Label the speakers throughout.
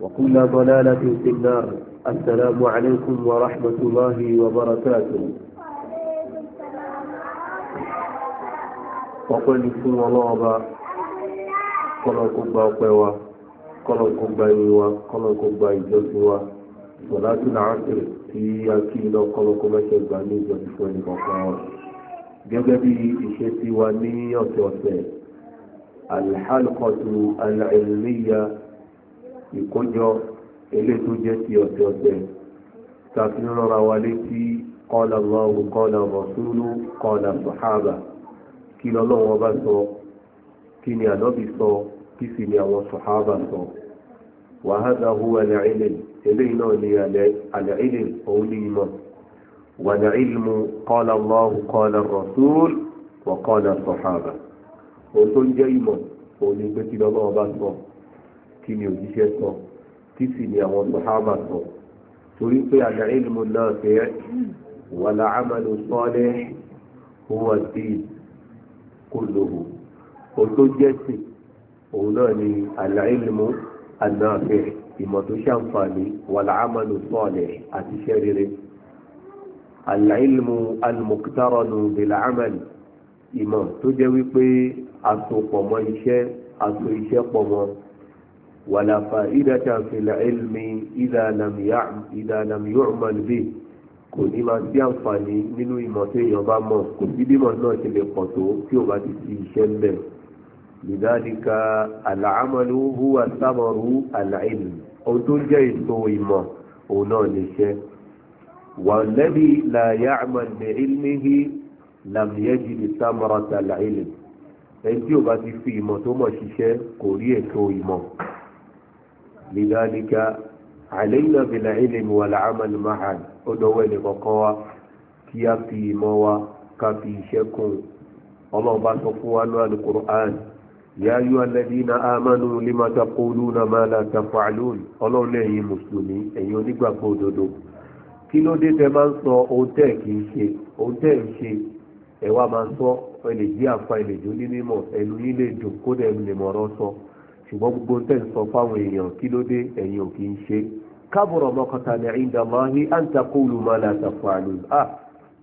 Speaker 1: وكل ضلالة في النار السلام عليكم ورحمة الله وبركاته وقل لكم الله kọlọ̀kún gba ọpẹ́ wa kọlọ̀kún gba ìwé wa kọlọ̀kún gba ìjọsìn wa ṣọ̀látù láàrín tí a kí iná kọlọ̀kún mẹ́ṣẹ̀ gbà ní ìjọsìn fún ẹnì kọ̀ọ̀kan wa gẹ́gẹ́ bí iṣẹ́ tí wa ní ọ̀sẹ̀ ọ̀sẹ̀ alhalqatu alilmiya ìkójọ eléyìí tó jẹ́ ti ọ̀sẹ̀ọ̀sẹ̀ tàbí rọra wa létí qala Allahu qala rasulu qala sàhábà kí lọ́lọ́wọ́ bá sọ kí ni ànábì sọ kí sì ni àwọn sàhábà sọ wa hadha huwa al-ilm eléyìí náà ni al-ilm òun ní ìmọ̀ wal-ilm kí ni òjíṣẹ́ sọ kí sì ni àwọn sàhábà sọ torí pé àlẹ́ ìlú náà fẹ́ wà láàmàlú sọ́ọ́lẹ́ huwa din kulluhu o tó jẹ́ sí òun náà ni àlẹ́ ìlú náà fẹ́ ìmọ̀ tó ṣàǹfààní wà láàmàlú sọ́ọ́lẹ́ àti iṣẹ́ rere àlàílmù almuktaranu bìlàámàlì ìmọ̀ tó jẹ́ wípé àsopọ̀mọ́ iṣẹ́ àso iṣẹ́ pọ̀mọ́ ولا فائدة في العلم إذا لم يعم إذا لم يعمل به kò ní máa sí àǹfààní nínú ìmọ̀ tí èèyàn bá mọ̀ kò sí bímọ̀ náà ṣe lè pọ̀ tó tí ò bá ti sí iṣẹ́ ń bẹ̀. lidhalika al-amalu huwa thamaru al-ilm ohun tó jẹ́ èso ìmọ̀ òun náà lè ṣe. walladhi la ya'mal bi ilmihi lam yajid thamarata al-ilm ẹni tí ò bá ti fi ìmọ̀ tó mọ̀ ṣiṣẹ́ kò rí èso ìmọ̀ lidhalika alayna bil ilmi wal amal ma'an ó dọwọ́ ẹni kọ̀ọ̀kan wa kí a fi ìmọ̀ wa ká fi iṣẹ́ kún ọlọ́run bá sọ fún wa ní alukur'an ya ayyuha alladhina amanu lima taquluna ma la taf'alun ọlọ́run lẹ́yìn mùsùlùmí ẹ̀yin onígbàgbọ́ òdodo kí ló dé tẹ máa ń sọ ohun tẹ́ kì í ṣe ohun tẹ́ ń ṣe ẹ̀wà máa ń sọ ẹ lè jí àfa ẹ lè jó ní mímọ̀ ẹnu yín lè dùn kódà ẹnu lè mọ̀ọ́rọ́ sọ ṣùgbọ́n gbogbo ń tẹ̀ ń sọ fáwọn èèyàn kí ló dé ẹ̀yin ò kì í ṣe kábùrọ̀ mọ́kàntà ní ìdàmáhí àǹtakóòlù máa la ṣàfààní à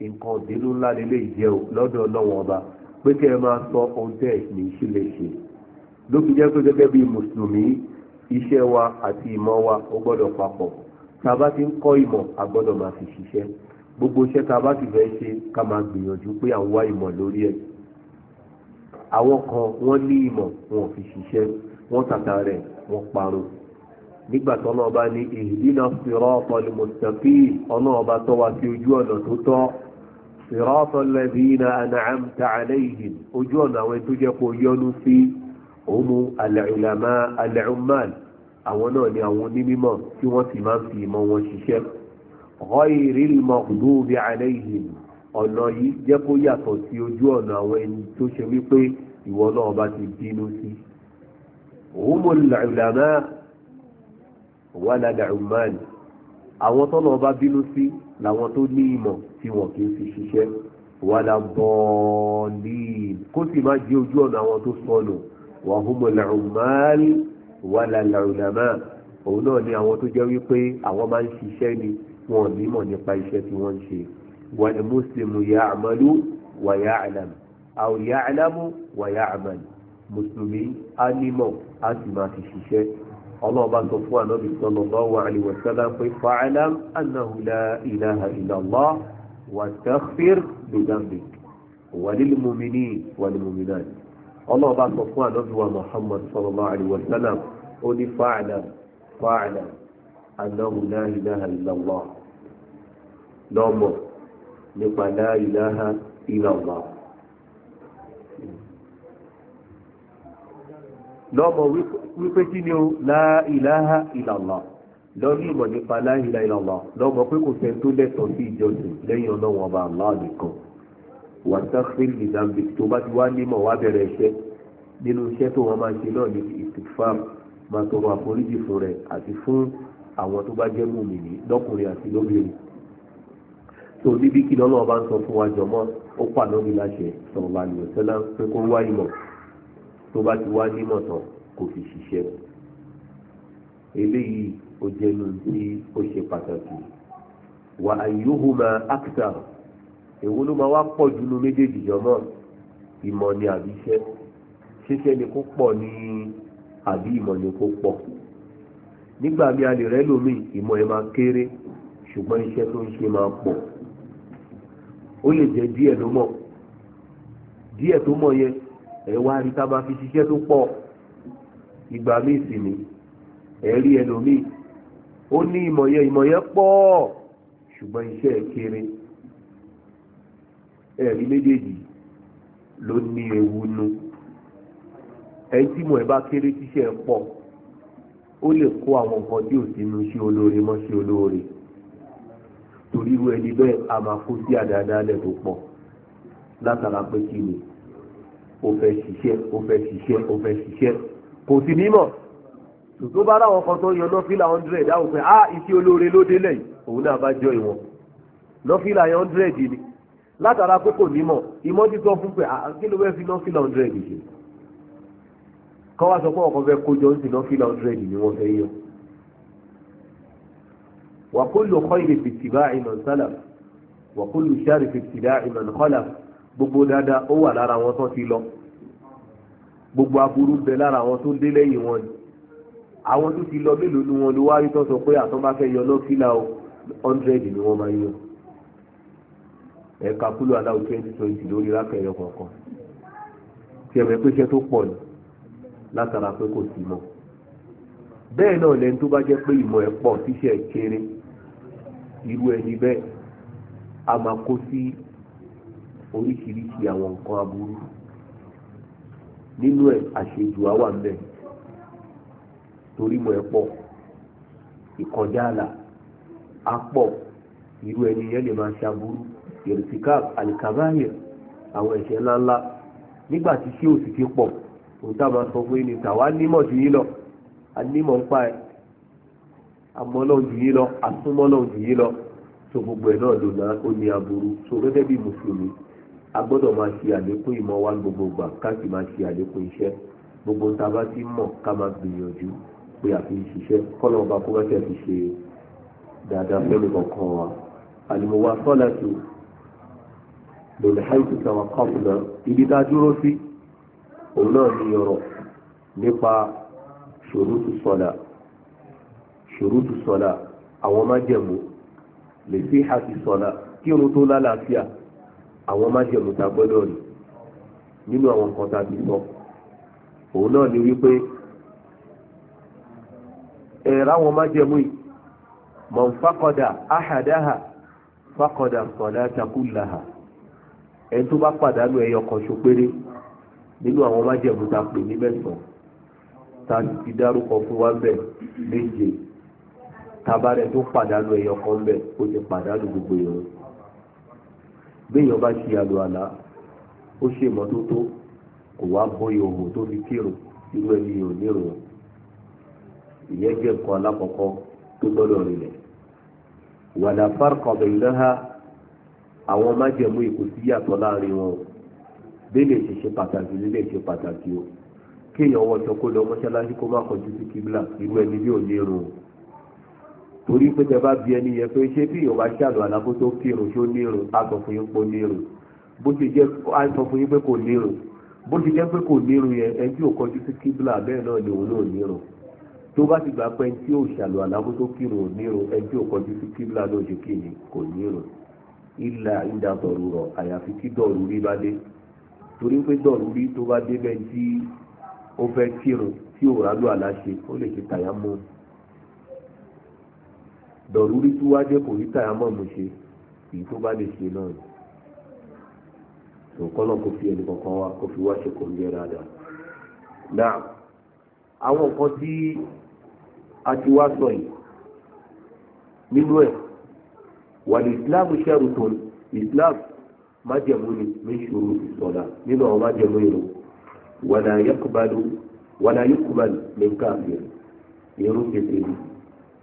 Speaker 1: nǹkan òdìlú ńlá lélẹ̀ ìjẹ́ o lọ́dọ̀ ọlọ́wọ́n ọba pé kí ẹ máa sọ ohun tẹ́ ẹ̀ ní ṣe lè ṣe ló fi jẹ́ pé gẹ́gẹ́ bí mùsùlùmí iṣẹ́ wa àti ìmọ̀ wa ó gbọ́dọ̀ papọ̀ tá a bá ti ń kọ́ ìmọ̀ a gbọ́dọ̀ máa fi ṣiṣẹ́ gbogbo iṣẹ́ tá a bá ti fẹ́ ṣe ká máa gbìyànjú pé à ń wá ìmọ̀ lórí ẹ̀ àwọn kan wọ́n ní ìmọ̀ wọn ò fi ṣiṣẹ́ wọ́n tàtà rẹ̀ wọ́n parun nígbà tó náà bá ní ìdínà siratal mustaqim ọ̀nà ọba tó wá sí ojú ọ̀nà tó tọ́ siratal ladina an'amta alayhim ojú ọ̀nà àwọn tó jẹ́ kó yọ́nú sí òmu al-ulama al-ummal àwọn náà ni àwọn onímọ̀ هم العلماء ولا العمال، àwọn tọ́nà ọba bínú sí làwọn tó ní ìmọ̀ tí wọn kì í fi ṣiṣẹ́ wala bọ́ọ̀lìn kó sì má jẹ́ ojú ọ̀nà àwọn tó sọnù wa humul ummal wala ulama òun náà ni àwọn tó jẹ́ wípé àwọn máa ń ṣiṣẹ́ ni wọn nímọ̀ nípa iṣẹ́ tí wọ́n ṣe wal muslimu a sì máa fi ṣiṣẹ́ ọlọ́run bá sọ fún ànábì sallallahu alaihi wasallam pé fa'alam annahu la ilaha illallah wastaghfir bi dhanbik walil mu'minina wal mu'minat ọlọ́run bá sọ fún ànábì wa muhammad sallallahu alaihi wasallam ó ní fa'alam fa'alam annahu la ilaha illallah nípa la ilaha lọ́mọ wípé kí ni ó láìláha ìlàlá lọ́ní ìmọ̀ nípa láìlá ìlàlá lọ́mọ pé kò sẹ́ tó lẹ́tọ̀ọ́ sí ìjọsìn lẹ́yìn ọlọ́wọ́n ọba Allah nìkan wà sáfíìn nìdàmbì tó bá ti wá nímọ̀ wá bẹ̀rẹ̀ iṣẹ́ nínú iṣẹ́ tó wọ́n máa ṣe náà ní ìtìfàm máa tọrọ àforíjì fún rẹ̀ àti fún àwọn tó bá jẹ́ mùmìnì lọ́kùnrin àti lóbìnrin tó níbi kí lọ́lọ́ ọba ń sọ fún wa jọmọ́ ó pàdánù láṣẹ sallallahu alaihi wasallam pé kó wá ìmọ̀ tó bá ti wá nímọ̀ tán kò fi ṣiṣẹ́ eléyìí ó jẹ́nu tí ó ṣe pàtàkì wà ayyuhuma akthar èwo ló máa wá pọ̀ jù nínú méjèèjì jọmọ́ ìmọ̀ ni àbí iṣẹ́ ṣíṣẹ́ ni kó pọ̀ ní àbí ìmọ̀ ni kó pọ̀ nígbà mi a lè lómi ìmọ̀ ẹ̀ máa kéré ṣùgbọ́n iṣẹ́ tó ń ṣe máa pọ̀ ó lè jẹ́ díẹ̀ ló mọ̀ díẹ̀ tó mọ̀ yẹn ẹ wá rí tábà fi ṣiṣẹ́ tó pọ̀ ìgbà míì sì ni ẹ rí ẹlòmíì ó ní ìmọ̀yẹ ìmọ̀yẹ pọ̀ ṣùgbọ́n iṣẹ́ kéré ẹ̀rí méjèèjì ló ní ewu nu ẹni tí mọ̀ ẹ bá kéré tíṣẹ́ pọ̀ ó lè kó àwọn nǹkan tí ò sínú ṣe olóore mọ́ ṣe olóore torí irú ẹni bẹ́ẹ̀ a máa kó sí àdáadáa lẹ̀ tó pọ̀ látara pé kí ni ó fẹ́ ṣiṣẹ́ ó fẹ́ ṣiṣẹ́ ó fẹ́ ṣiṣẹ́ kò sí nímọ̀ tó bá láwọn kan tó yan nọ́fìlà hundred dáhùn pé ah iṣẹ́ olóore ló délẹ̀ yìí òun náà bá jọ ìwọ̀n nọ́fìlà yẹn hundred ni látara pé kò nímọ̀ ìmọ̀ ti sọ fún pé ah kí ló fẹ́ fi nọ́fìlà hundred ṣe kọ́ wá sọ pé ọkọ̀ fẹ́ kójọ ń sì nọ́fìlà hundred ni wọ́n fẹ́ yọ. wàkúlù kọ́ ìrètí tìbá ìmọ̀ sálà wàkúlù sáré fi tìbá ìmọ̀ nìkọ́là gbogbo dáadáa ó wà lára wọn tán ti lọ gbogbo aburú bẹ lára wọn tó dé lẹ́yìn wọn ni àwọn tó ti lọ mélòó ni wọn ló wá rí tán sọ pé àtọ́ bá fẹ́ yọ lọ́fíìlà hundred ni wọ́n máa yọ ẹ̀ka kúlò aláwọ̀ twenty twenty lórí rákẹ́yọ kọ̀ọ̀kan tí ẹ̀mẹ́ pé iṣẹ́ tó pọ̀ ni látara pé kò sí mọ́ bẹ́ẹ̀ náà lẹ́ni tó bá jẹ́ pé ìmọ̀ ẹ̀ pọ̀ tíṣẹ́ kéré irú ẹni bẹ́ẹ̀ a máa kó sí oríṣiríṣi àwọn nǹkan aburú nínú ẹ̀ àṣejù àwa ń bẹ torí mọ̀ ẹ́ pọ̀ ìkọjá àlà á pọ̀ irú ẹni yẹn lè máa ṣaburú yẹ̀rìsíkáp àlìkàbáyẹ̀ àwọn ẹ̀ṣẹ̀ ńláńlá nígbà tí ṣé òsì ti pọ̀ òun tá a máa sọ pé ní tàwa nímọ̀ jù yín lọ a nímọ̀ ń pa ẹ̀ amọ́lọ́ jù yín lọ asúmọ́lọ́ jù yín lọ so gbogbo ẹ̀ náà lò náà ó ní aburú so gẹ́gẹ́ bí mùsùlùmí a gbọ́dọ̀ máa ṣe àlékún ìmọ̀ wa gbogbo gbà ká sì máa ṣe àlékún iṣẹ́ gbogbo tá a bá ti mọ̀ ká máa gbìyànjú pé àfi ṣiṣẹ́ kọ́nà ọba kó bá ṣe àti ṣe dáadáa fẹ́mi kankan wa àlùmọ̀wá sọ́làtù lòlẹ̀ haitu tàwa kọ́ọ̀pùnà ibi tá a dúró sí òun náà ní ọ̀rọ̀ nípa ṣòrútù sọ́là ṣòrútù sọ́là àwọn májẹ̀mú lè sí àti sọ́là kírun tó lálàáfíà. àwọn májèmú ta gbọ́dọ̀ rí nínú àwọn nǹkan tá O ti sọ òun náà ni wípé ẹ̀rọ àwọn májèmú yìí man faqada ahadaha faqada salata kullaha ẹ̀ tó bá pàdánù ẹyọ kan ṣo péré nínú àwọn májèmú ta pè ní mẹ́sàn-án ta ti dárúkọ fún wa bẹ́ẹ̀ méje tabarẹ tó pàdánù ẹyọ kan bẹ́ẹ̀ ó ti pàdánù gbogbo béèyàn bá ṣe àlùwàlá ó ṣe ìmọ́tótó kò wá bóyá òhun tó fi kírun irú ẹni yìí ò nírun ìyẹn jẹ́ nǹkan alákọ̀ọ́kọ́ tó gbọ́dọ̀ rinlẹ̀ wàlà fárkọ̀ bẹ̀yìnláha àwọn májẹ̀mú ìkùsí yàtọ̀ láàrin wọn bẹ́ẹ̀ ṣe ṣe pàtàkì lè ṣe pàtàkì o kéèyàn wọṣọ kó lọ mọ́ṣáláṣí kó má kọjú sí kíbla irú ẹni yìí ò nírun o torí pé tẹ bá bí ẹni yẹn pé ṣé bí ìyọba ṣàlù àlàbó tó kírun ṣó nírun aṣọ fún yín pé ó nírun bó ṣe jẹ́ aṣọ fún yín pé kò nírun bó ṣe jẹ́ pé kò nírun yẹn ẹni tí ò kọjú sí kíbla bẹ́ẹ̀ náà ni òun náà nírun tó bá ti gbà pé ẹni tí ò ṣàlù àlàbó tó kírun ò nírun ẹni tí ò kọjú sí kíbla náà ṣe kí ni kò nírun ìlà ìdá dọ̀rù àyàfi kí dọ̀rù rí bá dé torí pé dọ̀rù rí tó bá dé tí ó fẹ́ kírun tí òun dọ̀rúrí tí wá jẹ́ kò rí tàyà mọ̀ mo ṣe èyí tó bá lè ṣe náà nìkan náà kò fi ẹnì kankan wá kò fi wá ṣe kò ń jẹ dáadáa. náà àwọn nǹkan tí a ti wá sọ yìí nínú ẹ̀ wà ní islam ṣẹ́rù tó islam májẹ̀mú ni mẹ́ṣòro ìsọ̀lá nínú àwọn májẹ̀mú ìrùn wà náà yẹ́kùbálù wàlá yókùbà nìkan àfihàn èrò kékeré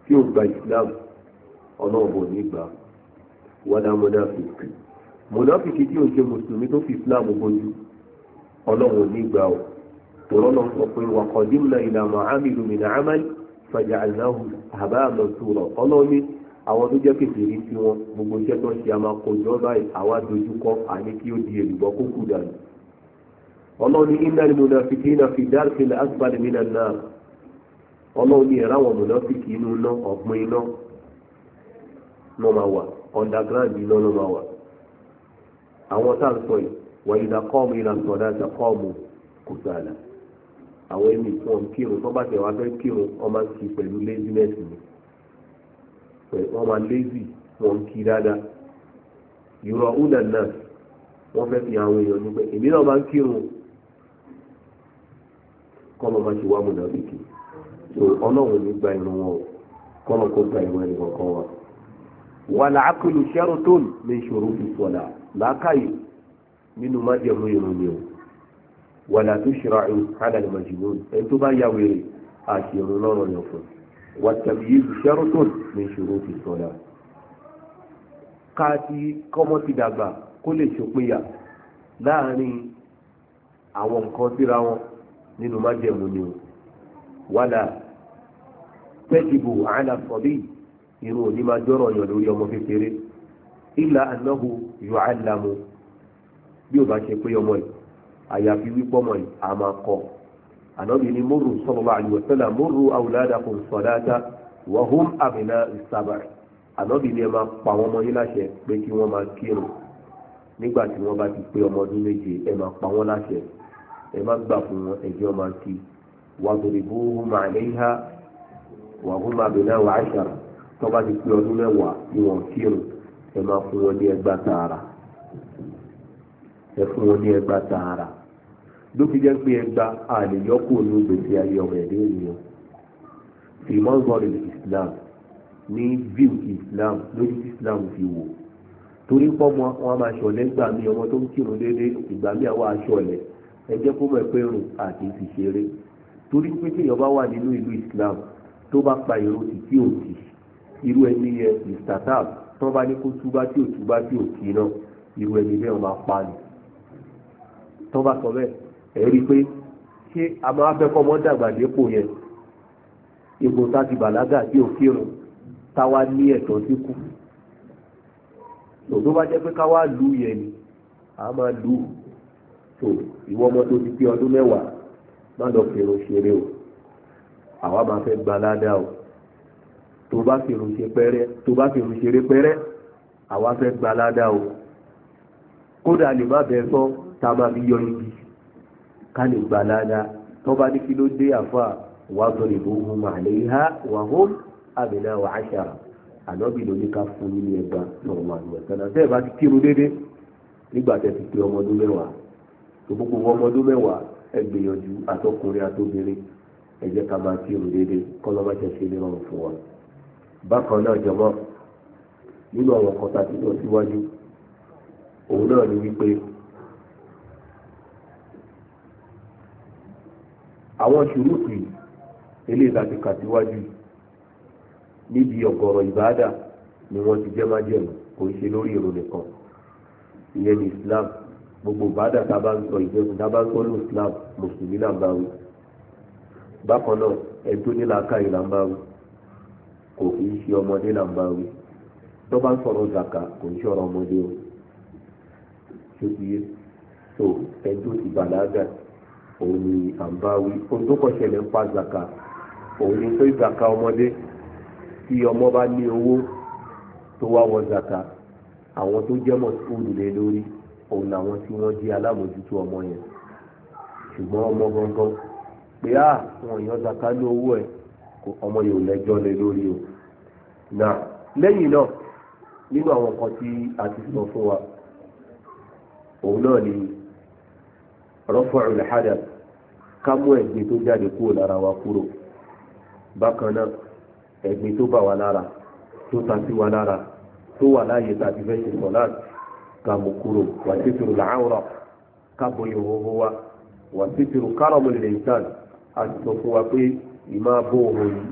Speaker 1: tí ó gba islam ọlọ́run bò ní gbà wàdà mọ́nàfíìkì mọ́nàfíìkì tí ó ṣe mùsùlùmí tó fi islam bójú ọlọ́run ní gbà ó tòrọ́ lọ sọ pé wà qadimna ila ma amilu min amal faja'alnahu haba'an àwọn tó jẹ́ kékeré sí wọn gbogbo iṣẹ́ tó ṣe a máa kojọ́ báyìí àwa dojúkọ àní kí ó di èlùbọ́ kó kú dànù ọlọ́run ní innal munafiqina fi darkil asfali minan nar ọlọ́run ní ẹ̀ráwọn mùnàfíìkì inú náà ọ̀gbìn náà ló máa wà underground yìí ló máa wà àwọn tá à ń sọ yìí wà ìdá kọ́ọ̀mù ìlà sọ̀dá ìdá kọ́ọ̀mù kò sàlà àwọn ẹni tí wọ́n kírun tó bá tẹ̀ wá fẹ́ kírun wọ́n máa ń kí pẹ̀lú laziness ni wọ́n máa lazy wọ́n ń kí dáadáa ìrọ̀ ọ̀nà náà wọ́n fẹ́ fi àwọn èèyàn nígbẹ́ èmi náà máa ń kírun kọ́mọ máa ṣe wá mọ̀nà òkè so ọlọ́run ní gba ìrun wọn kọ́mọ kó gba ìrun ẹnì kọ̀ọ̀kan wa wàlà àkùlù ṣẹ́rọ̀tún lè ṣòro fi sọ̀là làákàyè nínú májẹ̀mú irun ni o wàlà tó ṣe ràìn hàlàlì màjìmú ẹni tó bá ya wèrè àti irun lọ́rọ̀ yẹn fún wàtàbíyé ṣẹ́rọ̀tún lè ṣòro fi sọ̀là káàtì kọ́mọ́ ti dàgbà kó lè ṣòpinya láàrin àwọn nǹkan síra wọn nínú májẹ̀mú ni o wàlà tẹ́jìbù àlàfọ̀bí irun òní máa jọ́rọ̀ yàn lórí ọmọ kékeré ìlà ànáhu yọ àlàmù bí ó bá ṣe pé ọmọ yìí àyàfi wípọ́ ọmọ yìí a máa kọ́ ànábi ni mórù sallallahu alaihi wasallam mórù awladakum salata wa hum àbìnà ìsàbà ànábi ni ẹ máa pa àwọn ọmọ yìí láṣẹ pé kí wọ́n máa kírun nígbà tí wọ́n bá ti pé ọmọ ọdún méje ẹ máa pa wọ́n láṣẹ ẹ má gbà fún wọn ẹjọ́ máa kí wàdùrìbù hùmà àléhà wàhùmà àbìnà wàásàrà tó bá ti pé ọdún mẹ́wàá tí wọ́n kírun ẹ máa fún wọn ní ẹgbà tààrà ẹ fún wọn ní ẹgbà tààrà ló fi jẹ́ ẹgbà àlèyọ́kù ní gbèsè ayé ọmọ ẹ̀dẹ́ ènìyàn fi mọ́ngọ́rì Islam ní view Islam lórí Islam fi wò torí pọ́ mọ́ wọn máa ṣọ̀lẹ́ gbà mí ọmọ tó ń kírun déédéé ìgbà mí àwọn aṣọ̀lẹ̀ ẹ jẹ́ kó mọ̀ pé rùn àti ìfiṣeré torí pé tí èèyàn wà nínú ìlú Islam tó bá pa ìró títí òkì irú ẹni yẹ istatab tó bá ní kó túbá tí ò túbá tí ò kí náà irú ẹni bẹ́ẹ̀ máa pa ni tó bá sọ bẹ́ẹ̀ ẹ̀ rí i pé ṣé a máa fẹ́ kọ́ ọmọ dàgbà dépò yẹn ipò tá bàlágà tí ò kírun táwa ní ẹ̀tọ́ sí kú tó bá jẹ́ pé káwa lù yẹn ni a máa lù tó ìwọ ọmọ tó ti pé ọdún mẹ́wàá má lọ fèrò ṣeré o àwa máa fẹ́ gbaládá o tó bá fi rùn ṣe pẹ́rẹ́ tó bá fi rùn ṣeré pẹ́rẹ́ àwa fẹ́ gba ládàá o kódà lè má bẹ́ẹ̀ sọ tá a máa fi yọ ibi ká lè gba ládàá tó bá ní kí ló dé àfa wàá sọ lè bó hun màlẹ́ ha wàhún àbẹ̀nà wàásàrà ànábì ló ní ká fún yín ní ẹgbà sọ̀rọ̀mà ìwẹ̀sánà bẹ́ẹ̀ bá ti kírun dédé nígbà tẹ́ ti pé ọmọ ọdún mẹ́wàá tó gbogbo ọmọ ọdún mẹ́wàá ẹ gbìyànjú àtọkùnrin àtobìnrin ẹ jẹ́ ká máa kírun dédé kọ́lọ́mọ́ṣẹ́ ṣe ní ọrùn fún wa bákan náà jọmọ́ nínú àwọn kan tàbí lọ síwájú òun náà ni wípé àwọn ṣùrùtù eléyìí láti kà síwájú níbi ọ̀gọ̀rọ̀ ìbáàdà ni wọ́n ti jẹ́ májẹ̀mú kò ń ṣe lórí èrò nìkan ìyẹn ní Islam gbogbo ìbáàdà tá a bá ń sọ ìjẹun tá a bá ń sọ ní Islam mùsùlùmí là ń bá wí bákan náà ẹni tó ní làákàyè là ń bá wí kò kì í ṣe ọmọdé là wí tó bá ń sọ̀rọ̀ zaka kò ń sọ̀rọ̀ ọmọdé o tó ti yé tó ẹni tó ti bàlágà òun ni à ń bá wí ohun tó kọ́ ṣẹlẹ̀ ń pa zaka òun ni pé zaka ọmọdé tí ọmọ bá ní owó tó wá wọ zaka àwọn tó jẹ́ mọ̀ sùkúlù lé lórí òun làwọn tí wọ́n jẹ́ alámòjútó ọmọ yẹn ṣùgbọ́n ọmọ gangan pé à ah, wọn yọ zaka ní owó ẹ̀ ọmọ yóò lẹ́jọ́ lé lórí o nà lẹ́yìn náà nínú àwọn nǹkan tí a ti sọ fún wa òun náà ni rọ́fọ̀rùn lẹ́hàdà ká mú ẹ̀gbin tó jáde kúrò lára wa kúrò bákan náà ẹ̀gbin tó bá wa lára tó ta sí wa lára tó wà láàyè tàbí fẹ́ ṣe sọ láti ká mú kúrò wà títúrú làárọ̀ ká bo ìhòhò wa wà títúrú kárọ̀mù lè ń tàn àti sọ fún wa pé ìmáa bó òhò yìí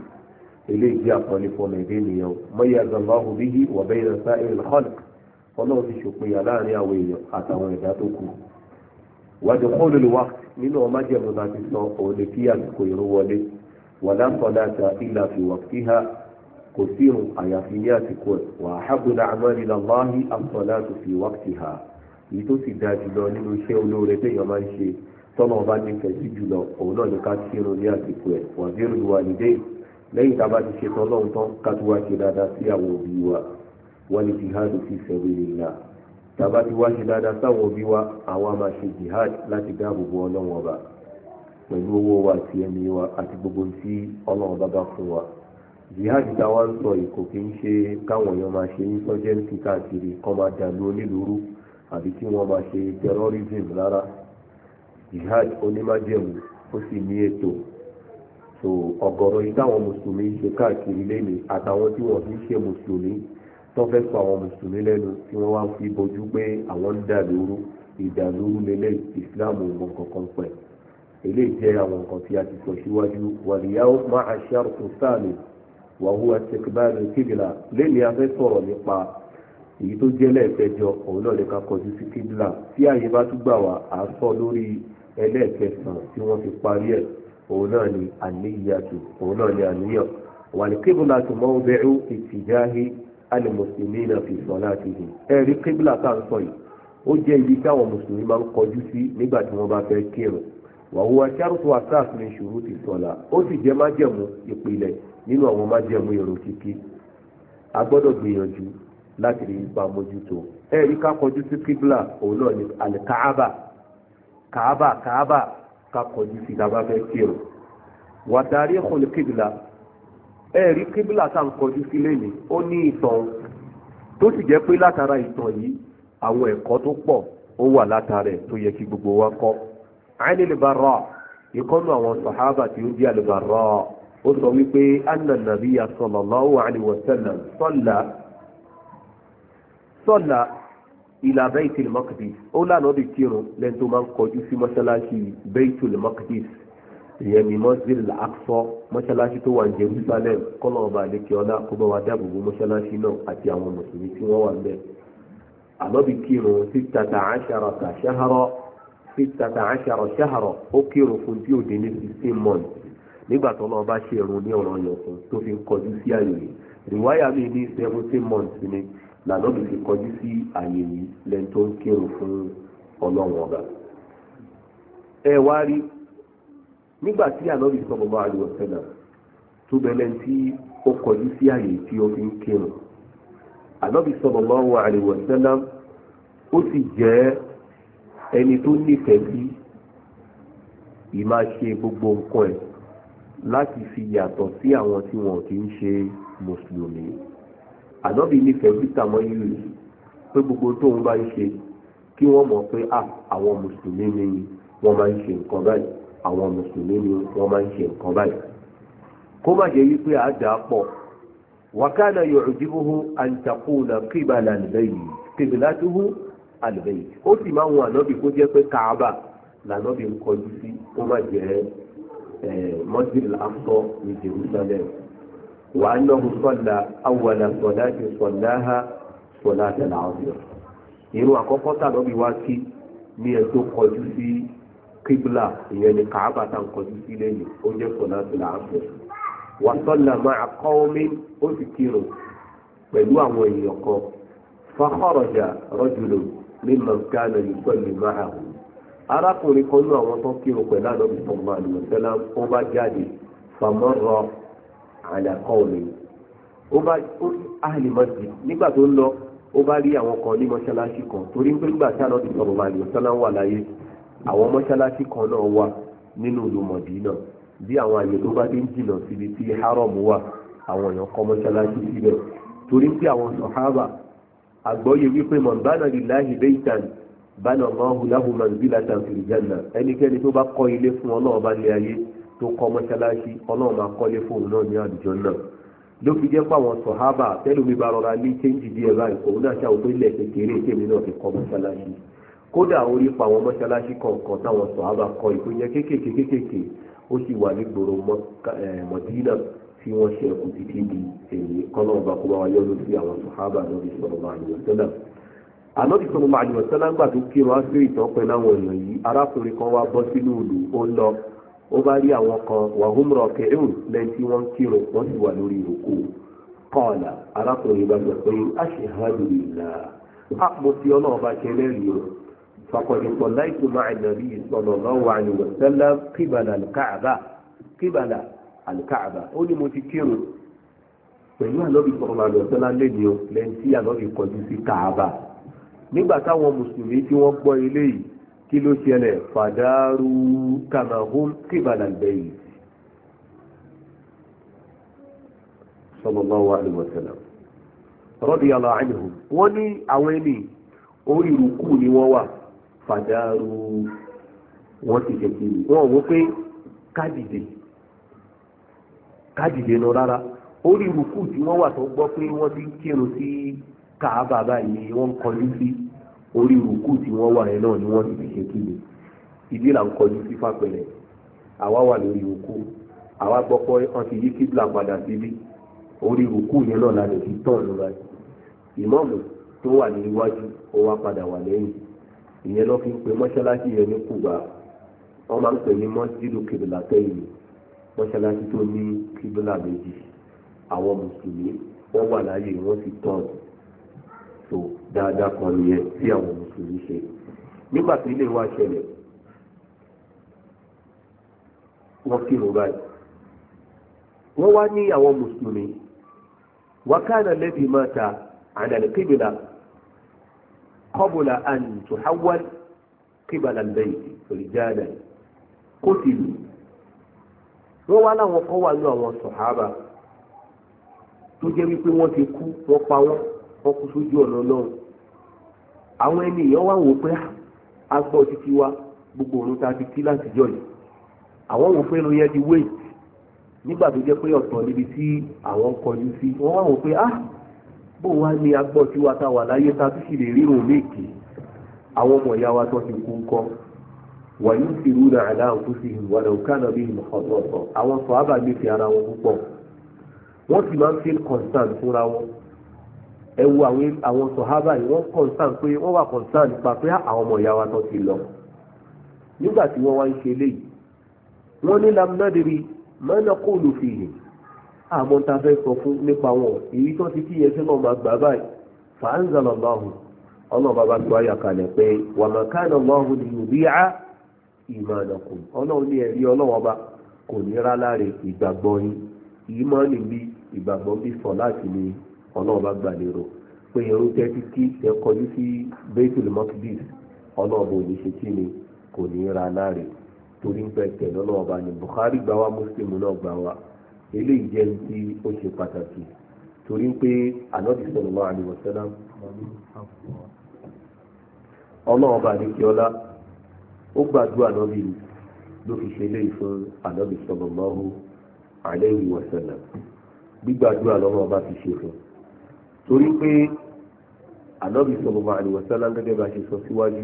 Speaker 1: eléyìí jẹ́ àpọ́nlé fọmọ ẹ̀dẹ́ ènìyàn o mayyaza Allahu bihi wa bayna sa'iril khalq ọlọ́run ti ṣòpinya láàrin àwọn èèyàn àtàwọn ẹ̀dá tó kù wàjú kọ́ọ̀lù waqt nínú ọmọ jẹ̀mú láti sọ òde kí àsìkò ìrun wọlé wàlá salata illa fi waqtiha kò sí ìrun àyàfi ní àsìkò ẹ̀ wà ahabbu al-a'mali ila Allahi as fi wà zero lẹ́yìn tá a bá ti ṣe tán lọ́hùn tán ká tó wá ṣe dáadáa sí àwọn wa wọ́n ní jihad fi sabilillah tá a ti wá ṣe dáadáa sáwọn òbí wa àwọn a máa ṣe jihad láti dáàbò bo ọba pẹ̀lú owó wa àti ẹ̀mí wa àti gbogbo tí ọlọ́run ọba bá fún wa jihad tá a wá ń sọ ìkò kì í ṣe káwọn èèyàn máa ṣe kọ́ máa dàlú àbí kí terrorism jihad onímájẹ̀mú ó sì ní ètò so ọ̀gọ̀rọ̀ yìí táwọn mùsùlùmí ṣe káàkiri lẹ́nu àtàwọn tí wọ́n fi ṣe mùsùlùmí tó fẹ́ sọ àwọn mùsùlùmí lẹ́nu tí wọ́n wá fi bojú pé àwọn ń dà lóru ìdà lóru lélẹ̀ ìsìláàmù ọmọ kankan pẹ̀ eléyìí jẹ́ àwọn nǹkan tí a ti sọ síwájú wàlíyáwó máa aṣáàrù tó sáàmì wàhùwà tẹkibáàrin kíbìlà lẹ́ni a fẹ́ sọ̀rọ̀ nípa èyí tó jẹ́ lẹ́ẹ̀kẹjọ òun náà lè ká kọjú sí kíbìlà tí àyè bá tún gbà wá àásọ lórí ẹlẹ́ẹ̀kẹsàn tí wọ́n fi parí ẹ̀ òun naa ni àníyàtò òun naa ni àníyàn fi salatihim ẹ̀rí kébùlà tá à ń sọ ibi táwọn je máa ń kọjú sí nígbà tí wọ́n bá fẹ́ kírun wa huwa shartu asas min shuruti salat ó sì jẹ́ májẹ̀mú ìpìlẹ̀ nínú àwọn n'inu ìrun kíkí a gbọ́dọ̀ gbìyànjú láti rí ipa mójútó ká kọjú sí òun náà Kaaba kakọjú sí ìdábá fẹ́ kírun wà darí ẹ̀kọ́ lè kíbìlà ẹ̀rí kíbìlà tá à ń kọjú sí lẹ́yìn ó ní ìtàn tó sì jẹ́ pé látara ìtàn yìí àwọn ẹ̀kọ́ tó pọ̀ ó wà látara ẹ̀ tó yẹ kí gbogbo wa kọ́ àìní lè bá rà ìkọ́nù àwọn sàhábà tí ó jẹ́ àlùbàrà ó sọ wípé anna nàbíyà sallallahu alaihi wasallam salla salla ilà bẹ́ẹ̀tì mọ́kìdìs ó lànà bí kírun lẹ́nu tó máa ń kọjú sí mọ́ṣáláṣí bẹ́ẹ̀tì mọ́kìdìs ìyẹn ni mọ́sílì àkṣọ mọ́ṣáláṣí tó wà ní Jerusalem kọ́nà ọba àlekè ọlá kó bá wa dáàbò bo mọ́ṣáláṣí náà àti àwọn mùsùlùmí tí wọ́n wà níbẹ̀ ànábì kírun sítàtà àṣàrọ̀ kà ṣáhárọ̀ sítàtà àṣàrọ̀ ṣáhárọ̀ ó kírun fún tí ò dé ní sixteen months nígbà tó náà bá ṣe irun ní ọ̀rọ̀ yẹn fún tó fi ń kọjú sí àyè rìwáyà mi ní seventeen months ni lànàbì fi kọjú sí àyè yìí lẹ́ni tó ń kírun fún ọlọ́run ọba ẹ wá rí nígbà tí ànábì sọ̀rọ̀ bá ariwo sẹ́nà tó bẹ̀rẹ̀ tí ó kọjú sí àyè tí ó fi ń kírun ànábì sọ̀rọ̀ bá wà sẹ́nà ó sì jẹ́ ẹni tó nífẹ̀ẹ́ sí ìmáa ṣe gbogbo nǹkan ẹ̀ láti fi yàtọ̀ sí àwọn tí wọn kì í ṣe ànábì nífẹ̀ẹ́ peter mọ́yìlú pé gbogbo tóun bá ń ṣe kí wọ́n mọ̀ pé ah, àwọn mùsùlùmí ni wọ́n máa ń ṣe nǹkan báyìí àwọn mùsùlùmí ni wọ́n máa ń ṣe nǹkan báyìí kó má jẹ́ wípé àdá pọ̀ wàkánà yu'jibuhu an takuna qibala al-bayt qiblatuhu al-bayt ó sì máa ń wọn ànábì kó jẹ́ pé káàbà lànábì ń kọjú sí kó má jẹ́ eh, mọ́sílì àfọ́ ní Jerusalem وأنه صلى أول صلاة صلاها صلاة العصر irú àkọ́kọ́ tàbí wá sí ní ẹ tó kọjú sí ni kàábà tá ń kọjú sí lẹ́yìn ó jẹ́ sọ̀láṣì làásù wà sọ́là máa kọ́ omi ó sì kírun pẹ̀lú àwọn èèyàn kan fakọ́rọ̀jà rọ́jùlò ní mọ̀gánà na àdàkọ́ òní ó bá ahli masjid nígbà tó ń lọ ó bá rí àwọn kan ní mọ́ṣáláṣí kan torí pé nígbà tí àlọ́dún sọ̀rọ̀ máa lè sọ́lá wà láyé àwọn mọ́ṣáláṣí kan náà wà nínú ìlú Mọ̀dínà bí àwọn àyè tó bá dé ń jìnà síbi tí haram wà àwọn èèyàn kọ́ mọ́ṣáláṣí síbẹ̀ torí pé àwọn sọ̀hábà àgbọ́yé wípé mọ̀nbánà lillahi baytan bánà máa hùláhùn manzilatan fil janna ẹnikẹ́ni tó bá kọ́ ilé fún ọlọ́ọ̀bá ní ayé tó kọ́ mọ́ṣáláṣí ọlọ́run máa kọ́lé fóun náà ní àdìjọ náà ló fi jẹ́ pàwọn sọ̀hábà tẹ́lómi bá rọra ní chéńjì díẹ̀ báyìí òun náà ṣàwọn pé ilẹ̀ kékeré tèmi náà fi kọ́ mọ́ṣáláṣí kódà orí pàwọn mọ́ṣáláṣí kọ̀ọ̀kan táwọn sọ̀hábà kọ́ kéékèèké kéékèèké ó sì wà ní gbòòrò tí wọ́n ṣe títí di èyí sọ̀rọ̀ tó kírun kan ó bá rí àwọn kan wàhúmùrọ̀ kẹrìún lẹ́yìn tí wọ́n ń wọ́n sì wà lórí ìrókò kọ́ọ̀là arákùnrin bá gbà pé aṣèhádùn ìlà àpò tí ọlọ́run bá o fàkọ̀dùpọ̀ láìpẹ́ máa nàbí sallallahu alaihi wa sallam kíbalà àlùkáàbà kíbalà àlùkáàbà ó ní mo ti kírun pẹ̀lú sọ̀rọ̀ lẹ́yìn tí kí ló ṣẹlẹ̀ fàdárú kàmáhùn kíbalà bẹ́yì sallallahu alaihi wa sallam radiyallahu anhum wọ́n ní àwọn ẹni orí ìrùkú ni wọ́n wà fàdárú wọ́n ti jẹ́ kiri wọ́n wọ́n pé kádìdè kádìdè lọ rárá orí ìrùkú tí wọ́n wà tó gbọ́ pé wọ́n ti kírun sí kàábà báyìí wọ́n kọjú sí orí rùkú tí wọ́n wà yẹn náà ni wọ́n ti fi ṣe kíni ibi là ń kọjú sí fàpẹ̀lẹ̀ àwa wà lórí rùkú àwa gbọ́ pé wọ́n ti yí kíbla padà síbí orí rùkú yẹn náà la lè fi tán lọ́la ìmọ̀mù tó wà ní ó wá padà wà lẹ́yìn ìyẹn lọ́ fi ń pe mọ́ṣáláṣí yẹn ní kùbà wọ́n máa ń pè ní mọ́sídìlù kìbìlà tẹ́yìn mọ́ṣáláṣí tó ní kìbìlà méjì àwọn mùsùlùmí wọ́n wà láyé wọ́n ti tán so dáadáa kan nìyẹn tí àwọn mùsùlùmí ṣe nígbà tí ilé wa ṣẹlẹ̀ wọ́n kírun báyìí wọ́n wá ní àwọn mùsùlùmí wákàna lẹ́bi máa ta àdàlẹ́ kébìlà kọ́bùlà àni tùháwàl kébìlà lẹ́yìn rìjáàdà kó sì lù wọ́n wá láwọn kan wà ní àwọn sọ̀hábà tó jẹ́ wípé wọ́n ti kú wọ́n pa wọ́n wọ́n kú sójú ọ̀nà náà àwọn ẹni èèyàn wá wò pé agbọ́ títí wa gbogbo òun ta ti kí láti jọ yìí àwọn wò pé ló yẹ di wéè nígbà tó jẹ́ pé ọ̀tọ̀ níbi tí àwọn kọjú sí wọ́n wá wò pé ah bó wá ní agbọ́ tí wa ta wà láyé ta tó sì lè rírun méèkì àwọn ọmọ ìyá wa tó ti kú ń kọ́ wàyí ń fi rúra àlá òkú sí ìwà lè òkú àná bí ìmọ̀ ọ̀tọ̀ àwọn sọ ábà ti ara wọn púpọ̀ wọ́n sì máa ń feel concerned fúnra wọn ẹ wo àwọn sọ̀hábà yìí wọ́n concern pé wọ́n wà concern nípa pé àwọn ọmọ ìyá wa tán ti lọ nígbà tí wọ́n wá ń ṣe léyìí wọ́n ní lamnadiri mọ́nà kó lù fi yìí àmọ́ ta fẹ́ sọ fún nípa wọn èyí tó ti kíyẹn sí lọ́mọ àgbà báyìí fàánzàlọ́láhù ọlọ́ọ̀bá bá tó ayà kalẹ̀ pé wà má káàdà lọ́hùn ní òbíà ìmọ̀nàkù ọlọ́run ní ẹ̀rí ọlọ́wọ́ba kò ní rá láre ìgbàgbọ́ yín ìmọ̀ níbi ìgbàgbọ́ bí sọ láti ní ọlọ́run bá gbà lérò pé irú tẹ́tí kí ẹ kọjú sí Baitul Maqdis ọlọ́run bò ní ṣe kí ni kò ní ra láre torí ń pẹ́ tẹ̀ lọ́lọ́run bá ní Bukhari gbà wá Muslim náà gbà wá eléyìí jẹ́ ti ó ṣe pàtàkì torí ń pé ànábì sallallahu alaihi wasallam ọlọ́run bá ní kí ọlá ó gbàdúrà ànábì ló fi ṣe eléyìí fún ànábì sallallahu alaihi wasallam gbígbàdúrà lọ́wọ́ ọba fi ṣe fún un. torí pé ànábì sallallahu alaihi wasallam gẹ́gẹ́ bá ṣe sọ síwájú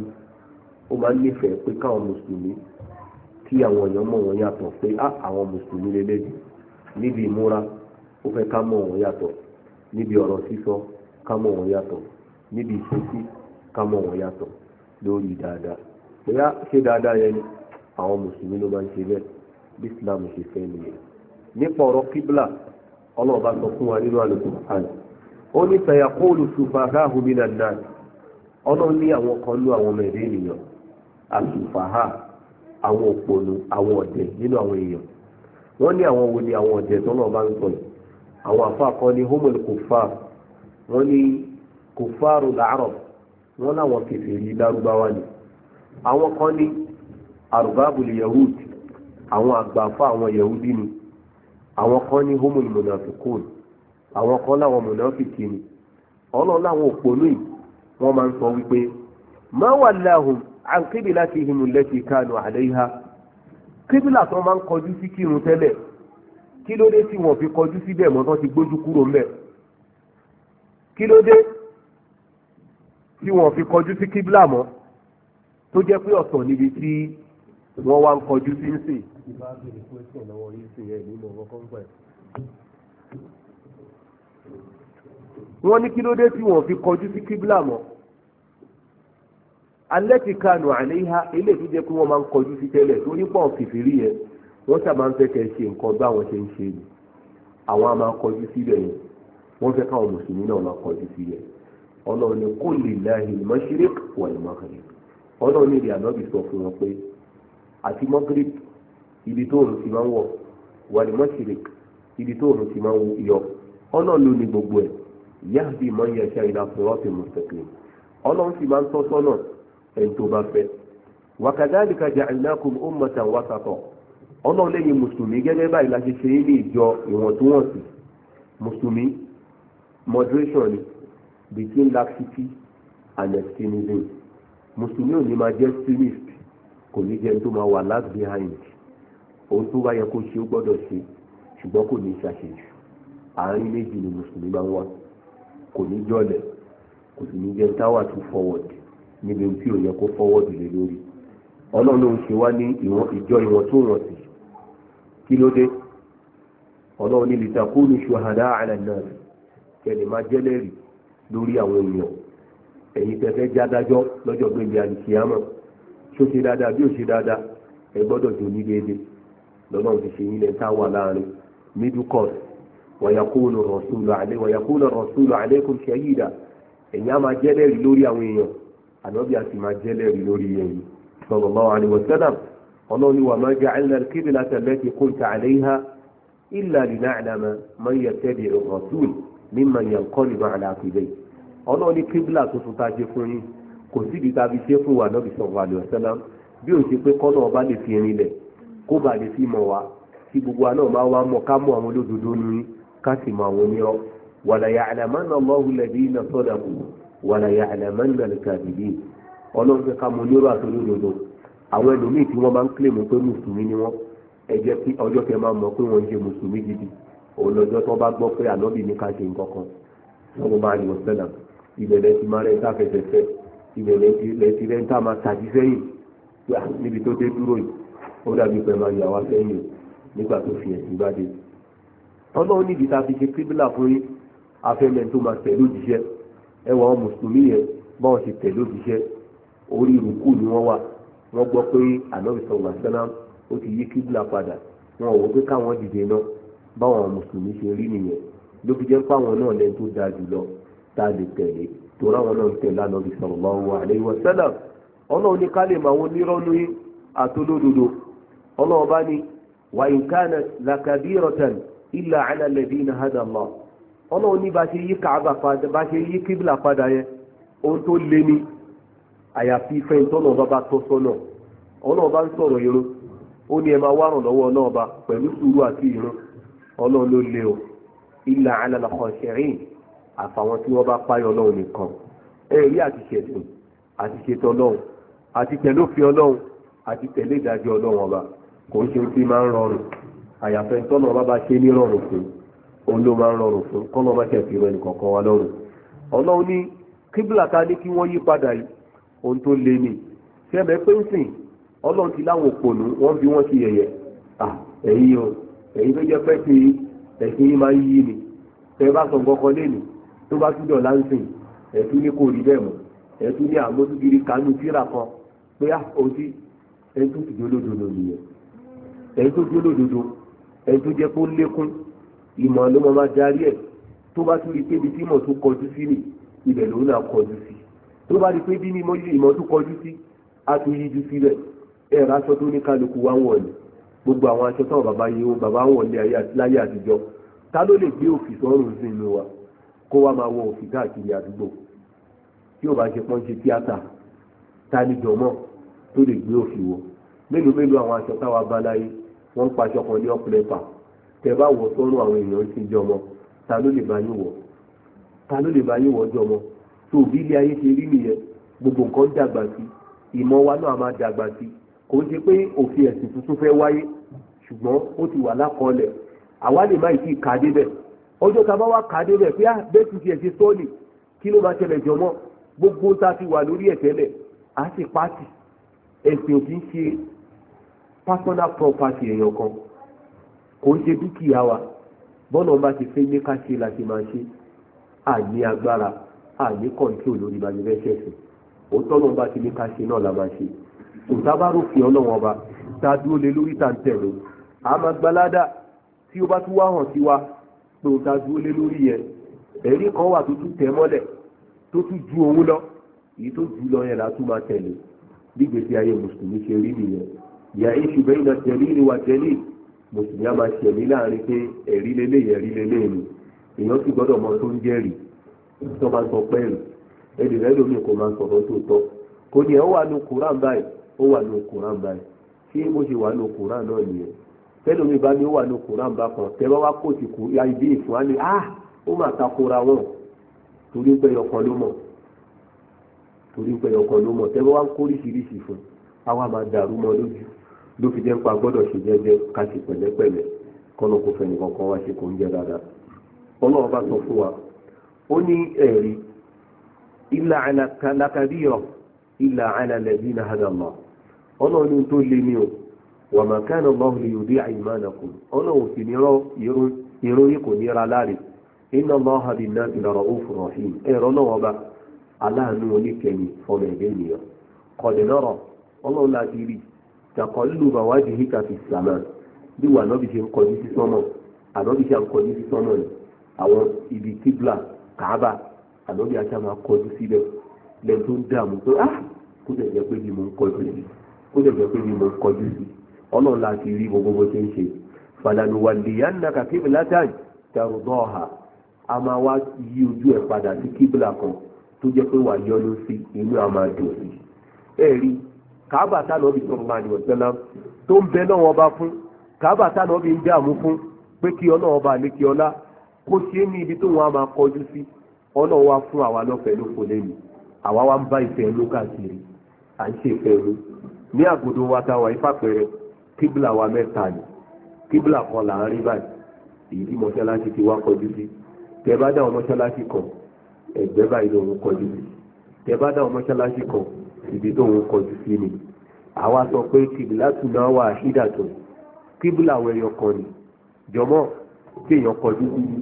Speaker 1: ó máa ń nífẹ̀ẹ́ pé káwọn mùsùlùmí tí àwọn èèyàn mọ̀ yàtọ̀ pé á ah, àwọn mùsùlùmí lélẹ́dì níbi ìmúra ó ká níbi ọ̀rọ̀ sísọ ká mọ̀ wọ́n yàtọ̀ níbi ni àwọn mùsùlùmí ló máa ń ṣe bí islam ṣe nìyẹn nípa ọ̀rọ̀ kíbla ọlọ́ọ̀bá sọ fún wa nínú àlùkò àlùkò ó ní fẹ̀yàkóòlù sùfàháhù mi na ọlọ́run ní àwọn kan lú àwọn ọmọ ẹ̀dẹ́ ènìyàn àsùfàhà àwọn òpònú àwọn ọ̀dẹ̀ nínú àwọn èèyàn wọ́n ní àwọn ni àwọn ọ̀dẹ̀ tó náà bá ń sọ àwọn àfáà kan ní homer kufar wọ́n ní kufaru làárọ̀ wọ́n láwọn lárúbáwá ni àwọn kan ní arubabul yahud àwọn àgbàfà àwọn yahudi ni àwọn kan àwọn kan láwọn mùnáfìkì ni ọlọ́run láwọn òpònú yìí wọ́n máa ń sọ wípé ma wallahum an qiblatihim allati kanu alayha kíbílà tó máa ń kọjú sí kírun tẹ́lẹ̀ kí ló dé tí wọ́n fi kọjú síbẹ̀ mọ́ tán ti gbójú kúrò ńbẹ̀ kí ló dé tí wọ́n fi kọjú sí kíbílà mọ́ tó jẹ́ pé ọ̀tọ̀ níbi tí wọ́n wá ń kọjú sí ń sìn wọ́n ní kí ló dé tí wọ́n fi kọjú sí kíbla mọ́ alẹ́tì kanu àléhà eléyìí tó jẹ́ pé wọ́n máa ń kọjú sí tẹ́lẹ̀ tó nípa òkèfèrí yẹn wọ́n sábà ń fẹ́ kẹ́ ṣe nǹkan bá wọn ṣe ń ṣe ni àwọn a máa kọjú síbẹ̀ yẹn wọ́n fẹ́ káwọn mùsùlùmí náà máa kọjú síbẹ̀ ọlọ́run ní kó lè láàyè mọ́ṣírík wà ní mọ́kàlẹ́ ọlọ́run ní ìdí ànábì sọ fún wọn pé àti mọ́kàlẹ́ ibi tó òun ti máa ń wọ̀ wà ní mọ́ṣírík ibi tó òun ti máa ń yọ ọlọ́run ló ní gbogbo ẹ̀ yahdi man yasha ila sirati mustaqim ọlọ́run sì máa ń tọ́ sọ́nà ẹni tó bá fẹ́ wa kadhalika ja'alnakum ummatan wasata ọlọ́run lẹ́yìn mùsùlùmí gẹ́gẹ́ báyìí la ṣe ṣe ní ìjọ ìwọ̀ntúnwọ̀nsì mùsùlùmí moderation between laxity and extremism mùsùlùmí ò ní máa jẹ́ extremist kò ní jẹ́ tó máa wà last behind ohun tó bá yẹ kó ṣe ó gbọ́dọ̀ ṣe ṣùgbọ́n kò ní ṣàṣejù àárín méjì ni mùsùlùmí máa ń wá kò ní jọlẹ̀ kò sì ní jẹ́ táwà tún forward níbi tí ò yẹ kó forward lé lórí ọlọ́run ló ń ṣe wá ní ìjọ ìwọ̀n tó wọ̀n sí kí ló dé ọlọ́run ní litakunu ṣuhada ala nnas kẹlẹ̀ máa jẹ́lẹ̀rì lórí àwọn èèyàn ẹ̀yin tẹ́fẹ́ já dájọ́ lọ́jọ́ gbẹ̀gbẹ̀ àdìsíámọ̀ ṣó ṣe dáadáa bí ó ṣe dáadáa ẹ gbọ́dọ̀ jò ní déédéé lọ́lọ́run ti ṣe yín lẹ́ńtà wà láàrin middle course wọ̀yàkúlù rọ̀súlù àlẹ́ wọ̀yàkúlù rọ̀súlù àlẹ́kùn ṣẹ́yìdà ẹ̀yin á máa jẹ́lẹ̀rí lórí àwọn èèyàn ànábì á sì máa jẹ́lẹ̀rí lórí ẹ̀yin sallallahu alaihi wasallam ọlọ́ni wà máa ja'alna al-qiblata allati kunta 'alayha illa lina'lama man yattabi'u ar-rasul mimman yanqalibu 'ala 'aqibayhi ọlọ́ni kíbìlà tuntun tá a ṣe fún yín kò síbi tá a fi ṣe fún wa ànábì sallallahu alaihi wasallam bí ó ṣe pé kọ́nà ọba lè fi rinlẹ̀ kó ba lè fi mọ̀ wa tí gbogbo àná máa wá mọ̀ ká mọ̀ àwọn olódodo nínú káàsì máa wọ ní ọ wàlà ya'lamanna Allahu alladhina sadaqu wàlà ya'lamanna al-kadhibin ọlọ́run fẹ́ ká mọ onírò àtòrí òdodo àwọn ẹlòmíì tí wọ́n máa ń kílèmù pé mùsùlùmí ni wọ́n ẹ kí ọjọ́ kẹ máa mọ̀ pé wọ́n ń ṣe mùsùlùmí gidi òun tó bá gbọ́ pé ànábì ní ká ṣe nǹkan kan lọ́wọ́ máa yọ̀ sẹ́là ìbẹ̀lẹ̀ ti máa rẹ̀ ń tàfẹsẹ̀fẹ́ ìbẹ̀lẹ̀ ti rẹ̀ ń tà máa tàbí sẹ́yìn níbi tó dé dúró yìí ó dàbí pẹ̀ máa sẹ́yìn nígbà tó fi ẹ̀sìn bá dé ọlọ́run níbi tá a fi ṣe kíbílà fún yín afẹ́mẹ́ tó máa tẹ̀lé òjíṣẹ́ ẹ wọ àwọn mùsùlùmí yẹn bá wọn ṣe tẹ̀lé òjíṣẹ́ orí ìrùkù ni wọ́n wà wọ́n gbọ́ pé ànábì sọ̀rọ̀ àṣẹ́lá ó ti yí kíbílà padà wọn ò wọ́n pé káwọn dìde náà báwọn mùsùlùmí ṣe rí nìyẹn ló fi jẹ́ pàwọn náà lẹ́nu tó dáa jùlọ tá a lè tẹ̀lé torí àwọn náà ń tẹ̀lé ilà ala iná hada Allah ọlọ́run ní bá ṣe yí kàábà padà bá ṣe yí kíbìlà padà yẹn ohun tó lé ní àyàfi fẹ́ntọ́nà ọba bá tọ́ bá ń sọ̀rọ̀ irun ó ní ẹ máa wá rànlọ́wọ́ ọlọ́run pẹ̀lú sùúrù àti lé o àyàfẹ́ tọ́nà bá bá ṣe ní rọrùn fún òun ló máa ń rọrùn fún kọ́nà bá fi rẹ nìkọ̀ọ̀kan wa lọ́rùn ọlọ́run ní kíbla ta ní kí wọ́n yí padà yìí ohun tó le ni fẹ́ẹ̀mẹ́ pé ń sìn ọlọ́run ti láwọn òpònú wọ́n fi wọ́n ṣe yẹ̀yẹ̀ à ẹ̀yin o ẹ̀yin tó jẹ́ pẹ́ ti ẹ̀sìn yìí máa ń yí ni tẹ́ bá sọ nǹkan kan lénìí tó bá túnjọ láǹsìn ẹ̀tún ní kò rí bẹ́ẹ̀ mọ́ ẹ̀tún ní àmójúgiri kanú tíra kan pé à òtí ẹ̀tún ti jólódodo nìyẹn ẹ̀tún jólódodo ẹni tó jẹ́ kó lékún ìmọ̀ ló mọ̀ máa darí ẹ̀ tó bá tún rí pé ibi tí ìmọ̀ tó kọjú sí ni ibẹ̀ lòun náà kọjú sí tó bá rí pé bí mímọ́ ìmọ̀ tó kọjú sí á tún yíjú sílẹ̀ ẹ̀rọ aṣọ tó ní kálukú wá wọ̀ ni gbogbo àwọn aṣọ táwọn bàbá yìí wọn bàbá wọn ní láyé àtijọ́ ta ló lè gbé òfì sọ́rùn sí inú wa kó wá máa wọ òfì káàkiri àdúgbò tí ò bá ṣe pọ́ńṣe tíátà ta ni jọ̀mọ́ tó lè gbé òfì wọ mélòó mélòó àwọn aṣọ táwa bá wọ́n ń paṣọ kan ní ọ̀pẹ̀lẹ̀pà tẹ bá wọ̀ sọ́run àwọn èèyàn ti jọmọ ta ló lè bá yín wọ̀ ta ló lè bá yín wọ̀ jọmọ tó bí ilé ayé ti rí nìyẹn gbogbo nǹkan dàgbà sí ìmọ̀ wa náà máa dàgbà sí kò ń ṣe pé òfin ẹ̀sìn tuntun fẹ́ wáyé ṣùgbọ́n ó ti wà lákọọ́lẹ̀ àwa lè má ìtì kà débẹ̀ ọjọ́ ta bá wá kà débẹ̀ pé ah bẹ́ẹ̀ tún ti ẹ̀sìn sọ́ọ̀lì kí ló máa ṣẹlẹ̀ jọmọ́ gbogbo ta ti wà lórí ẹ̀tẹ́lẹ̀ á sì pàtì ẹ̀sìn òfin ṣe personal property èèyàn kan kò ń ṣe dúkìá wa bọ́nà bá ti fẹ́ ní ká ṣe láti máa ṣe àní agbára àní kọ̀ǹtì olórí bá ti fẹ́ ṣẹ̀sìn ó tọ́nà bá ti ní ká ṣe náà la máa ṣe òtábárùfin ọlọ́wọ́n ọba tá a dúró lé lórí tá n tẹ̀lé a máa gbalada tí ó bá tún wá hàn sí wa pé òtá dúró lé lórí yẹn ẹ̀rí kan wà tó tún tẹ̀ mọ́lẹ̀ tó tún ju òun lọ èyí tó jù lọ yẹn la tún máa tẹ̀lé bí gbèsè ayé mùsùlùmí ṣe rí nìyẹn yàíṣu bẹ́yìn tẹ̀líìrì wa tẹ̀lí mùsùlùmí a máa ṣẹ̀mí láàrin pé ẹ̀rí lélẹ̀ ẹ̀rí lélẹ̀ ni èèyàn sì gbọ́dọ̀ mọ tó ń jẹ́rì tó máa ń sọ pẹ́ẹ́rì ẹ̀dì rẹ̀ lómi kò máa ń sọ̀rọ̀ tó tọ́ kò ní ẹ̀ ó wà ní kùrán báyìí ó wà ní kùrán báyìí ṣé bó ṣe wà ní kùrán náà nìyẹn tẹ́lómi bá ní ó wà ní kùrán bá kan tẹ́ bá wá kó ti kù ya ibi ìfúnwá ni ah ó mà takora wọn torí pé ọkàn ló mọ̀ torí pé ọkàn ló mọ̀ tẹ́ bá wá ń kórìṣiríṣi fún àwa máa dàrú mọ́ lójú ló fi jẹ́ ń pa gbọ́dọ̀ ṣe jẹ́jẹ́ ká ṣe pẹ̀lẹ́pẹ̀lẹ́ kọ́nà kò fẹ́ni kankan wá ṣe kò ń jẹ́ dáadáa ọlọ́run bá sọ fún wa ó ní ẹ̀rí ilà alákàdíyàn ilà alàlẹ́bí náà hàdàmà ọlọ́run tó lé ní o wà má kánà lọ́hùn lè yòdí àìmánàkùn ọlọ́run sì ní irun kò níra láre iná lọ́hà bí náà ti lọ́rọ̀ òfin rahim ẹ̀rọ náà bá aláàánú oníkẹ́ni fọmọ ẹ̀gẹ́ ènìyàn kọ̀dẹ̀ lọ́rọ̀ taqalluba wajhika fis sama bí wà náà ṣe ń kọjú sí sọ́mọ̀ ànábì ṣe ń kọjú sí ni àwọn ibi kíbla kàába ànábì aṣá máa kọjú síbẹ̀ lẹ́yìn tó ń dààmú ah kó dẹ̀ jẹ́ pé mi mò ń kọjú sí kó dẹ̀ jẹ́ pé mi mò ń kọjú sí ọlọ́run rí gbogbo bó a máa wá yí ojú ẹ̀ padà sí kíbla kan tó jẹ́ pé wà yọnu sí inú a kàábà táwọn ọbí sọ̀rọ̀ máa yọ̀ sẹ́lá tó ń bẹ náà ọba fún kàábà táwọn ọbí ń dààmú fún pé kí ọ náà ọba àlékè ọlá kó ṣe é ní ibi tó wọn á máa kọjú sí ọlọ́wọ́ wa fún àwa lọ́fẹ̀ẹ́ ló kò lẹ́nu àwa wa ń bá ìfẹ́ ló káàkiri à ń ṣe ìfẹ́ ló ní àgùdó wa táwa ifá pẹrẹ kíbla wa mẹ́ta ni kíbla kan là ń rí báyìí èyí mọ́ṣáláṣí ti wá kọjú sí tẹ bá dáwọn mọ́ṣáláṣí kan ẹ̀gbẹ́ báyìí lòun kọjú sí tẹ bá dáwọn mọ́ṣáláṣí kan ibi tó ń kọjú sí ni àwa sọ pé kìbìlá tún náà wà ṣídà tó kíbìlà àwọn èèyàn kan ni jọmọ kí èèyàn kọjú sí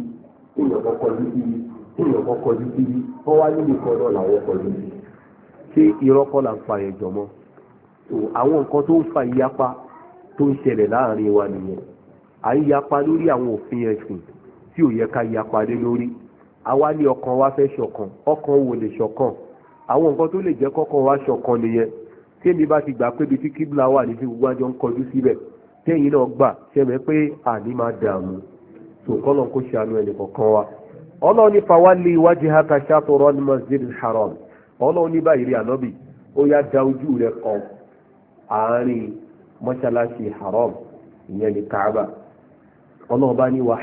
Speaker 2: kí èèyàn kan kọjú sí
Speaker 1: kí èèyàn kan kọjú sí wọn wá nílùú kan náà làwọn kọjú sí ṣé irọ́ kọ́ là ń fa yẹn jọmọ àwọn nǹkan tó ń fa ìyapa tó ń ṣẹlẹ̀ láàrin wa nìyẹn à ń yapa lórí àwọn òfin ẹ̀sìn tí ò yẹ ká yapa lé lórí àwa ní ọkàn wa fẹ́ ṣọ̀kan ọkàn wo lè ṣọ̀kan àwọn nǹkan tó lè jẹ́ kọ́kọ́ wá ṣọ̀kan nìyẹn tí èmi bá ti gbà pé ibi tí kíbla wà ní ti gbogbo àjọ ń kọjú síbẹ̀ tẹ́yìn náà gbà ṣẹ́mi pé àní máa dààmú tó kọ́ lọ́n kó ṣe àánú ẹnì kọ̀ọ̀kan wa ọlọ́run ní iwájú haka masjid haram ọlọ́run ní báyìí rí ànábì ó yá da ojú kan kaaba ọlọ́run bá ní wa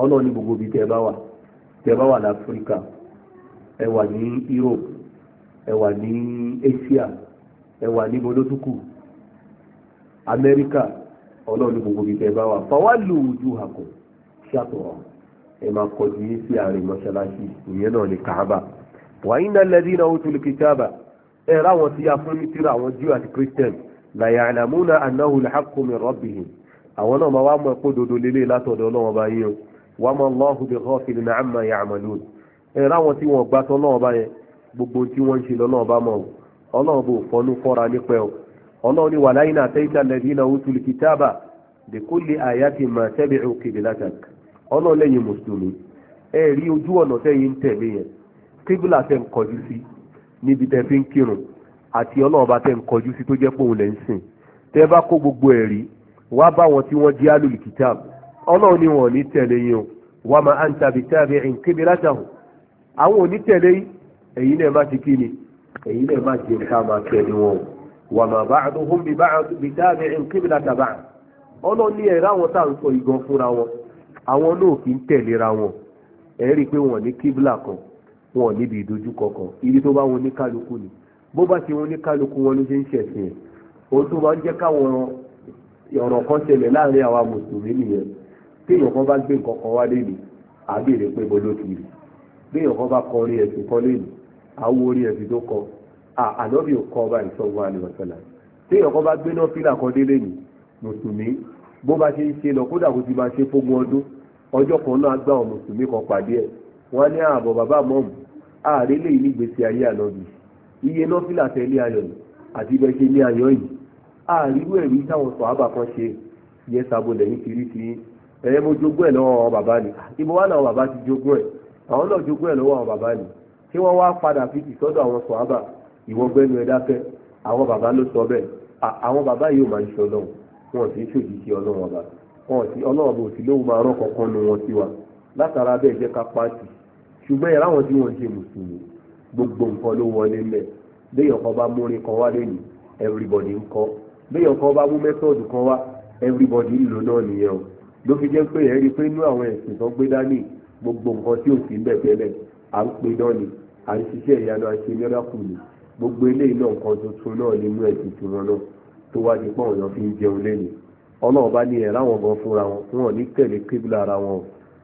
Speaker 1: ọlọ́run ní gbogbo tẹ́ bá wà láfíríkà ẹ wà ní Europe ẹ wà ní Asia ẹ wà ní bolótúkù Amẹ́ríkà ọlọ́run gbogbo bíi tẹ́ bá wà fọwọ́lù ojú àkọ́ ṣàtọ̀ ẹ máa kọjú yín sí àárín mọ́ṣáláṣí ìyẹn náà ní Kaaba wàyí náà lẹ́dí náà ó tulù kìtàbà ẹ ráwọn tí a ní tíra àwọn Jew àti Christian làyàlámúnà anáhùn làákùnmí rọ́bìhìn àwọn náà máa wá mọ̀ pé òdodo lélẹ̀ látọ̀dọ̀ ọlọ́wọ́n bá yín wa ma Allahu bi ghafilin amma ya'malun ẹ̀rọ àwọn tí wọ́n gbàtọ́ náà bá gbogbo tí wọ́n ń ṣe lọ́nà ọba ọlọ́run bò fọnú fọ́ra nípẹ́ o ọlọ́run náà lẹ́bí náà tẹ́bi ọlọ́run lẹ́yìn mùsùlùmí ẹ rí ojú ọ̀nà tẹ́yìn tẹ̀lé yẹn kíbìlà tẹ́ ń kọjú sí níbi tẹ́ fi ń kírun àti ọlọ́run bá tẹ́ ń kọjú sí tó jẹ́ pé òun lẹ́ wọn tí wọ́n ọlọ́run ni wọn ní tẹ̀lé o wà máa ń tàbí àwọn onítẹ̀lé náà má ti kí ni èyí náà má ti ká máa tẹ̀lé wọn o wà máa bá tàbí ìǹkébí látàbà ọlọ́run ní ẹ̀rọ àwọn tá à ń sọ igan fúnra wọn àwọn náà kì í tẹ̀léra wọn ẹ̀ rí i pé wọn ní kíbla kan wọn níbi ìdojúkọ kan ibi tó bá wọn ní kálukú ni bó bá ti wọn ní kálukú wọn ló ṣe ń kan ṣẹlẹ̀ láàrin àwa mùsùlùmí nìyẹn téèyàn kan bá gbé nǹkan kan wá lé ní àbèrè pé mo ló ti rí béèyàn kan bá kọ orin ẹ̀sìn kan lé ní àwo orin ẹ̀sìn tó kọ ànábì ò kọ ọba ìsọ̀wọ́ àlùmọ̀sálà téèyàn kan bá gbé náà fílà kan délé ní mùsùlùmí bó bá ṣe ń ṣe lọ kódà kó ti máa ṣe fógun ọdún ọjọ́ kan náà gbá àwọn mùsùlùmí kan pàdé ẹ̀ wọ́n ní ààbọ̀ bàbá mọ́ọ̀mù ààrẹ lè ní gbèsè ayé ànábì iye náà fílà tẹ̀lé ayọ̀ àti bẹ́ẹ̀ ṣe ní ayọ̀ yìí ààrírú ẹ̀rí táwọn sọ̀ ẹ̀yẹ́ mo jogún ẹ̀ lọ́wọ́ àwọn bàbá ni ibo wà láwọn bàbá ti jogún ẹ̀ àwọn náà jogún ẹ̀ lọ́wọ́ àwọn bàbá ni tí wọ́n wá padà fi tì sọ́dọ̀ àwọn sọ̀hábà ìwọ́gbẹ́nu ẹ̀ dákẹ́ àwọn bàbá ló sọ bẹ́ẹ̀ àwọn bàbá yìí ò máa ń ṣe ọlọ́run wọn sì ń ṣòjìṣẹ́ ọlọ́run ọba wọn sì ọlọ́run ọba ò sì lóhùn máa rán kankan nu wọn sí wa látara bẹ́ẹ̀ jẹ́ ká pàtì ṣùgbọ́n yàrá wọn tí wọ́n ṣe mùsùlùmí gbogbo nǹkan ló wọlé mẹ́ béèyàn kan bá múrin kan wá lẹ́nu everybody ń kọ́ béèyàn kan bá mú mẹ́tọ́ọ̀dù kan wá everybody ń lò náà nìyẹn o ló fi jẹ́ pé ẹ̀rí pé inú àwọn ẹ̀sìn tó gbé dání gbogbo nǹkan tí ò sí ń bẹ̀ tẹ́lẹ̀ à ń pe náà ni à ń ṣiṣẹ́ ìyanu àṣẹ mẹ́ràkù ni gbogbo eléyìí náà nǹkan tuntun náà nínú ẹ̀sìn tiwọn náà tó wá di pọ́n èèyàn fi ń jẹun lẹ́nu ọlọ́run bá ní ẹ̀ láwọn gan fúnra wọn wọn ò ní tẹ̀lé kíbla ara wọn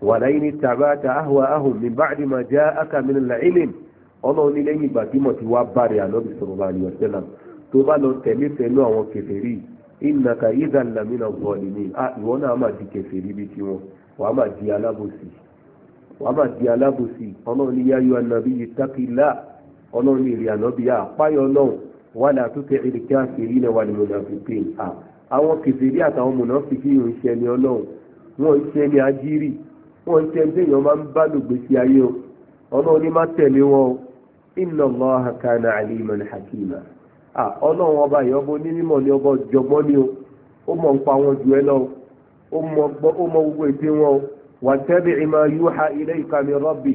Speaker 1: wà láyé ní tàbáta ahùwà ahùn mi bá àdìmọ̀ já akamínlá ilẹ̀ ọlọ́run ní lẹ́yìn ìgbà tí mo ti wá bá rẹ̀ ànábì sọ̀rọ̀ bá àlùyọ̀ sẹ́lá tó bá lọ tẹ̀lé fẹ́ẹ́ náà àwọn kèfèrí yìí na ìdánilàmínà bọ́ọ̀lì a iwọ na-ama di kẹfẹ́ níbi tí wọn wàá máa di alábòsí wàá máa di alábòsí ọlọ́run ní yáyọ ànábì yìí tákìlá ọlọ́run ní ìrìn ànábì yà náà wà ní àtúntẹ̀ ìrìkẹ́ àṣírí náà wà ní àwọn àtàwọn yìí ń ṣe ni ọlọ́run wọ́n ń ṣe ni ajírí wọ́n ń ṣe ní èèyàn máa ń bá ayé o má wọn inna kana hakima A ọba yìí ọba onímọ̀ ni ọba jọgbọ́n ni o ó mọ̀ ń pa wọn jù ẹ lọ ó mọ̀ gbogbo ète wọn o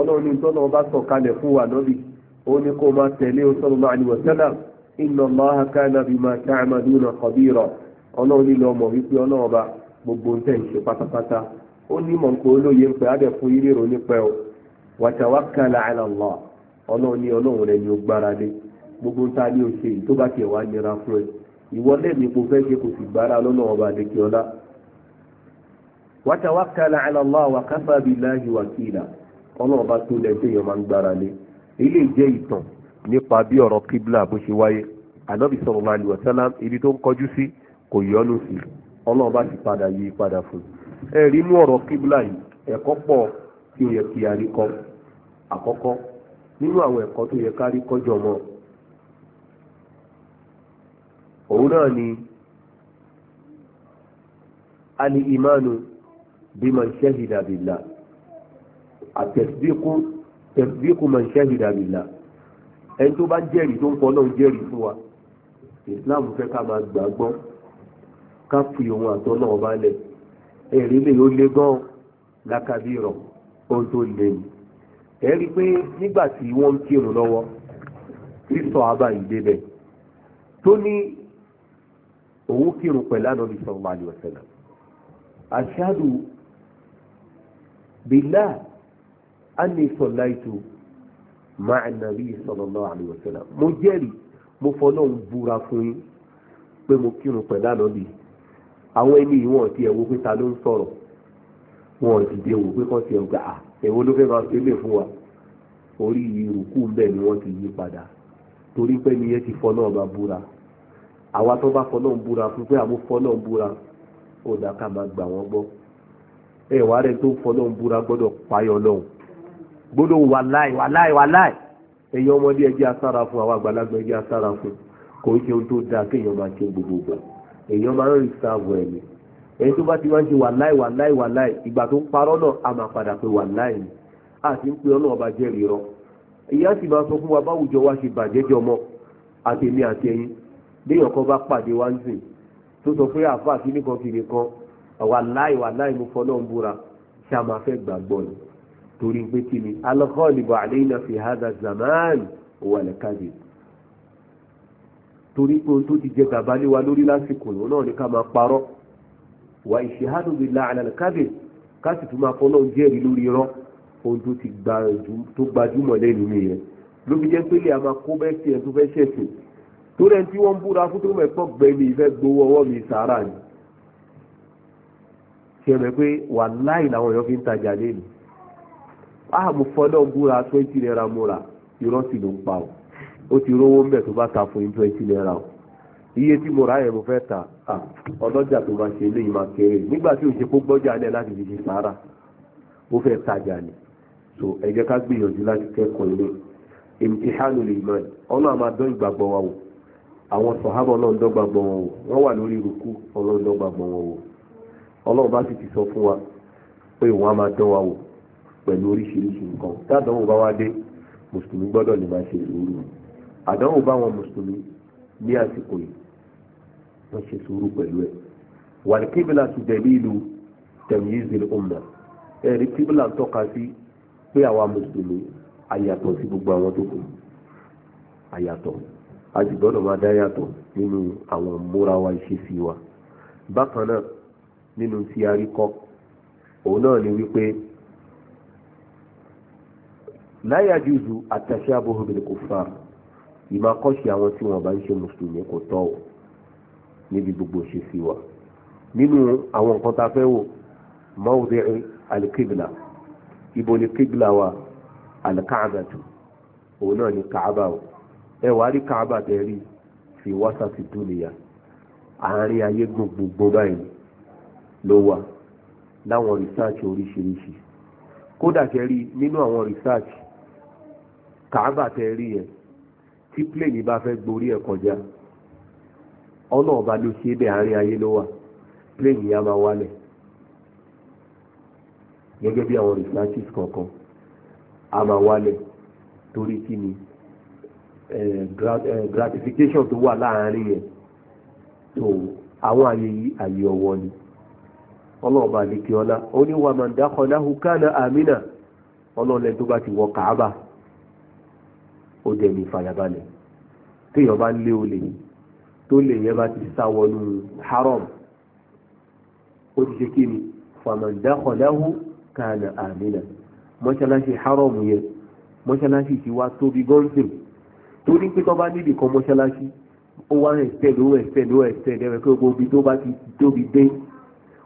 Speaker 1: ọlọ́run ní tọ́lọ́ ọba kalẹ̀ fún wa lọ́bì ó ní kó máa tẹ̀lé o sallallahu alaihi wasallam inna Allaha kana bima ta'maluna khabira ọlọ́run ní lọ́mọ wípé ọlọ́run ọba gbogbo ń tẹ̀ ń ṣe pátápátá ó ní mọ̀ gbogbo ń ta ní òṣè tó bá tiẹ̀ wá nira fún ẹ ìwọ lẹ́mí kò fẹ́ ṣe kò sì gbára lọ́nà ọba àdékè ọlá. wa tawakkal ala Allah wa kafa billahi wakila ọlọ́ọ̀bá tó lẹ́sẹ̀ yẹn máa ń gbára lé ilé ìjẹ́ ìtàn nípa bí ọ̀rọ̀ kíbla bó ṣe wáyé ànábì sallallahu alaihi wasallam ibi tó ń kọjú sí kò yọnu sí ọlọ́ọ̀bá sì padà yí padà fún ẹ rí inú ọ̀rọ̀ kíbla yìí ẹ̀kọ́ pọ̀ tí ó yẹ kí a àkọ́kọ́ nínú àwọn ẹ̀kọ́ tó yẹ ká rí mọ́ òun náà ni ali imanu bí man ṣẹ́hìdà bìlá àtẹ̀síkú tẹ̀síkú man ṣẹ́hìdà bìlá ẹni tó bá jẹ́rìí tó ń pọ̀ náà jẹ́rìí fún wa islam fẹ́ ká máa gbàgbọ́ ká fi ohun àtọ́ náà balẹ̀ ẹ̀rí lè ó lé gan lákàbí rọ̀ ohun tó lè ní ẹ̀rí pé nígbà tí wọ́n ń kírun lọ́wọ́ kristo abba ìdébẹ̀ tó ní òun kírun pẹ̀lú ànábì sallallahu alaihi wasallam ashadu billah anni sallaitu ma'a nabi sallallahu alaihi wasallam mo jẹ́rìí mo fọlọ́run búra fún yín pé mo kírun pẹ̀lú ànábì àwọn ẹni ìwọ̀n ti ẹ̀wọ́ pé ta ló ń sọ̀rọ̀ wọn ò dìde wò pé kán ti ọgbà à ah, ló fẹ́ máa ṣe lè fún wa orí ìrùkú ń ni wọ́n ti yí padà torí pé niyẹn ti fọ́ náà búra àwa tó bá fọlọ́ ń búra fún pé àmú fọlọ́ ń búra ó ká máa gbà wọ́n gbọ́ ẹ wà tó fọlọ́ ń búra gbọ́dọ̀ payọ̀ lọ́hùn gbọ́dọ̀ wàláì wàláì wàláì ẹ̀yin ọmọdé ẹ asára fún àwọn àgbàlagbà ẹ asára fún kò ń ṣe ohun tó dáa máa ṣe gbogbo èèyàn máa ń rí sáàbù ẹ̀mí tó bá ti ń ṣe ìgbà tó ń parọ́ náà a máa ni a sì ń pe ọ́nà rọ ìyá sì máa sọ fún wa léèyàn kan bá pàdé wá ń sìn tó sọ pé àfa àfínì kan fìdí kan wàláì wàláì mo fọ́ náà ń búra ṣé a máa fẹ́ gbàgbọ́ ni torí pé kí ni alghalibu alayna fi hadha zaman huwa al-kadhib torí pé o tó ti jẹ gàba lé wa lórí lásìkò lòun náà ni ká máa parọ́ wà ishhadu billahi ala al-kadhib ká sì tún máa fọ́ náà jẹ́rìí lórí irọ́ ohun tó ti gbajúmọ̀ lẹ́nu mi yẹn ló jẹ́ pé lè a máa kó bẹ́ẹ̀ sí tó fẹ́ ṣẹ̀sìn torí ẹni tí wọ́n ń búra fún tó mẹ́kọ́ gbẹ̀mí ìfẹ́ gbowó ọwọ́ mi sàárà ni ṣe mẹ́ pé wà láì làwọn èèyàn fi ń tajà ah, fọ́dọ̀ búra twenty naira múra irọ́ sì ló ń pa o ó ti rówó mẹ́ tó bá ta fún yín twenty naira o iye tí mo ra yẹn mo fẹ́ ta ah, ọlọ́jà tó máa ṣe eléyìí máa kéré nígbà tí òṣèpó gbọ́jà lẹ̀ láti fi ṣe sàárà ó fẹ́ tajà ni so ẹ ká gbìyànjú láti kẹ́kọ̀ọ́ ilé imtihanul àwọn sọ̀hábà ọlọ́run dọ́gba gbọ̀n wọn wò wọ́n wà lórí rúkú ọlọ́run dọ́gba gbọ̀n wọn wò ọlọ́run bá sì ti sọ fún wa pé òun á máa dán wa wò pẹ̀lú oríṣiríṣi nǹkan tádánwò bá wá dé mùsùlùmí gbọ́dọ̀ lè máa ṣe ìlúrú àdánwò bá wọn mùsùlùmí ní àsìkò yìí wọ́n ṣe sùúrù pẹ̀lú ẹ̀ wàlíkíbìlà ti dẹ̀lí ìlú tẹ̀míyìzìlì ọ̀nà ẹ̀rí kíbìlà ń tọ́ka sí pé àwa mùsùlùmí àyàtọ̀ sí gbogbo àwọn tó kù àyàtọ̀ a sì gbọ́dọ̀ máa dá yàtọ̀ nínú àwọn múra wa ìṣesí wa bákan nínú tí a rí kọ́ òun náà ni wípé láyà jùzù àtàṣe abóhùnbìnrin kò fà ìmàkọ́ṣe àwọn tí wọ́n bá ń ṣe mùsùlùmí kò tọ́ ò níbi gbogbo ìṣesí wa nínú àwọn nǹkan tá fẹ́ wò mọ́wùdí alikibla ibo ni kibla wa alikaabatu òun náà ni kaaba o ẹ wàá rí káàbà tẹ́rí fi wásàtì dúnìyà àárín ayé gbogbogbò báyìí ló wà láwọn research oríṣiríṣi kódà tẹ́rí nínú àwọn research káàbà tẹ́rí yẹn tí plane bá fẹ́ gborí ẹ̀ kọjá ọ̀nà ọba ló ṣe bẹ́ẹ̀ àárín ayé ló wà plane yẹn á máa wálẹ̀ gẹ́gẹ́ bí àwọn researches kọ̀ọ̀kan a máa wálẹ̀ torí kí ni Eh, gratification tó wà láàárín yẹn tó àwọn àyè yìí àyè ọ̀wọ̀ ni ọlọ́ọ̀bà ní kí ọlá ó ní wà máa dákọ̀ láhù kánà àmínà ọlọ́ọ̀lẹ́ tó bá ti wọ kàábà ó dẹ̀ ní ìfàyàbalẹ̀ téèyàn bá lé olè tó lè yẹn bá ti sá wọnú haram ó ti ṣe kí ni fàmàdákọ̀ láhù kánà àmínà mọ́ṣáláṣí haram yẹn mọ́ṣáláṣí ti wá tóbi gọ́ńsìn torí pé tó bá níbi kan mọ́ṣáláṣí ó wá ẹ̀sẹ̀dẹ̀ ó ẹ̀sẹ̀dẹ̀ ó ẹ̀sẹ̀dẹ̀ rẹ̀ pé gbogbo ibi tó bá ti tóbi dé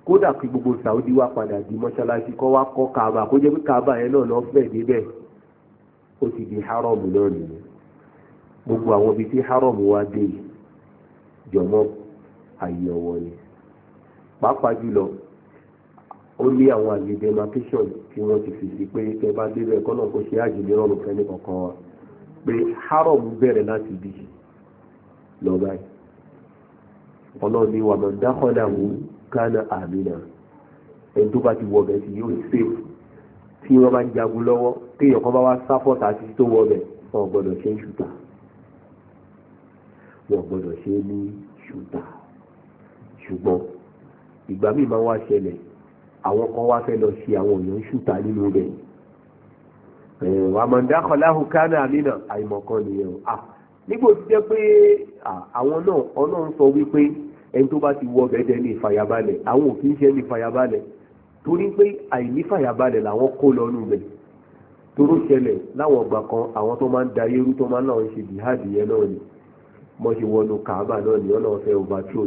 Speaker 1: kódà kí gbogbo Saudi wá padà di mọ́ṣáláṣí kọ́ wá kọ́ Kaaba kó jẹ́ pé Kaaba yẹn náà lọ́ọ́ fẹ̀ débẹ̀ ó ti di haram náà nìyẹn gbogbo àwọn ibi tí haram wá dé jọmọ àyẹ̀wò ni pàápàá jùlọ ó ní àwọn àgbègbè demarcation tí wọ́n ti fi sí pé kẹ bá kọ́nà kó ṣe àjùmí rọrùn fẹ́ ní kankan wa pé haram bẹ̀rẹ̀ láti bí lọ báyìí ọlọ́run ni wà máa dákọ̀dà wù kánà àmìnà ẹni tó bá ti wọ ọbẹ̀ tí yóò ṣe tí wọ́n bá ń jagun lọ́wọ́ téèyàn kan bá wá sáfọ́tà àti tó wọ ọbẹ̀ wọn gbọ́dọ̀ ṣe ń ṣùtà wọn gbọ́dọ̀ ṣe ní ṣùtà ṣùgbọ́n ìgbà míì máa wá ṣẹlẹ̀ àwọn kan wá fẹ́ lọ ṣe àwọn èèyàn ṣùtà nínú rẹ̀ àmọ̀dá kọláhùn kánà àmìnà àìmọ̀kan nìyẹn o à ah, nígbò tí jẹ́ pé ah, àwọn náà ń sọ wípé ẹni tó bá ti wọ bẹ́ẹ̀dẹ̀ ní ìfàyàbalẹ̀ àwọn ò kì í ṣe ní ìfàyàbalẹ̀ torí pé àìnífàyàbalẹ̀ làwọn kó lọ́nu rẹ̀ toró ṣẹlẹ̀ láwọn ọgbà kan àwọn tó máa ń da eérú tó máa ń náà ń ṣe náà ni ṣe wọnú kàábà náà ni ọba tí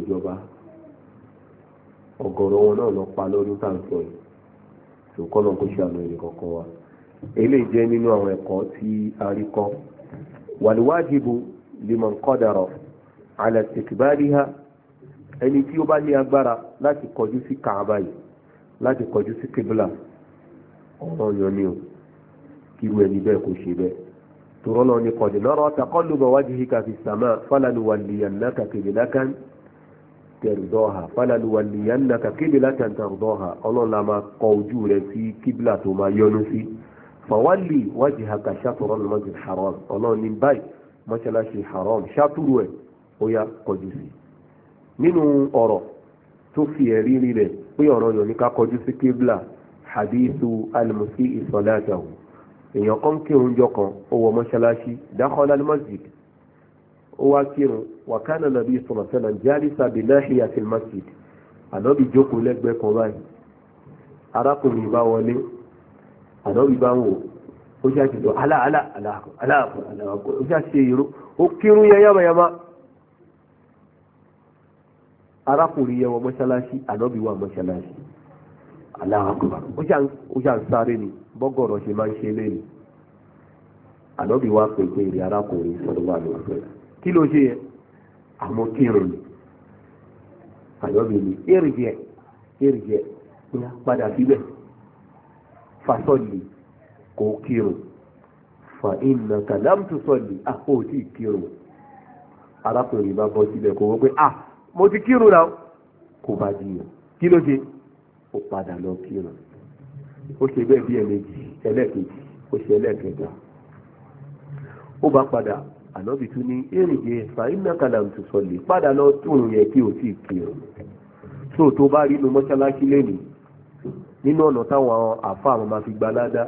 Speaker 1: ọ̀gọ̀rọ̀ eléyìí jẹ́ nínú àwọn ẹ̀kọ́ tí a rí kọ́ wàlúwájìbù liman qadara ala istikbaliha ẹni tí ó bá ní agbára láti kọjú sí kàábà yìí láti kọjú sí kìbìlà ọ̀rọ̀ yọ ni o kíru ẹni bẹ́ẹ̀ kò ṣe bẹ́ẹ̀ tòrọ́ náà ni kọ̀dé lọ́rọ̀ taqalluba wajhika fi sama falanuwalliyannaka qiblatan tẹ̀rùdọ́ha falanuwalliyannaka qiblatan tẹ̀rùdọ́ha ọlọ́run la máa kọ ojú rẹ fọwọ́lì wajhaka ṣàtúrọ̀ ní mọ́jì haram ọlọ́run ní báyìí mọ́ṣáláṣí haram ṣàtúrù ẹ̀ ó yá kọjú sí. nínú ọ̀rọ̀ tó fi ẹ̀rí rí rẹ̀ pé ọ̀rọ̀ yọ̀ ní ká kọjú sí kébìlà hadithu alimusi ìsọ̀láṣàwò èèyàn kan kírun jọ kan ó wọ mọ́ṣáláṣí dákọ́lá ní masjid ó wá kírun wàkánà nàbí sọ̀rọ̀sẹ́nà jálísà bíláhì àti masjid ànábì jókòó lẹ́gbẹ̀ẹ́ kan báyìí arákùnrin ìbá wọlé ànábì bá ń wò ó ṣe àṣìṣe aláàlá aláàkọ aláàkọ aláàkọ ó ṣe àṣìṣe ìró ó kírun yẹn yamayama arákùnrin yẹn wọ mọ́ṣáláṣí ànábì wà mọ́ṣáláṣí aláàkọ ó ṣe à ń sáré ni bọ́gọ̀rọ̀ ṣe máa ń ṣe lé ni ànábì fasoli ko kiro fa iná kàlámtù sọ́lì àpò tí kírun arákùnrin pé ah mo ti kiro náà kò bá jiyàn kí ló dé ó padà lọ kírun ó ṣe o bí ẹ̀mejì ẹlẹ́ẹ̀kejì ó ṣe ẹlẹ́ẹ̀kẹta ó bá padà ànábì tún ní èrìgé ka padà lọ yẹ kí o sì kiro so tó bá rí inú mọ́ṣáláṣí nínú ọ̀nà táwọn àfa àwọn máa fi gba ládá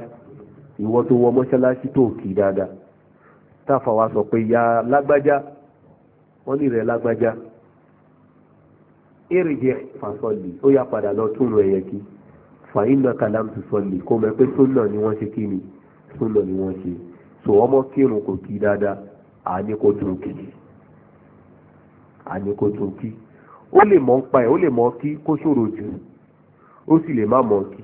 Speaker 1: ìwọ tó wọ mọ́ṣáláṣí tó kì í dáadáa sọ pé ya lágbájá wọ́n ní rẹ̀ lágbájá èrè jẹ́ fàṣọlì ó yá padà lọ tún rẹ̀ yẹ kí fàyínà kàlámù sọlì kó mẹ́ pé sónà ni wọ́n ṣe kí ni sónà ni wọ́n ṣe so ọmọ kírun kò kí dáadáa àní kò tún kì í àní kò tún kí ó lè mọ̀ ń pa ẹ̀ ó lè mọ̀ kí kó ṣòro jù ó sì lè má mọ̀ kí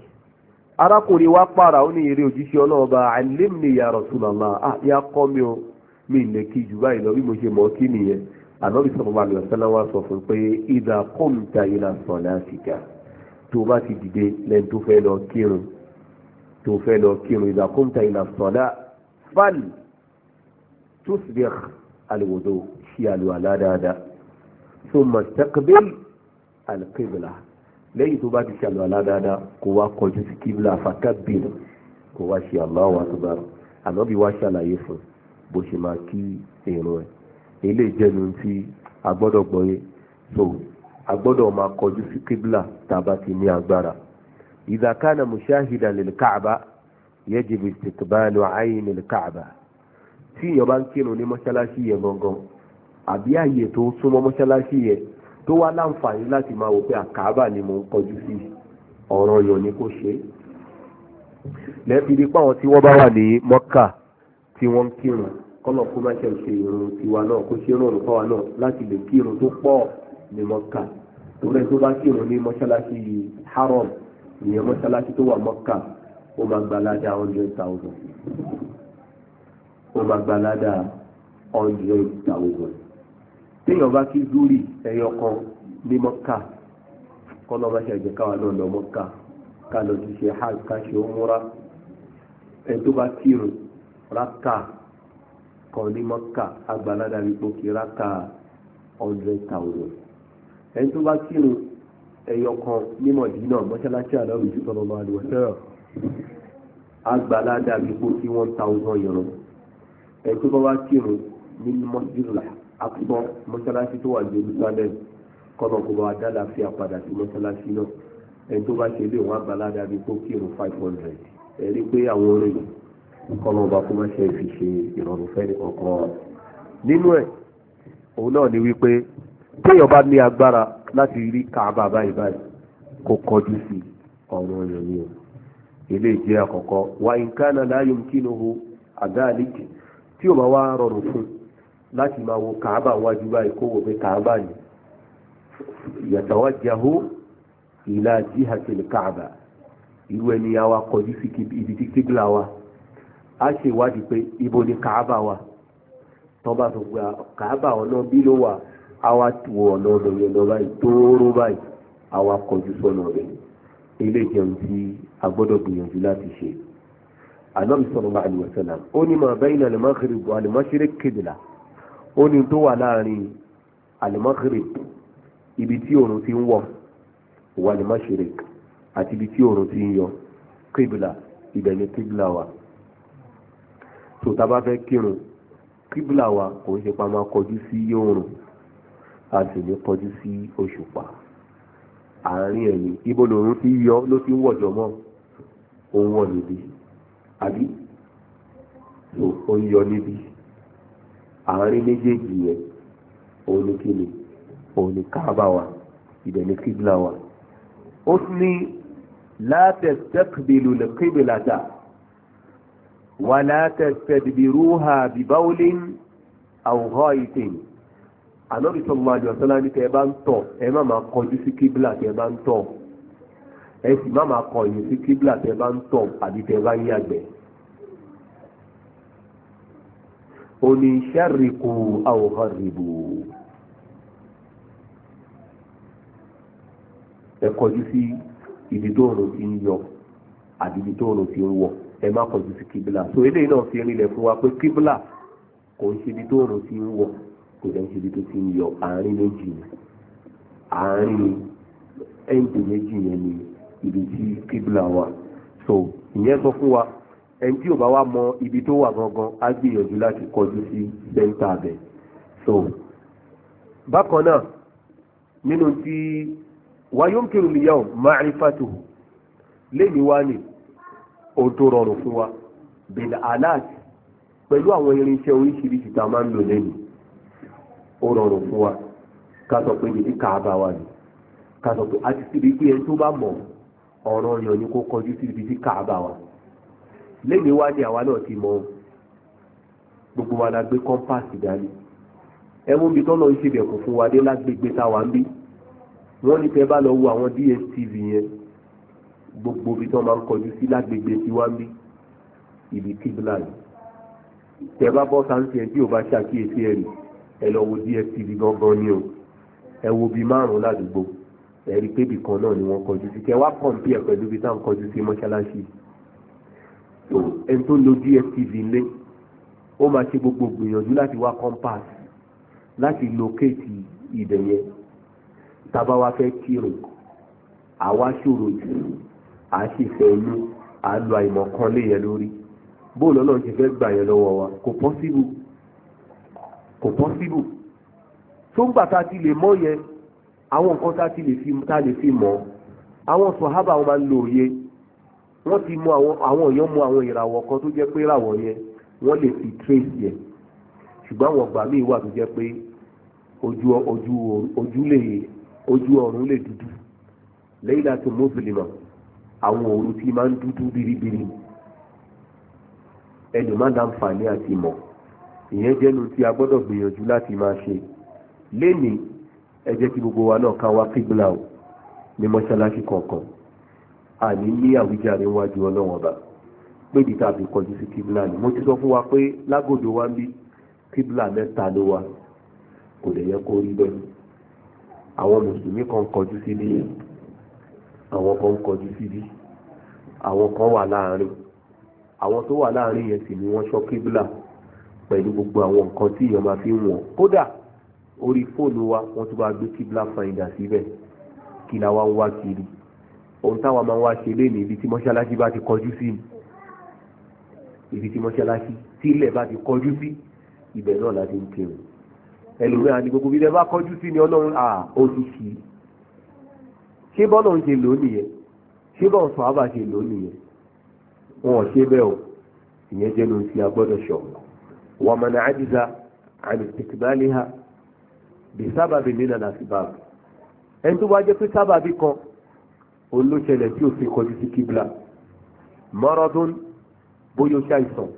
Speaker 1: arákùnrin wa pààrà ó ní eré òjíṣẹ́ ọlọ́run bá alẹ́m ní ya Rasulullah à ah, yà kọ́ mi o mi ì lẹ́kì jù báyìí lọ bí mo ṣe mọ̀ kí nìyẹn ànábì sọ̀rọ̀ bá lọ sẹ́lá wa sọ fún pé ìdá kọ́mìtà ìlà sọ̀láṣìkà tó bá ti dìde lẹ́ni tó fẹ́ lọ kírun tó fẹ́ lọ kírun ìdá kọ́mìtà ìlà sọ̀lá fan tusbih alwudu ṣe àlùwàlá dáadáa thumma istaqbil alqibla lẹ́yìn tó bá ti ṣe àlùwàlá dáadáa kó wá kọjú sí kíbla fàkàbìrì kó wá ṣe Allahu akbar ànábì wá ṣàlàyé fún bó ṣe máa kí èrò ẹ̀ ilé ìjẹnu tí a gbọ́dọ̀ gbọ́yé so a gbọ́dọ̀ máa kọjú sí kíbla tàbá ti ní agbára idha kana mushahidan lil Ka'ba yajibu istiqbalu ayn lil Ka'ba tí èèyàn ń kírun ní mọ́ṣáláṣí yẹn gangan àbí àyè tó súnmọ́ mọ́ṣáláṣí yẹn tó wá láǹfààní láti máa wò pé àkàbà ni mo ń kọjú sí ọ̀rọ̀ yọ̀ ni kò ṣe lẹ́bi ní páwọn tí wọ́n bá wà ní mọ́kà tí wọ́n ń kírun kọ́lọ̀ kó má ṣe ṣe irun tiwa náà kó ṣe rọrùn fáwa náà láti lè kírun tó pọ̀ ní mọ́kà torí tó bá kírun ní mọ́ṣáláṣí haram ìyẹn mọ́ṣáláṣí tó wà mọ́kà ó máa gba ládà hundred thousand ó máa gba ládà hundred thousand téèyàn bá kí zúrì ẹyọ kan ní mọ́kà kọ́nà bá ṣe ẹ̀jẹ̀ káwa náà lọ mọ́kà ká lọ ti ṣe hajj ká ṣe umura ẹ̀ tó bá kírun rákà kan ní mọ́kà agbálada wípé kí rákà hundred thousand ẹ̀ tó bá kírun ẹyọ kan ní mọ̀dínà mọ́ṣáláṣí àdáwì ju tọ́lọ́ máa sẹ́rọ̀ agbálada wípé kí one thousand yọrọ ẹ̀ tó bá wá kírun ní mọ́ṣáláṣí àpọ̀ mọ́ṣáláṣí tó wà ní Jerusalem kọ́nà kó bá wa dá láàfin àpadà sí mọ́ṣáláṣí náà ẹni tó bá ṣe lé wọn àgbàládà bíi tó kírun five hundred ẹ rí i pé àwọn orin kọ́nà ọba kó má ṣe fi ṣe ìrọ̀rùn fẹ́ni kankan wa. nínú ẹ̀ òun náà ni wípé téèyàn bá ní agbára láti rí Káàbà báyìí báyìí kó kọjú sí ọ̀rọ̀ èèyàn ni o ilé ìjẹ́ àkọ́kọ́ wa nǹkan náà láyò kí ni o àdáàlì tí ò bá wá rọrùn fún un láti máa wo kàábà wájú báyìí kó wò pé kàábà ni yatawajjahu ila jihatil kàábà irú ẹni yà wá kọjú sí ibi tí kíbla wa a ṣe ìwádìí pé ibo ni kàábà wa tọ́ bá sọ kàábà ọ̀nà bí ló wà àwa tu ọ̀nà ọ̀dọ̀ lọ báyìí tóóró báyìí àwa kọjú sọ́nà rẹ̀ ilé ìjẹun tí a gbọ́dọ̀ gbìyànjú láti ṣe. ànábì sallallahu alaihi wasallam ó ní ma bayna al-maghrib wal mashriq qibla ó ní tó wà láàrin alimakirib ibi tí oòrùn ti ń wọ̀ wà alimashirik àti ibi tí oòrùn ti ń yọ kíbìlà ibẹ̀ kíbìlà wà tó tá fẹ́ kírun kíbìlà wa kò ń ṣe pa máa kọjú sí oòrùn a sì ní kọjú sí òṣùpá àárín ẹ̀yìn ibo lòun ti yọ ló ti ń wọ̀jọ̀ mọ́ òun wọ̀ níbi àbí ó ń yọ níbi àárín méjèèjì yẹn òun ni kíni òun ni káàbà wa ibẹ̀ ni kíbla wa ó sì ní látẹ̀sẹ̀kìbìlù lẹ́kìbìlàtà wà látẹ̀sẹ̀dìbìrúhà bìbáwólín àwòrán ìtẹ̀yìn ànábì sallallahu alaihi wasallam ní tẹ́ bá ń tọ̀ ẹ má máa kọjú sí kíbla tẹ́ bá ń oní ṣẹ́ríkù àwòhánrìbù ẹ kọjú sí ibi tó òòrùn ti ń yọ àti ibi tó òòrùn ti ń wọ̀ ẹ má kọjú sí kíbílà so eléyìí náà fi rinlẹ̀ fún wa pé kíbílà kò ń ṣe ibi tó òòrùn ti ń wọ̀ kò dẹ̀ ń ṣe ibi tó ti ń yọ àárín méjì ni àárín ẹ̀ǹdì méjì yẹn ni ibi tí kíbílà wà so ìyẹn sọ fún wa ẹni tí ò bá wá mọ ibi tó wà gangan á gbìyànjú láti kọjú sí sẹ́ńtà bẹ̀ so bákan náà nínú tí wayomkiru liyaw ma'rifatuhu lẹ́ni wá ní ohun tó rọrùn fún wa bil alat pẹ̀lú àwọn irinṣẹ́ oríṣiríṣi tá a máa ń lò lẹ́nu ó rọrùn fún wa ká sọ pé níbi káàbà wà ní ká sọ pé a síbi pé ẹni tó bá mọ̀ ọ̀rọ̀ yàn ni kó kọjú sí ibi tí káàbà wà lẹ́ni wá ní àwa náà ti mọ̀ gbogbo wa la gbé kọ́mpáàsì dání ẹmú bí tọ́lọ̀ ń ṣèbẹ̀kù fún wa dé lágbègbè táwa ń bí wọ́n ní tẹ́ bá lọ wo àwọn DSTV yẹn gbogbo bí tọ́ máa ń kọjú sí lágbègbè tiwa ń bí ibi kíbla yìí tẹ́ bá bọ́ sáńsì ẹ̀ tí ò bá ṣàkíyèsí ẹ̀ rí ẹ lọ wo DSTV gangan ni o ẹ wo bí márùn-ún ládùúgbò ẹ rí pébì kan náà ni wọ́n kọjú sí kẹ́ wá pọ̀ ń bí ẹ̀ pẹ̀lú bí táwọn kọjú sí mọ́ṣáláṣí yìí ẹni tó lo dstv lé ó máa ṣe gbogbo gbìyànjú láti wá compass láti locate ìdẹ̀yẹ tábà wá fẹ́ kírun àwa ṣòro jù à sì fẹ́ inú à lo àìmọ̀kan lé yẹn lórí bóòlù ọlọ́run ti fẹ́ gbà yẹn lọ́wọ́ wa kò possible kò possible tó ń gbà tá a ti lè mọ̀ yẹn àwọn nǹkan tá a ti lè fi mọ̀ àwọn sọ̀hábà wọn máa ń lo òye wọ́n ti mọ àwọn àwọn èèyàn mọ àwọn ìràwọ̀ kan tó jẹ́ pé ìràwọ̀ yẹn wọ́n lè fi trace yẹn ṣùgbọ́n àwọn ọgbà míì wà tó jẹ́ pé ojú ojú ojú lè ojú ọ̀run lè dúdú lẹ́yìn láti mọ́sùlùmọ̀ àwọn òru tí máa ń dúdú biribiri ẹnu má láǹfààní àti mọ̀ ìyẹn jẹ́nu tí a gbọ́dọ̀ gbìyànjú láti máa ṣe lénìí ẹ jẹ́ kí gbogbo wa náà ká wá kígbìlà ní mọ́ṣáláṣí kọ̀ọ̀kan àní ní àwíjàre wájú ọlọ́wọ́n ọba pébi tá a fi kọjú sí kíbla ni mo ti sọ fún wa pé lágòdò wa ń bí kíbla mẹ́ta ló wa kò lè yẹ kó rí bẹ́ẹ̀ àwọn mùsùlùmí kan kọjú sí bí àwọn kan kọjú sí bí àwọn kan wà láàárín àwọn tó wà láàárín yẹn sì ni wọ́n sọ kíbla pẹ̀lú gbogbo àwọn nǹkan tí èèyàn máa fi ń wọ̀n kódà orí fóònù wa wọ́n tún bá gbé kíbla finder síbẹ̀ kí la wá ń wá kiri ohun táwọn máa ń wá ṣe lé ní ibi tí mọ́ṣáláṣí bá ti kọjú sí ibi tí mọ́ṣáláṣí tí ilẹ̀ bá ti kọjú sí ibẹ̀ náà láti ń kírun ẹlòmíràn ni gbogbo ilẹ̀ bá kọjú sí ni ọlọ́run à ó ti kì í ṣé bọ́ọ̀lù ń ṣe lónìí ṣé bọ́ọ̀lù sọ àbá ṣe lónìí wọn ò ṣe bẹ́ẹ̀ o ìyẹn jẹ́ ló ń fi agbọ́dọ̀ ṣọ̀ wọ́n mọ̀nà àdìsá àmì tẹ̀kìbálẹ̀ ha ẹni tó bá pé sábàbí kan olóṣẹlẹ̀ tí ó fi kọjú sí kíbla mọ́rọ́dún bóyá ó ṣàìsàn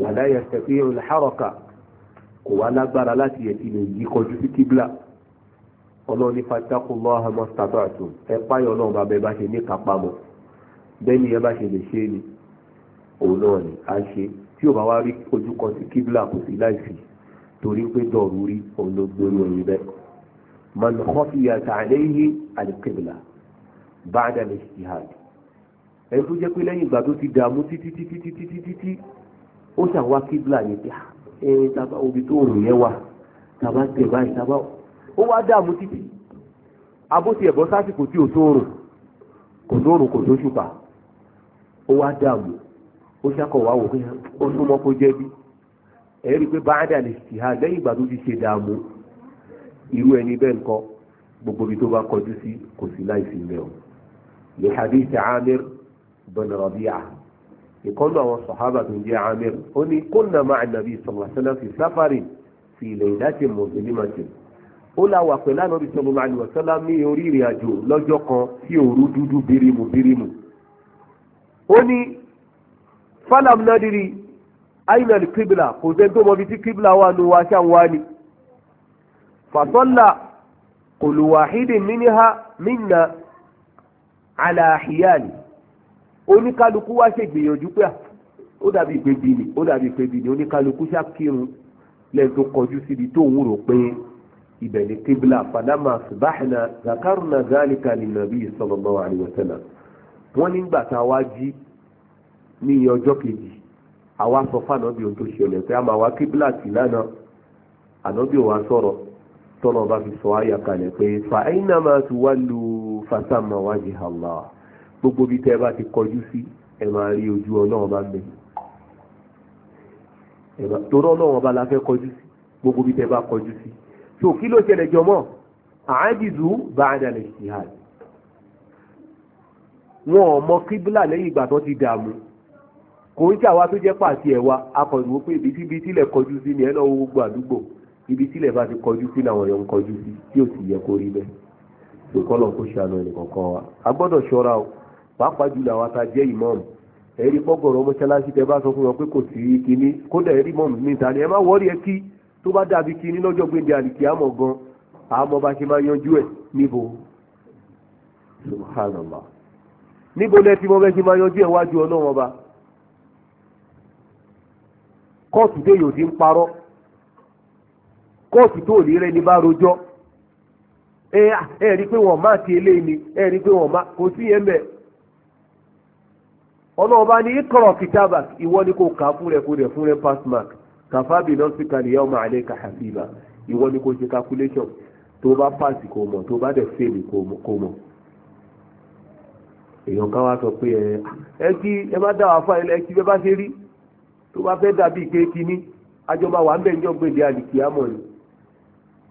Speaker 1: wà láyé ṣẹ̀fí ìrìnlẹ̀hárọ̀kà kò wá lágbára láti ẹ̀tì lè yí kọjú sí kíbla ọlọ́ni fatakùnlọ́ ahàmọ́ statuatu ẹ páyọ̀ náà bá bẹ bá ṣe ní kápámọ́ bẹ́ẹ̀ni ẹ bá ṣe lè ṣe ni òun náà ni a man khafiya alayhi al báadà lè jihad ẹni tó jẹ́ pé lẹ́yìn ìgbà tó ti dààmú títí títí títí títí tí ó ṣàwá kíbla yẹn tí ẹni tàbá omi tó rùn yẹn wà tàbá tẹ̀ báyìí tàbá ó wá dààmú títí abóti ẹ̀bọ́ sásìkò tí ò sóòrùn kò sóòrùn kò sóṣùpá ó wá dààmú ó ṣàkọ̀wá wò pé ó súnmọ́ kó jẹ́ bí ẹ̀rí pé báádà lè ṣìhà lẹ́yìn ìgbà tó ti ṣe dààmú irú ẹni bẹ́ẹ̀ gbogbo ibi tó bá kọjú sí kò sí láìsí mẹ́ọ̀ ní hadith amir bin rabi'a ìkọlù àwọn sọ̀hábà tó ń jẹ́ amir ó ní kunna ma'a nàbí sọ̀rọ̀sẹ́lẹ̀ fi sáfàrì fi laylatin muzlimatin ó láwà pẹ̀lú ànábì sallallahu alaihi wasallam ní orí ìrìn àjò lọ́jọ́ kan tí òru dúdú birimu birimu ó ní fálàm nádìrí àyìnà kíbla kò sẹ́ni tó mọbi tí kíbla wà nù wá ṣáà wá ni fasalla kullu wahidin minha minna aláhìyáni oníkálukú wá ṣègbìyànjú pé ó dàbí ìpèbí ni ó dàbí ìpèbí ni oníkálukú ṣàkírun lẹ́yìn tó kọjú síbi tó ń rò pé ibẹ̀ ni kíbla fàdámà sùbáhìnà zakaruna zálìkà ní nàbí sallallahu alaihi wasallam wọ́n nígbà tá a wá jí ní ọjọ́ kejì àwa sọ fún ànábì tó ṣẹlẹ̀ pé a máa wá kíbla tì lánàá ànábì ò sọ̀rọ̀ tọ́lọ̀ bá fi sọ àyà kalẹ̀ pé fa iná máa tún wá lu fasáàmà wájú Allah gbogbo bí tẹ́ bá ti kọjú sí ẹ máa rí ojú ọlọ́run bá gbẹ torí ọlọ́run bá la fẹ́ kọjú sí gbogbo bí tẹ́ bá kọjú sí so kí ló ṣẹlẹ̀ jọmọ́ àájìzú bá àdàlẹ̀ ṣìhàd wọn ò mọ kíbílà lẹ́yìn ìgbà tó ti dààmú kò ń ṣàwa tó jẹ́ pàṣẹ ẹ̀wà akọ̀dùnwó pé ibi tíbi tílẹ̀ kọjú sí ni ẹ lọ́wọ́ gbogbo àdúgbò ibi tílẹ̀ bá ti kọjú sí làwọn èèyàn ń kọjú sí tí ò sì yẹ kó rí bẹ́ẹ̀ tó kọ́lọ̀ kó ṣàánú ẹnì kọ̀ọ̀kan wa a gbọ́dọ̀ ṣọ́ra o pàápàá jùlọ àwọn ata jẹ́ ìmọ̀ọ̀mù ẹ̀rí pọ́gọ̀rọ̀ mọ́ṣáláṣí tẹ bá sọ fún wọn pé kò sí kinní kódà ẹ̀rí mọ̀ọ̀mù níta ni ẹ má wọ́ọ̀rí ẹ kí tó bá dàbí kinní lọ́jọ́ gbèdé àlìkí àmọ̀ gan àmọ́ bá ṣe máa yanjú ẹ̀ níbo subhanallah níbo lẹ ti mọ bẹ ṣe máa yanjú ẹ̀ wájú ọlọ́wọ́n ba kóòtù téèyàn ti ń parọ́ kóòtù tó ní rẹ ní bá rojọ́ ẹ ẹ pé wọ́n máa ti eléyìí ni ẹ rí i pé wọ́n máa kò sí yẹn mẹ́ ọlọ́ọ̀bá ní ikọ̀rọ̀ kìtàbà ìwọ ni kò kà fún rẹ kó rẹ fún rẹ pass mark kàfá bì náà síkà nìyá ọmọ àlẹ kàhàfìbà ìwọ ni kò ṣe calculation tó bá pass kò mọ̀ tó bá dẹ̀ fail kò mọ̀ èèyàn kan wá sọ pé ẹ ẹ kí ẹ má dá wàá fún ẹ kí ẹ bá ṣe rí tó bá fẹ́ dàbí pé kíní àjọba wà ń bẹ̀ ń jọ gbèdé àlìkíyàmọ̀ ni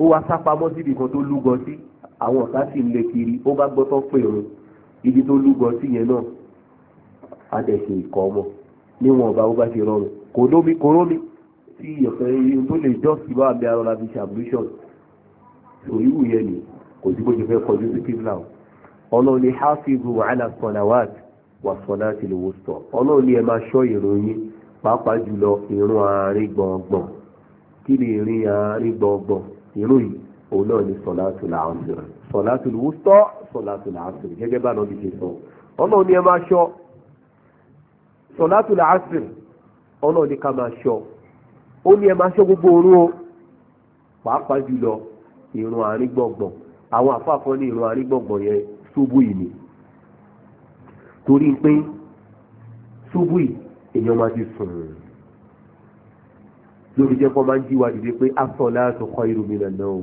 Speaker 1: ó wá sápamọ́ síbi kan tó lúgọ sí àwọn ọ̀tá sì ń lé kiri ó bá gbọ́ tán pè òun ibi tó lúgọ sí yẹn náà á dẹ̀ ṣe ìkọ́ ọmọ níwọ̀n ọba ó bá ṣe rọrùn kò lómi kò lómi tí ìyẹ̀fẹ́ irun tó lè jọ́ sí bá mi arọ́lá fi ṣe ablution òyìnbó yẹn ni kò sí bó ṣe fẹ́ kọjú sí kíbla o ọlọ́run ni hafizu ala salawat wa salati lwusta ọlọ́run ni ẹ máa ṣọ́ ìròyìn pàápàá jùlọ ìrun àárín gbọ̀ngbọ̀n kí ni ìrìn àárín gbọ̀ngbọ̀n irun yìí òun náà ni sọ̀látù làásìrì sọ̀látù lùwúsọ́ sọ̀látù làásìrì gẹ́gẹ́ bá nàbí ṣe sọ ọlọ́run ni ẹ máa ṣọ́ sọ̀látù làásìrì ọlọ́run ni ká máa ṣọ́ ó ní ẹ máa ṣọ́ gbogbo orú o pàápàá jùlọ ìrun àrígbọ̀ngbọ̀n àwọn àfáàfọ́ ní yẹn ṣubú ni torí pé ṣubú yìí èèyàn máa ti lórí jẹ́ kọ́ máa ń jíwa dìde pé as-salatu khayrun minan nawm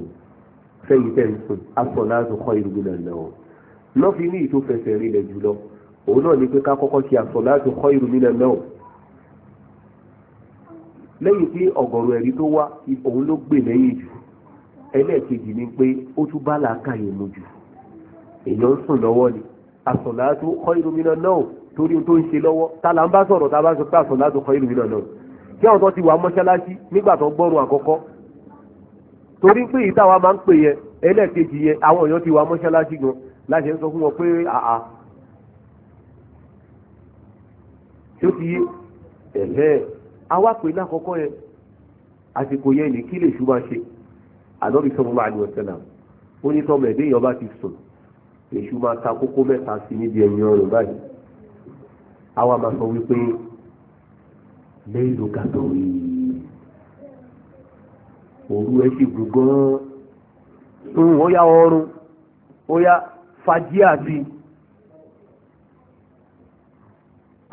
Speaker 1: sẹ́yìn tẹ́ ń sùn as-salatu khayrun minan nawm lọ́fi ní ìtò fẹsẹ̀ rinlẹ̀ jùlọ òun náà ni pé ká kọ́kọ́ ṣe as-salatu khayrun minan nawm lẹ́yìn pé ọ̀gọ̀rọ̀ ẹ̀rí tó wá òun ló gbè lẹ́yìn jù ẹlẹ́ẹ̀kejì ni pé ó tún bá làákàyè mu jù èèyàn ń sùn lọ́wọ́ ni as-salatu khayrun minan nawm torí tó ń ṣe lọ́wọ́ tá là ń bá sọ̀rọ̀ tá a bá sọ pé as-salatu khayrun minan kí àwọn tó ti wà mọ́ṣáláṣí nígbà tó gbọ́rùn àkọ́kọ́ torí pé ìta wa máa ń pè yẹn ẹlẹ́ẹ̀kejì yẹn àwọn èèyàn ti wà mọ́ṣáláṣí gan láti ń sọ fún wọn pé àà tó ti yé ẹ̀hẹ́ àwa pè lákọ̀ọ́kọ́ yẹn àsìkò yẹn ní kí lè ṣùgbọ́n ṣe ànábi sọ fún wa àlùyọ̀ sẹ́là ó ní tọ́mọ ẹ̀dẹ́ èèyàn bá ti sùn èṣù máa ta kókó mẹ́ta sí níbi ẹ̀yìn ọrùn báyìí àwa máa sọ wípé lẹ́yìn ló kàtó yìí òru ẹ sì gùn gan-an ó yá ọrùn ó yá fàjíà sí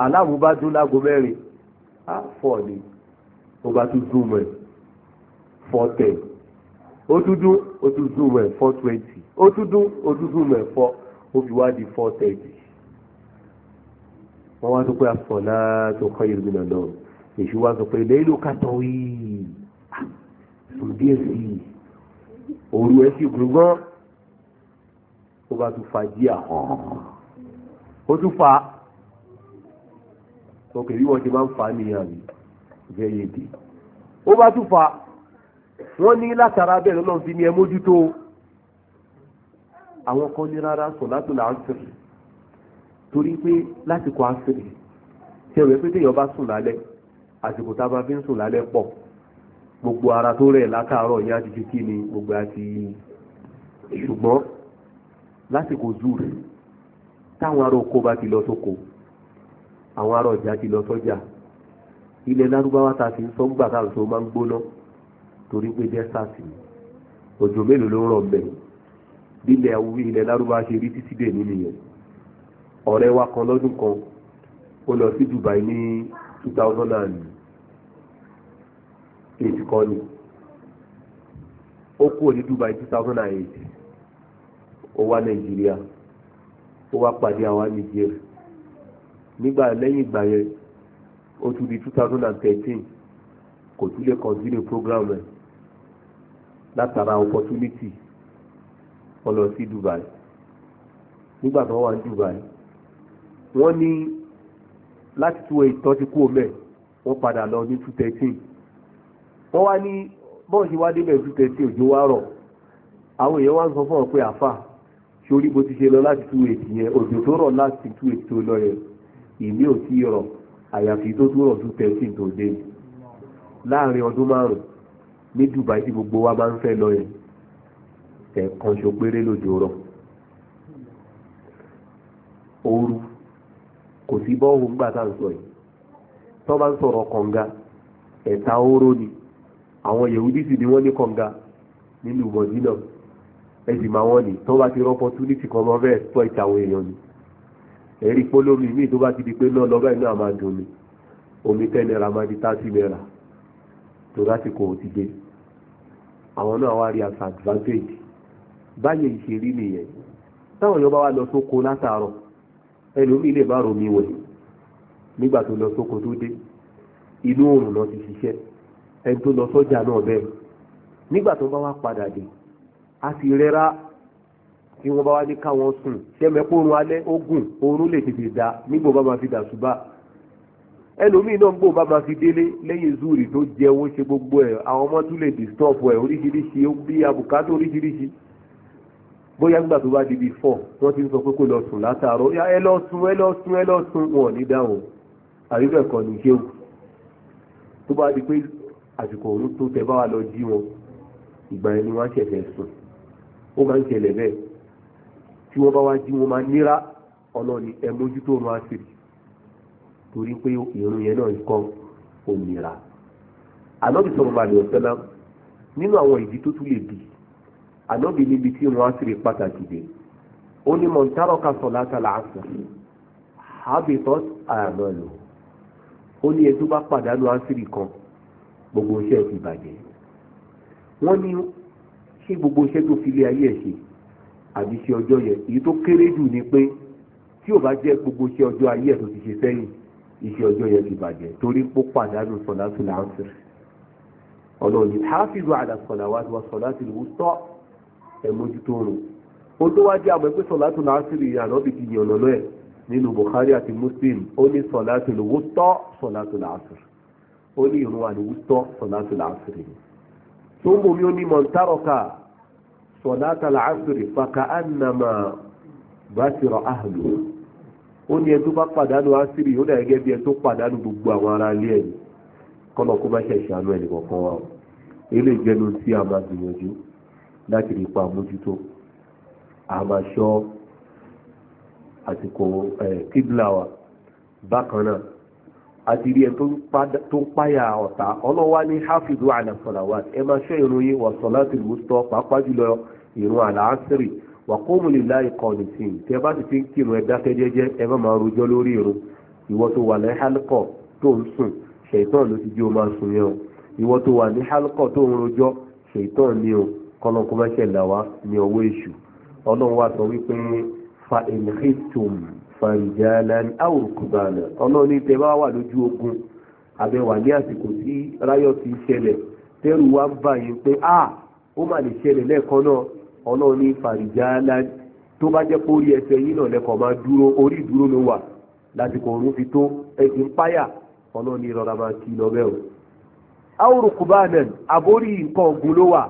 Speaker 1: aláàmú bá dún lágo mẹ́rin á fọ̀ ni ó bá tún dùn mọ́ ẹ̀ four ten ó tún dún ó tún dùn mọ́ ẹ̀ four twenty ó tún dún ó tún dùn mọ́ ẹ̀ four ó fi wá di four thirty wọ́n wá tó pé àfọ̀lá tó kọ́ yìí nínú náà èṣù wa sọ pé lẹ́yìn kàtọ́ yìí sùn díẹ̀ sí i òru ẹ sì gùn ó bá tún fa jíà hàn ó tún fa ọkẹ̀ bí wọ́n ti máa ń fa nìyàn rí jẹ́ yéde ó bá tún fa wọ́n ní látara bẹ́ẹ̀ lọ́nà fi ní ẹ mójútó àwọn kan ní rárá sọ látò là torí pé lásìkò àṣírí tí pé téèyàn bá sùn lálẹ́ àsìkò tá a máa fi ń sùn lálẹ́ pọ̀ gbogbo ara tó rẹ̀ látàárọ̀ yá ti kí ni gbogbo àti ṣùgbọ́n lásìkò zúrù táwọn ará oko bá ti lọ sóko àwọn ará ọjà ti lọ sọ́jà ilẹ̀ lárúbáwá ta ti ń sọ gbà káàkiri tó máa ń gbóná torí pé dẹ́sàtì òjò mélòó ló ń rọ̀ mẹ́ bílẹ̀ ilẹ̀ lárúbáwá ṣe rí títí dè nínú yẹn ọ̀rẹ́ wa kan lọ́dún kan ó lọ sí Dubai ní 2009 state kan ni ó kúrò ní Dubai two thousand and eight ó wá Nàìjíríà ó wá pàdé àwa Niger nígbà lẹ́yìn ìgbà yẹn ó tún di two thousand and thirteen kò tún lè continue program rẹ̀ látara opportunity ó lọ sí Dubai nígbà tó wà ní Dubai wọ́n ní láti two eight tó ti kú omi ẹ̀ wọ́n padà lọ ní two thirteen wọ́n wá ní bọ́ọ̀ ṣe wá débẹ̀ two thirty òjò wá rọ̀ àwọn èèyàn wá ń sọ fún ọ̀pẹ́ àfà sórí bó ti ṣe lọ láti two eight yẹn òjò tó rọ̀ láti two tó lọ ìmí ò rọ̀ àyàfi tó rọ̀ tó láàrin ọdún márùn ní gbogbo wa máa ń fẹ́ lọ yẹn rọ̀ ooru kò tó bá àwọn yehudi sì ni wọ́n ní kànga nínú mọ̀dínà ẹ̀sìn máa wọ́n ní tó bá ti rọ́pọ̀ túlítì kan mọ́ bẹ́ẹ̀ pọ̀ ìta èèyàn ni ẹ̀rí polómi míì tó bá ti di pé náà lọ́bẹ̀ inú àmà dùn ni omi tẹ́ náírà máa di tásí náírà tó lásìkò ò ti dé àwọn náà wá rí as advantage báyìí ìṣèrí nìyẹn táwọn èèyàn bá wá lọ sóko látàárọ̀ ẹlòmíì lè má romi wẹ̀ nígbà tó lọ sóko tó dé inú òrùn náà ti ṣiṣẹ́ ẹni tó lọ sọ́jà náà bẹ́ẹ̀ nígbà tó bá wá padà dé a sì rẹ́ra tí wọ́n bá wá ní káwọn sùn ṣẹ́mẹ́pọ̀ oorun alẹ́ ó gùn oorun lè tètè da nígbà ó bá máa fi dà ṣùbà ẹlòmíì náà gbò bá máa fi délé lẹ́yìn zuri tó jẹun ṣe gbogbo ẹ̀ àwọn ọmọ tún lè disturb ẹ̀ oríṣiríṣi bí àbùkátà oríṣiríṣi bóyá nígbà tó bá di bí fọ́ wọ́n ti ń sọ pé kó lọ sùn látàárọ̀ ẹ lọ sùn ẹ lọ sùn ẹ lọ sùn wọn ò ní dáhùn àríbẹ̀ kan ní ṣéwù tó bá di pé àsìkò òun tó tẹ bá wà lọ jí wọn ìgbà yẹn ni wọ́n ṣẹ̀ṣẹ̀ sùn ó máa ń ṣẹlẹ̀ bẹ́ẹ̀ tí wọ́n bá wá jí wọn máa nira ọlọ́ni ẹ mójútó òun àṣírí torí pé ìrun yẹn náà kọ́ òmìnira ànábì sọ̀rọ̀ bàlẹ̀ ọ̀sẹ́lá nínú àwọn ìdí tó tún lè bì ànábì níbi tí òun àṣírí pàtàkì dé ó ní mọ̀ntárọ́kà sọ̀láta làásù hábìtọ́ àmọ́ lò ó ní ẹ bá pàdánù àṣírí kan gbogbo iṣẹ́ ti bàjẹ́ wọ́n ní ṣé gbogbo iṣẹ́ tó fi lé ayé ẹ̀ ṣe àbí ṣe ọjọ́ yẹn èyí tó kéré jù ni pé tí ò bá jẹ́ gbogbo iṣẹ́ ọjọ́ ayé ẹ̀ tó ti ṣe sẹ́yìn iṣẹ́ ọjọ́ yẹn ti bàjẹ́ torí pó pàdánù sọ̀látù láǹsì ọlọ́ọ̀ni hafizu ala salawati wa sọ̀látù wusta ẹ̀ mójútó rùn ó tó wá jẹ́ àwọn ẹgbẹ́ sọ̀látù láǹsì rí ànábì ti yàn lọ́lọ́ ẹ̀ nínú Bukhari àti Muslim ó ní sọ̀látù wusta sọ̀látù láǹsì ó ní ìrún àdúgbò sọ̀látù làásìrì tó mú mi ó ní mọ̀ntárọ̀kà sọ̀látù làásìrì fàkà ànàmà bàtìrọ̀ àhàlù ó ní ẹ bá pàdánù àsìrì ó bí ẹ pàdánù gbogbo àwọn ará ilé ẹ̀ kọ́nà kó má ẹ̀ wa ilé ìjẹnu tí a máa gbìyànjú láti rí pa a àti rí ẹ tó ń páyà ọ̀tá ọlọ́wà ní hafizu ala salawat ẹ máa ṣọ́ ìrun yín wà salati al-wusta pàápàá jùlọ ìrun àlàásírì wa qumu lillahi qanitin tẹ bá ti fi ń kírun ẹ dákẹ́ jẹ́jẹ́ ẹ má máa rojọ́ lórí ìrun ìwọ tó wà ní hálùkọ̀ tó ń sùn ṣèitán ló ti jí o máa sùn yẹn o ìwọ tó wà ní hálùkọ̀ tó ń rojọ́ ṣèitán ni o kọ́lọ́kọ́ farijalan aw rukbana ọlọ́run ní tẹ́ bá wà lójú ogun àbẹ̀wà ní àsìkò tí ráyọ̀ ti ṣẹlẹ̀ tẹ́rù wa ń bá yín pé a ah, ó mà lè ṣẹlẹ̀ lẹ́ẹ̀kan náà ọlọ́run ní farijalan tó bá jẹ́ pé orí ẹsẹ̀ yín náà lẹ́kọ̀ọ́ máa dúró orí ìdúró ló wà lásìkò òun fi tó ẹ̀sìn páyà ọlọ́run ní rọra máa kí lọ bẹ́ẹ̀ o. aw rukbana nǹkan ogun ló wà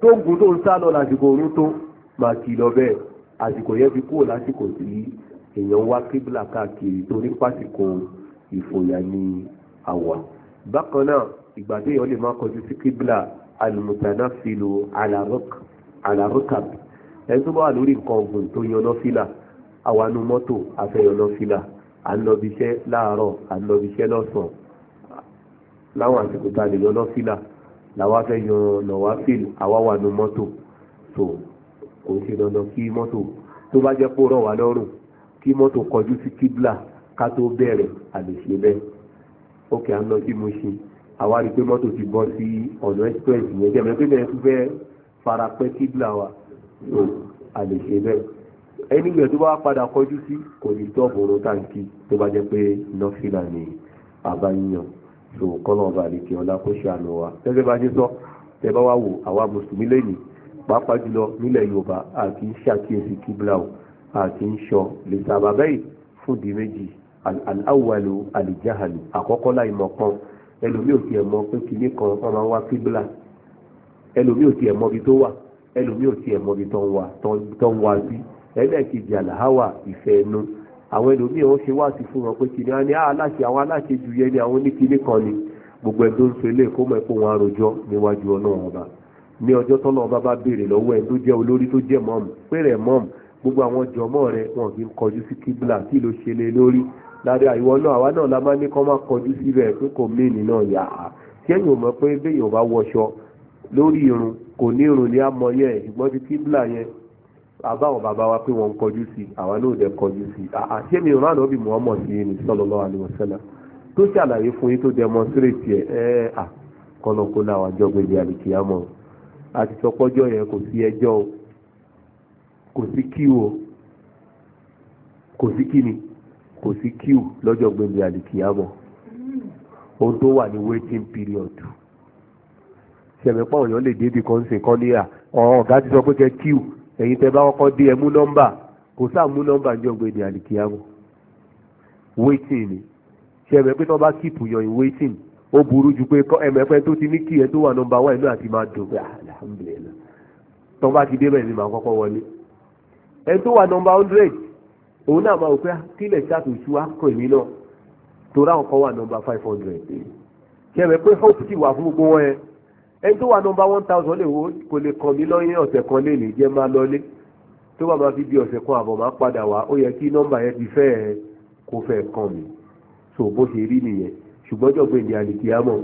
Speaker 1: tó ń gun tó ń sá lọ lásìkò òun tó máa kí lọ bẹ́ẹ̀ àsìkò yẹn fi kúrò lásìkò sí èèyàn wá kíbla káàkiri torí pásìkò ìfòyà ní àwà bákan náà ìgbà tí èèyàn lè máa kọjú sí kíbla alùmùtànáfìlù alárọ́kàb ẹni tó bá wà lórí nǹkan ọ̀gùn tó yaná fìlà àwọnú mọ́tò afẹ́yaná fìlà à ń lọbi iṣẹ́ láàárọ̀ à ń lọbi iṣẹ́ lọ́sàn-án láwọn àsìkò tá a lè yaná fìlà làwa fẹ́ yan lọ́wọ́ fìlù àwa wà nú mọ́tò tó kò ń ṣe dandan kí mọ́tò tó bá jẹ́ pòrọ̀ wà lọ́rùn kí mọ́tò kọjú sí kíbla ká tó bẹ̀rẹ̀ àlèṣe bẹ́ẹ̀ ókè à ń lọ sí Mùṣín àwa rí pé mọ́tò ti bọ́ sí ọ̀nà express yẹn jẹ́ mẹ́rin bẹ́ẹ̀ fẹ́ fara pẹ́ kíbla wa so àlèṣe bẹ́ẹ̀ ẹni gbẹ̀ tó bá padà kọjú sí kò ní tọ́ọ̀bù oró táǹkì tó bá jẹ́ pé nọ́fìlà ni àbáyíyàn so kọ́nà ọba àlèkè ọ̀la kó ṣe àná wa gẹ́gẹ́ bá ṣe sọ tẹ bá wá wò àwa mùsùlùmí lẹ́yìn pàápàá jùlọ nílẹ̀ Yorùbá àti ṣàkíyèsí kíbla o àti ń ṣọ lè sàbàbẹ́ fúdi méjì aláwàlò àlìjáhàlù àkọ́kọ́ láì mọ̀ kan ẹlòmí ò tiẹ̀ mọ̀ pé kìíní kan wọ́n máa ń wá kíbla ẹlòmí ò tiẹ̀ mọ̀ ibi tó wà ẹlòmí ò tiẹ̀ mọ̀ ibi tó ń wá sí ẹlẹ́ẹ̀kejì àlàáwà ìfẹ́ ẹnu àwọn ẹlòmí ò ṣe wá sí fún wọn pé kìíní wọn ni ah, aláṣẹ àwọn aláṣẹ ju yẹn ni àwọn oníkìíní kan ni gbogbo ẹ̀ tó ń ṣe lé kó mọ̀ pé wọn arojọ́ níwájú ọlọ́run ọba ní ọjọ́ tọ́lọ́ ọba bá béèrè lọ́wọ́ ẹ̀ tó jẹ́ olórí tó jẹ́ mọ́ọ̀mù pé rẹ̀ gbogbo àwọn jọmọ́ rẹ wọn kì í kọjú sí kíbla tí ló ṣe lórí lára ìwọ náà àwa náà la máa ní kọ́ máa kọjú síbẹ̀ pé kò méèní náà yà á tí ẹ̀yìn ò mọ̀ pé béèyàn bá wọṣọ lórí irun kò ní irun ní amọ̀yẹ ìgbọ́n ti kíbla yẹn àbáwọn bàbá wa pé wọ́n ń kọjú sí àwa náà dẹ̀ kọjú sí àṣé mi rán ànábì Muhammad yìí ní sallallahu alaihi wasallam tó ṣàlàyé fún yín tó demonstrate ẹ ẹ à kọ́nà kó náà wàá jọ gbèdé àlìkìyàmọ́ àti sọpọ́jọ́ yẹn kò sí ẹjọ́ o kò sí kíw o kò sí kíni kò sí kíw lọ́jọ́ gbẹ̀gbẹ̀ àdìkìyàmọ̀ ohun tó wà ní waiting period ṣẹ̀mẹ̀pọ̀ òyàn lè débi kan sìn kan ní à ọ̀gá ti sọ pé kẹ́ kíw ẹ̀yin tẹ́ bá kọ́kọ́ dé ẹmú nọ́mbà kò sáàmú nọ́mbà ní ọgbẹ́ ní àlìkíyàmù waiting ni ṣe ẹ̀mẹ́ pé tó bá kíìpù yan in waiting ó burú ju pé ẹ̀mẹ́pẹ́ tó ti ní kí ẹ tó wà nọ́mbà wà inú àti máa dùn ah, alhamdulillah tó bá ti débẹ̀ ni màá kọ́kọ́ wọlé ẹni tó wà nọmba hundred òun náà máa wò pé kílẹ̀ ṣàtúnṣu akọ̀ èmi náà torí àwọn kan wà nọmba five hundred kẹ̀mẹ́ pé hope ti wà fún gbogbo wọn yẹn ẹni wà nọmba one thousand lè wo kò lè kàn mí lọ́yìn ọ̀sẹ̀ kan lè lè jẹ́ máa lọlé tó bá máa fi di ọ̀sẹ̀ kan àbọ̀ máa padà wá ó yẹ kí nọmba yẹn ti fẹ́ ẹ kó fẹ́ kàn mí so bó ṣe rí nìyẹn ṣùgbọ́n jọ̀gbìn ní àlìkíyàmọ̀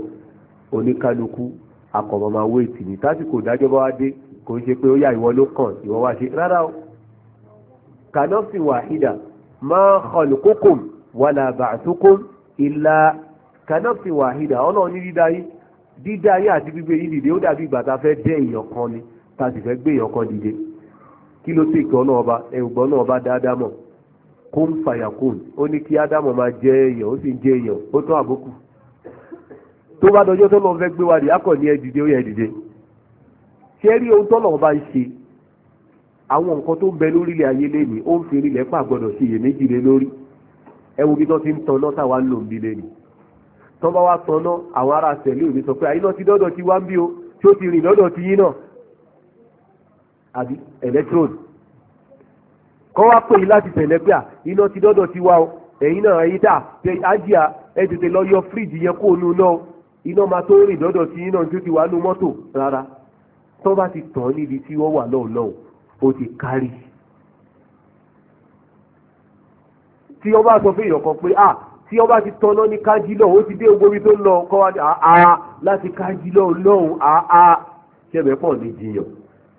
Speaker 1: oníkálukú akọ̀mọ̀ máa wéètì ní tásìkò ìdájọ́ bá wá dé kò ń ṣe pé ó yà ìwọ ló kàn ìwọ wá ṣe rárá o kànọ́sì wàhídà máa khalqukum wàlà ba'thukum ìlà kànọ́sì wàhídà ọlọ́run ní dídá yín dídá yín àti gbígbé yín dìde ó dàbí ìgbà tá a fẹ́ dẹ́ èèyàn kan ni tá a sì fẹ́ gbé èèyàn kan dìde kí ló sì kí ọlọ́run ọba ẹ̀gbọ́n náà ọba dáadáa mọ̀ kún fàyàkùn ó ní kí ádámọ̀ máa jẹ èèyàn ó sì ń jẹ èèyàn ó tó àbókù tó bá dọjọ́ tó lọ́n fẹ́ gbé wa dìde akọ̀ ní ẹ̀dìdé ó yẹ ẹ̀dìdé ṣé rí ohun tọ́lọ̀ ọba àwọn nǹkan tó ń bẹ lórílẹ̀ ayé lẹ́nu ó ń fi rílẹ̀ pà gbọ́dọ̀ sí iyèméjì lé lórí ẹ wo bí tó ti ń tanná táwa ń lò ń bi lẹ́nu tó bá wá tanná àwọn ará tẹ̀lé òní sọ pé àyínà ti dọ́dọ̀ ti wá ń bí o tí ó ti rìn lọ́dọ̀ ti yín náà àbí electron kọ́ wá pè yín láti tẹ̀lé pé à iná ti dọ́dọ̀ ti wá o ẹ̀yin náà ẹ̀yin tà pé ájíà ẹ tètè lọ yọ fíríjì yẹn kó nu náà iná máa tó rìn lọ́dọ̀ ti yín náà tí ti wá nu mọ́tò rárá tó bá ti tàn níbi tí wọ́n wà lọ́ọ̀ ó ti kárí tí ọba sọ fún èèyàn kan pé ah tí ọba ti tọ́ná ní kájílọ̀ ó ti dé ogorí tó lọ kọ́ wá àá ah, ah, láti kájílọ̀ lọ́hùn àá ah, ṣẹ̀bẹ̀ pọ̀ ní jiyàn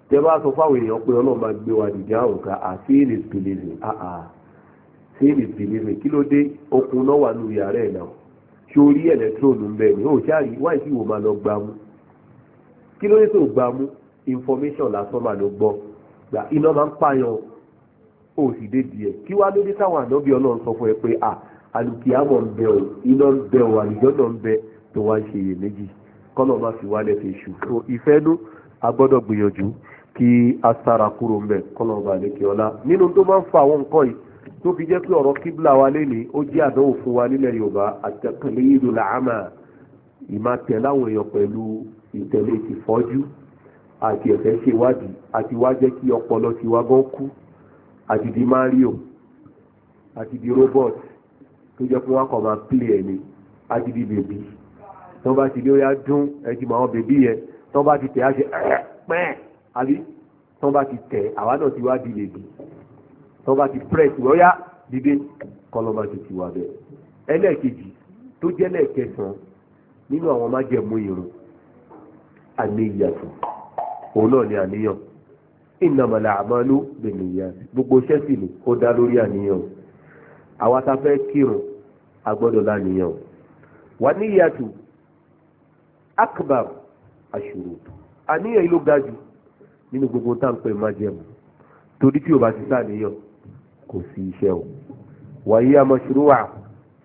Speaker 1: tẹ bá sọ fáwọn èèyàn pé ọlọ́run máa gbé wa dìde àrùn ká àfíìlì pèlèrè àá fíìlì pèlèrè kí ló dé okun náà wà lórí ààrẹ náà sórí ẹ̀lẹ́tírònù ń bẹ ní òṣàrí wáyé tí wò máa lọ gbámú kí ló dé tó gbámú information lásán máa lọ gbọ́ gbà iná máa ń pààyàn ó sì dé díẹ̀ kí wá lóde táwọn ànábì ọlọ́run sọ fún ẹ pé à alùkìyàmọ̀ ń bẹ o iná ń bẹ o àlùjọ́ náà ń bẹ tó wá ń ṣe iyèméjì kọ́nà máa fi wálẹ̀ fi ṣù. ìfẹ́ nú a gbọ́dọ̀ gbìyànjú kí a sára kúrò mbẹ kọ́nà ọba àlékè ọlá nínú tó máa ń fa àwọn nǹkan yìí tó fi jẹ́ pé ọ̀rọ̀ kíbla wa lénìí ó jẹ́ àdánwò fún wa nílẹ̀ yorùbá àtẹ̀kẹ́lẹ́ ló làámà ìmá láwọn èèyàn pẹ̀lú ìtẹ̀lé ìtìfọ́jú àti ẹ̀fẹ́ ṣèwádìí àti wá jẹ́ kí ọpọlọ ti wá gan kú àti di Mario àti di robot tó jẹ́ fún wákọ̀ máa play ẹ̀ ni àti di bèbí tán bá ti lé ó yá dún ẹjì mọ́ àwọn bèbí yẹn tán bá ti tẹ̀ á ṣe pẹ́ẹ̀ àbí tán bá ti tẹ̀ àwa náà ti wá di bèbí tán bá ti press ó yá dìde kọlọ́mà ti ti wà bẹ́ẹ̀ ẹlẹ́ẹ̀kejì tó jẹ́ lẹ́ẹ̀kẹsàn-án nínú àwọn májẹ̀mú irun àmì ìyàtọ̀ òun náà ni àníyàn ìnàmọ̀lá àmọ́lú bènìyàn gbogbo iṣẹ́ sì ni ó dá lórí àníyàn àwa ta fẹ́ kírun a gbọ́dọ̀ láníyàn wà níyàtù akbar ashurut àníyàn yìí ló ga jù nínú gbogbo táǹpẹ̀ májẹ̀mú torí tí o bá ti sáníyàn kò sí iṣẹ́ o wàyí àmọ́ṣúrúwà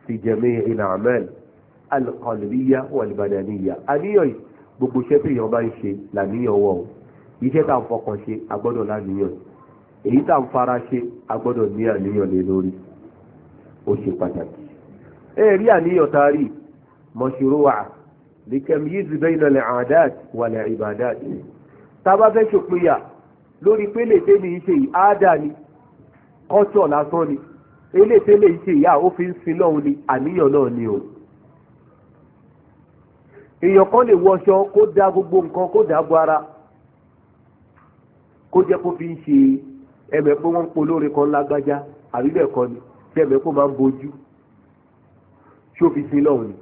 Speaker 1: fi jẹ̀mí ìlàmẹ́l alqalbiya wal badaniya àníyàn gbogbo iṣẹ́ tí èèyàn bá ń ṣe làníyàn wọ̀ o iṣẹ́ tá à ń fọkàn ṣe a gbọ́dọ̀ láníyàn èyí tá à ń fara ṣe a gbọ́dọ̀ ní àníyàn lé lórí ó ṣe pàtàkì ẹ rí àníyàn tá a rí mọ̀ṣúrúwà lìkẹ́mi yìí ti bẹ́ẹ̀ lọ́lẹ̀ àdáàt wàlẹ̀ ìbàdáàt tá a bá fẹ́ ṣòpinya lórí pé lè ní iṣẹ́ èèyàn kan lè wọṣọ kó da gbogbo nǹkan kó dàbò ara kó jẹ́ kó fi ń ṣe ẹ̀mẹ̀ pé wọ́n ń polóore kan lágbájá àríbẹ̀ kan ni tí ẹ̀mẹ̀ kó máa ń bojú ṣó fi sin lọ́hùn ni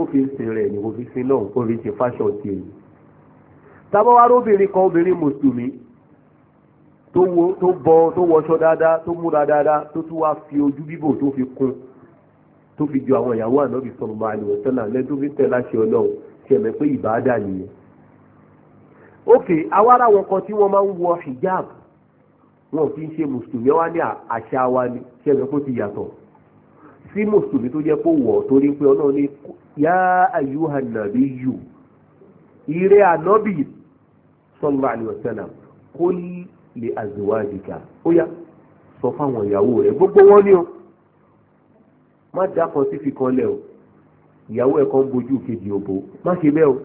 Speaker 1: ó fi ń sin rẹ̀ ni ó fi sin lọ́hùn ó fi ṣe fashion ti èyí. tábọ́wá róbìnrin kan obìnrin mùsùlùmí tó bọ tó wọṣọ dáadáa tó múra dáadáa tó tún wá fi ojú bíbò tó fi kún tó fi ju àwọn ìyàwó ànábì sọ̀rọ̀ máa lè wọ̀ sẹ́là lẹ́dún láṣẹ ọlọ́run tí ẹ̀mẹ̀ pé ìbáadà nìyẹn ok awara wọn kan tí wọ́n máa ń wọ hijab wọn kì í ṣe mùsùlùmí wá ní àṣà wa ni ṣe é kó ti yàtọ̀ sí mùsùlùmí tó jẹ́ kó wọ̀ torí pé ọlọ́run ní yá ayúhà nàbí yù ire ànábì sallallahu alaihi kó lè azwajika ó yá sọ fáwọn ìyàwó rẹ̀ gbogbo wọn ni o má dákan sí fi kan lẹ̀ o ìyàwó ẹ̀ kan bójú kejì òbò má ṣe bẹ́ẹ̀ o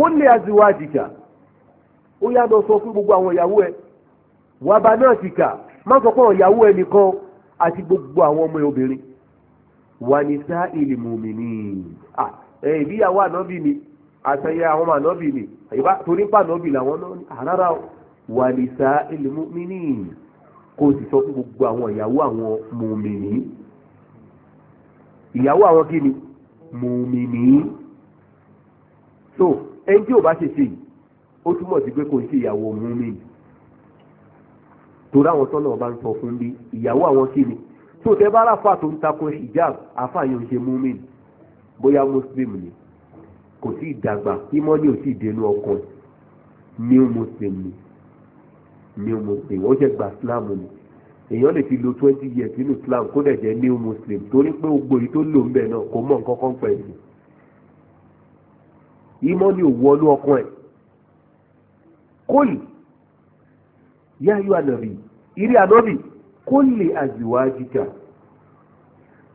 Speaker 1: kulli azwajika ó yá lọ sọ fún gbogbo àwọn ìyàwó ẹ wà bá náà ti má sọ pé ìyàwó ẹ nìkan àti gbogbo àwọn ọmọ obìnrin wà ní sá ìlì mùmìnì ẹ̀bí ìyàwó ànábì ni àtẹ̀yẹ àwọn ànábì ni torí pa ànábì làwọn náà ni àrárá wà ní sá ìlì mùmìnì kó o sì sọ fún gbogbo àwọn ìyàwó àwọn mùmìnì ìyàwó àwọn kí ni mùmìnì so ẹni tí o bá ṣe ṣe yìí ó túmọ̀ sí pé kò ń ṣe ìyàwó mùmín torí àwọn tọ́nà ọba ń sọ fún bí ìyàwó àwọn kí ni tó tẹ bá ráfà tó ń takò hijab àfà yóò ṣe mùmín bóyá muslim ni kò sí ìdàgbà ìmọ̀ ni ò sí ìdènú ọkàn new muslim ni new muslim ó jẹ́ gba islam ni èèyàn lè fi lo twenty years nínú islam kó dẹ̀ jẹ́ new muslim torí pé gbogbo èyí tó lò ń bẹ̀ náà kò mọ̀ nǹkan kan pẹ̀lú ìmọ̀ ni ò wọnú ọkàn ẹ̀ kólì yáyọ ànàbì ìrí ànàbì kólì àzìwájíkà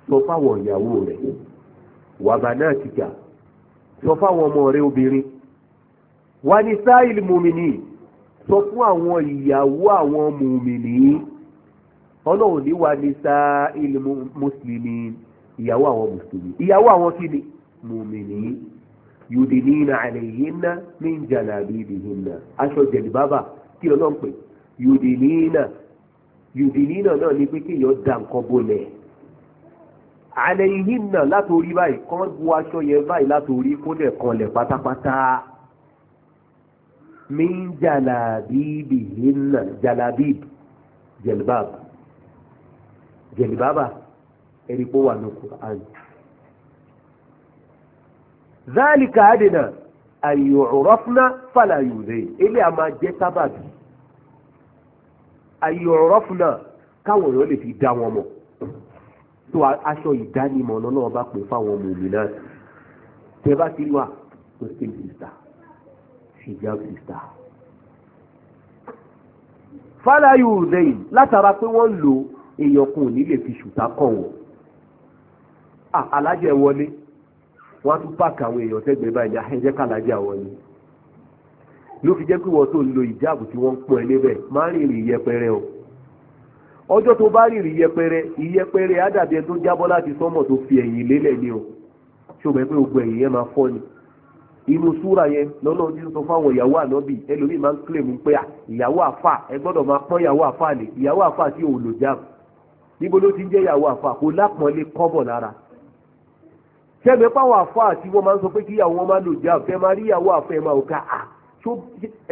Speaker 1: sọ fáwọn ìyàwó rẹ̀ wàbànà tìkà sọ fáwọn ọmọ rẹ̀ obìnrin wà ní sáìlì mùmìnì sọ fún àwọn ìyàwó àwọn mùmìnì ọlọ́run ní wà ní sáìlì mùsùlùmí ìyàwó àwọn mùsùlùmí ìyàwó àwọn kí mùmìnì yudinina alayhinna min jalabibihinna aṣọ jẹ̀lìbábà kí lọ́nà ń pè yudinina yudinina náà ni pé kéèyàn da nǹkan bolẹ̀ alayhinna látòrí báyìí kán bu aṣọ yẹn báyìí látòrí kó dẹ̀ kanlẹ̀ pátápátá min jalabibihinna jalabib jẹ̀lìbábà jẹ̀lìbábà ẹ̀rí pọ̀ wà ní Kùránì zálìkà àdènà àyò ọ̀rọ̀fúnà fàlàyòdè ilé a máa jẹ́ sábàbí àyò ọ̀rọ̀fúnà káwọn èèyàn lè fi dá wọn mọ̀ tó aṣọ ìdánimọ̀ náà náà bá pè fáwọn ọmọ òmìn náà tẹ bá ti wà muslim sister hijab sister fàlàyòdè látara pé wọ́n lò èèyàn kùn nílé fi ṣùtà kàn wọ́n ah, alájẹ wọlé. wọ́n tún páàkì àwọn èèyàn tẹ́gbẹ̀ẹ́ báyìí ní ahẹ́jẹ́ kàlájà wọn ni ló fi jẹ́ pé wọ́n tó lo ìjáàbù tí wọ́n ń má rìnrìn yẹpẹrẹ o ọjọ́ tó bá rìnrìn yẹpẹrẹ ìyẹpẹrẹ ẹ tó jábọ́ fi ẹ̀yìn lélẹ̀ ni o ṣùgbọ́n pé gbogbo ẹ̀yìn yẹn máa fọ́ ni inú súra yẹn lọ́nà ojú sọ fáwọn ìyàwó ànábì ẹlòmíì máa ń kílèmù pé à ìyàwó àfà ẹ gbọ́dọ̀ máa pọ́n ìyàwó àfà ìyàwó àfà tí òun lò jáàbù níbo ló ti ń jẹ́ ìyàwó àfà kò tẹ́gbẹ́ páwọn àfọ àti wọ́n máa ń sọ pé kí ìyàwó wọn máa lò jáàbù tẹ́ máa rí ìyàwó àfọ ẹ̀ máa ká à ah, tó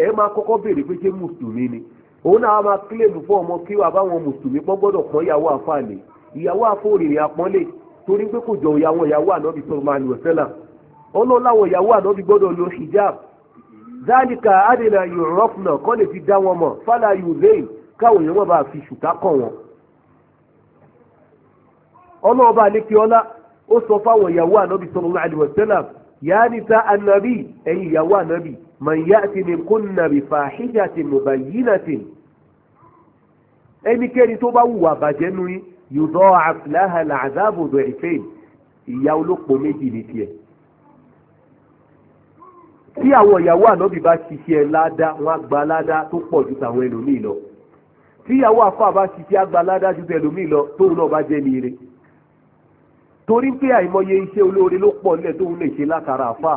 Speaker 1: ẹ̀ máa kọ́kọ́ béèrè pé ṣé mùsùlùmí ni òun náà máa kílèmù fún ọmọ kí wàá báwọn mùsùlùmí pọ́n gbọ́dọ̀ pọ́n ìyàwó àfọ àlè ìyàwó àfọ òrìrì àpọ́nlé torí pé kò jọ ìyàwó ìyàwó ànábì sallallahu alaihi wasallam ọlọ́láwọ̀ ìyàwó ànábì gbọ́dọ̀ lo hijab zálìkà adìrẹ yòrọ́fùnà kọ́ lè dá wọn mọ̀ fálà yòlẹ́yìn káwọn èèyàn wọn bá fi ṣùtá kọ̀ wọn. ọlọ́ọ̀bá ní kí ọlá ó sọ fáwọn ìyàwó ànábì sallallahu alaihi wasallam ya nisa annabi ẹ̀yin ìyàwó ànábì man ya'ti minkunna bi fahishatin mubayyinatin ẹnikẹ́ni tó bá wùwà bàjẹ́ nu yín yudha'af laha al'adhabu du'fayn ìyà olóko méjì ní tiẹ̀ tí àwọn ìyàwó ànábì bá ṣiṣẹ́ ládá wọn á gba ládá tó pọ̀ ju tàwọn ẹlòmíì lọ tí ìyàwó àfà torí pé àìmọye iṣẹ́ olóore ló pọ̀ nílẹ̀ tóun lè ṣe látara àfà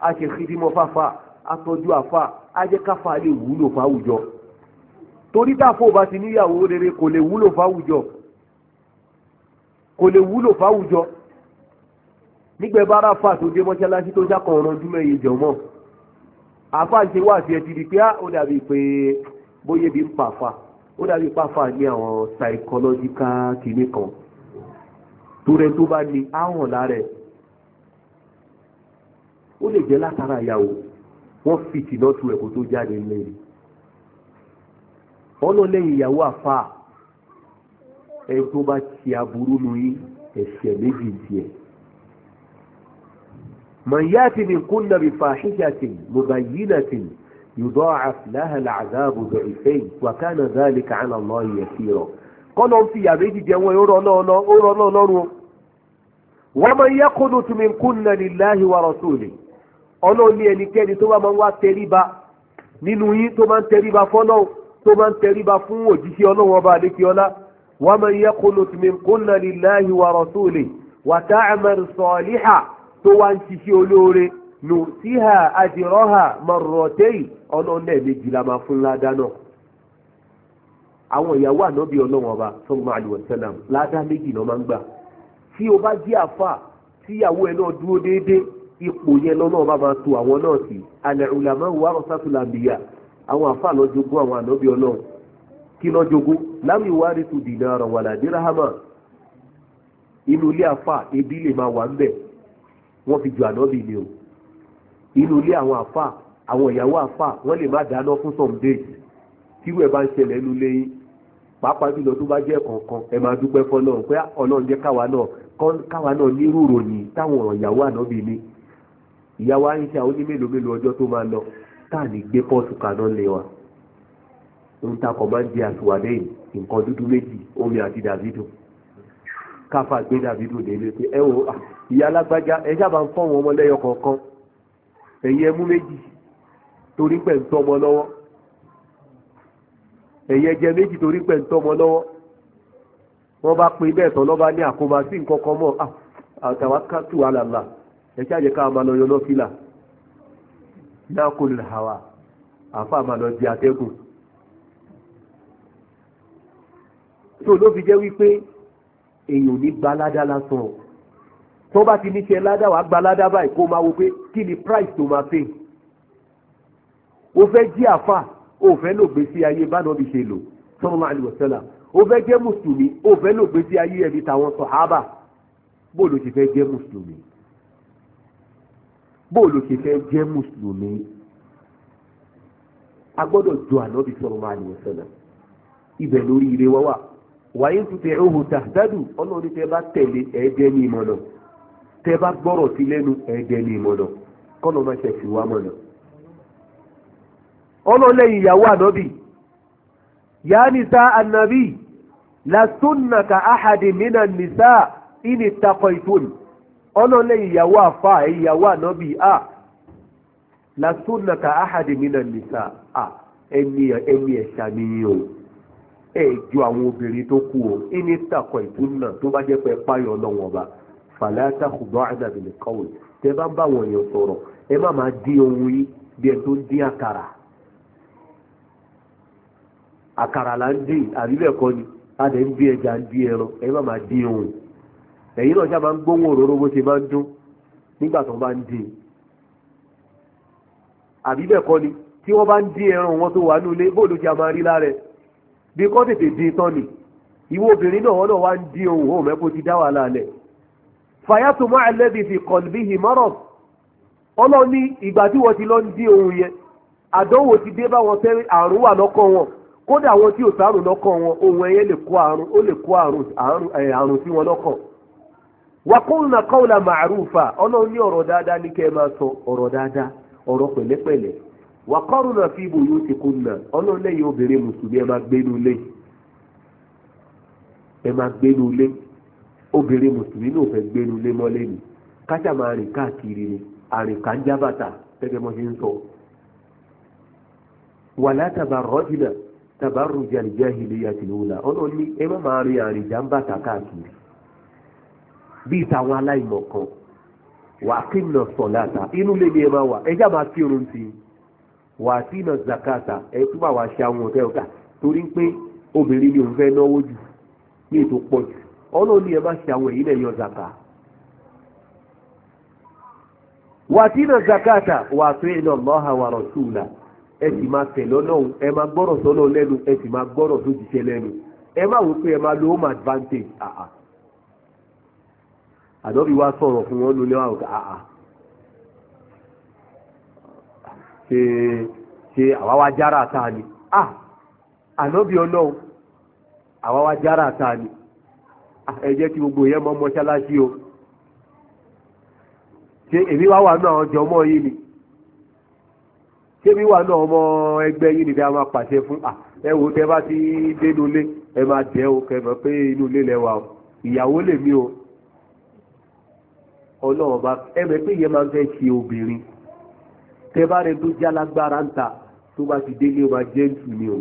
Speaker 1: a ṣe xidimọ́ fáfà a tọ́jú àfà a jẹ́ káfà lè wúlò fáwùjọ torí táfà ò bá ti níyàwó rere kò lè wúlò fáwùjọ kò lè wúlò fáwùjọ nígbà bá ara fà tó dé mọ́ṣáláṣí tó sákàn ọ̀rọ̀ ọdún mẹ́yìn jọ àfà ń ṣe wá àti ẹtì di pé á ah, ó dàbí pé bóyá ń pa ó dàbí pàfà ní àwọn psychological kìnìkan torẹ tó bá ní áhùn lára ẹ̀ ó lè jẹ́ látara ìyàwó wọ́n fìtì náà tu ẹ̀kọ́ tó jáde lẹ́yìn ọ̀nà lẹ́yìn ìyàwó àfa ẹni tó bá ti aburú nu yí ẹ̀ṣẹ̀ méjì tiẹ̀ mọ̀nyáàtì ni kúnnà bí fàáhíṣàtì mùbáyínàtì yùdọ́ àfìláhàlà àzáàbù bẹ̀rẹ̀ fẹ́yìn wàkánà dáàlì kàánà lọ́ọ̀yẹ̀ sí kọ́nà ń fi ìyà méjì jẹ wọn ó rọ náà lọ́rùn o. wọ́n máa ń yẹ kó lótú mi kú nà lillahi wa rasuli ọlọ́run ní ẹnikẹ́ni tó bá máa ń wá tẹríba nínú yín tó máa ń tẹríba fọ́nà tó máa ń tẹríba fún òjíṣẹ́ ọlọ́run ọba àdékíọ́lá wọ́n máa ń yẹ kó lótú mi kú nà lillahi wa rasuli wa ta'mal salihan tó wá ń ṣiṣẹ́ olóore nù síhà àdìrọ́hà máa fún àwọn ìyàwó ànábì ọlọ́wọ́n ọba sọ́gbọ́n àlùwọ̀sẹ́làm ládá méjì náà máa ń gbà tí o bá jẹ́ àfà tíyàwó ẹ náà dúró déédéé ipò yẹn lọ́nà ọba máa to àwọn náà sí alẹ́ ìlànà wàrọ̀ sátúlà bìyà àwọn àfà lọ àwọn ànábì ọlọ́run kí lọ jogún lámì ìwárí tu dìnnà ọ̀rọ̀ wà ládìráhámà inú ilé àfà ebi lè máa wà ń bẹ̀ wọ́n fi ju ànábì ni o inú ilé àwọn àfà àwọn ìyàwó àfà wọ́n lè má dáná fún some days wẹ́ẹ̀ bá ń ṣẹlẹ̀ nínú lẹ́yìn pàápàá jùlọ tó bá jẹ́ kọ̀ọ̀kan ẹ máa dúpẹ́ fọlọ́run pé ah, ọlọ́run jẹ́ káwa náà káwa náà nírú ròyìn táwọn ọ̀rọ̀ ìyàwó ànábì ni ìyàwó àyíṣe àwọn onímélòó mélòó ọjọ́ tó máa lọ táà ní gbé pọ́ọ̀tù kaná lé wa ń takọ̀ máa ń jẹ àtùwádẹ́yìn nǹkan dúdú méjì omi àti dàvídù káfà gbé dàvídù délé pé ẹ wo ah, ìyá alágbájá ẹ sábà ń fọ́ wọn ọmọ lẹ́yọ kọ̀ọ̀kan ẹ̀yin ẹ méjì torí pẹ̀ ń tọ́ ọmọ lọ́wọ́ ẹ̀yẹ jẹ méjì torí pẹ̀ ń tọ́mọ lọ́wọ́ wọ́n bá pin bẹ́ẹ̀ tán lọ́ba ní àkóbá sí nǹkan kan mọ́ ah, àtàwákàtù àlàlà ẹ̀ṣẹ́ àjẹká máa lọ yọ lọ́fìlà náà kò lè hàwà àfa máa lọ di atẹ́gùn. tó ló fi jẹ́ wípé èèyàn ní gba lásán tó bá ti ní tiẹ̀ ládá wàá gba báyìí kó máa wo pé kí ni price tó máa pay ó fẹ́ jí àfa ó fẹ́ lò gbé sí ayé bánà bí ṣe lò sallallahu alaihi wasallam ó fẹ́ jẹ́ mùsùlùmí ó fẹ́ lò gbé sí ayé ẹbí tàwọn sọ̀hábà bó ló ṣe fẹ́ jẹ́ mùsùlùmí bó ló ṣe fẹ́ jẹ́ mùsùlùmí a gbọ́dọ̀ jọ ànábì sallallahu alaihi wasallam ibẹ̀ lórí ire wá wà wàyí tutẹ̀ ohun tàdádù ọlọ́run tẹ bá tẹ̀lé ẹ̀ẹ́dẹ́ ní ìmọ̀nà tẹ bá gbọ́rọ̀ sí lẹ́nu ẹ̀ẹ́dẹ́ ní ìmọ̀nà kọ́nà máa ṣe wá mọ̀nà ọlọ́lẹ́yìn ìyàwó ànábì ya nisa annabi lastunna ka ahadi mina nisa ini takoitun ọlọ́lẹ́yìn ìyàwó àfa ìyàwó ànábì a lastunna ka ahadi mina nisa a ẹni ẹ̀ṣà nìyí o ẹ ju àwọn obìnrin tó kù o ini takoitun náà tó bá jẹ́ pé páyọ̀ ọlọ́wọ́n ọba fàlàtà kùdọ́ àdàbìlẹ̀ kọ́wé tẹ bá ń bá wọn yẹn sọ̀rọ̀ ẹ má máa dín ohun yìí bí ẹ tó dín àkàrà àkàrà là ń dín àbíbẹ̀kọ́ ni adé ń bí ẹja ń bí ẹran ẹ̀yin máa máa dín òun ẹ̀yin náà sábà ń gbóhùn òróró bó ṣe máa ń dún nígbà tó bá ń dín àbíbẹ̀kọ́ ni tí wọ́n bá ń dín ẹran wọn tó wà nílé bóòlù ti a máa rí lára bí kọ́ tètè dín tán ni ìwọ obìnrin náà wọn náà wá ń dín òun òun mẹ́kó ti dá wàhálà lẹ̀ fàyàtò máa ẹlẹ́bi fi kọ̀lbí himarov ọlọ́ni ìgbà tí wọ́n ti lọ ń dín òun yẹn àdánwò ti dé bá fẹ́ àrùn wà lọ́kọ̀ wọn kódà àwọn tí ò sárùn lọ́kàn wọn ohun ẹyẹ lè kó àrùn ó lè kó àrùn sí wọn lọ́kàn. wàkúrúnà kọ́ọ̀là màrúfà ọlọ́run ní ọ̀rọ̀ dáadáa ní kẹ́ ẹ máa sọ ọ̀rọ̀ dáadáa ọ̀rọ̀ pẹ̀lẹ́pẹ̀lẹ́ fi ibò yóò ti kún nà lẹ́yìn obìnrin mùsùlùmí ẹ máa gbénu ilé ẹ máa gbénu ilé obìnrin mùsùlùmí náà fẹ́ gbénu mọ́lé ni kájà ni ń jábàtà mọ́ ṣe tabarruj al-jahiliyatil ula ọlọ́run ní ẹ má máa rin àrìjà ń bàtà káàkiri bíi tàwọn aláìmọ̀ kan wà á kí nà sọ̀láta inú lè ní ẹ máa wà ẹ já máa kírun sí i wà á sí nà zakata ẹ túbọ̀ wá ṣe àwọn ọ̀tẹ́ ọ̀tà torí pé obìnrin ni òun fẹ́ náwó jù ní ètò pọ̀ jù ọlọ́run ní ẹ má ṣe àwọn èyí lẹ̀ yọ zaka wà sí nà zakata wà á tó lọ́hà wà rọ̀ ẹ sì máa tẹ̀lé ọlọ́run ẹ máa gbọ́rọ̀ sọ́lọ́ lẹ́nu ẹ sì máa gbọ́rọ̀ tó jíṣẹ́ lẹ́nu ẹ máa wò pé ẹ máa lo home advantage àà àdọ́bí wa sọ̀rọ̀ fún wọn lónìí àwọn àà ṣe ṣe àwa wa jára ta ni à ànábì ọlọ́run àwa wa jára ta ni ẹ jẹ́ kí gbogbo yẹn mọ́ mọ́ṣáláṣí o ṣe èmi wá wà nínú àwọn ọjọ́ mọ́ yìí ni ṣébi wà náà ọmọ ẹgbẹ́ yìí nìkan máa pàṣẹ fún à ẹ wò tẹ bá ti dénú ilé ẹ máa jẹ́ o kẹfẹ́ pé inú ilé lẹ́wà o ìyàwó lè mí o ọlọ́run bá ẹ mẹ́ pé yẹn máa ń fẹ́ ṣe obìnrin tẹ bá rẹ tó jẹ́ alágbára ń ta tó bá ti délé o máa jẹ́ ntù ni o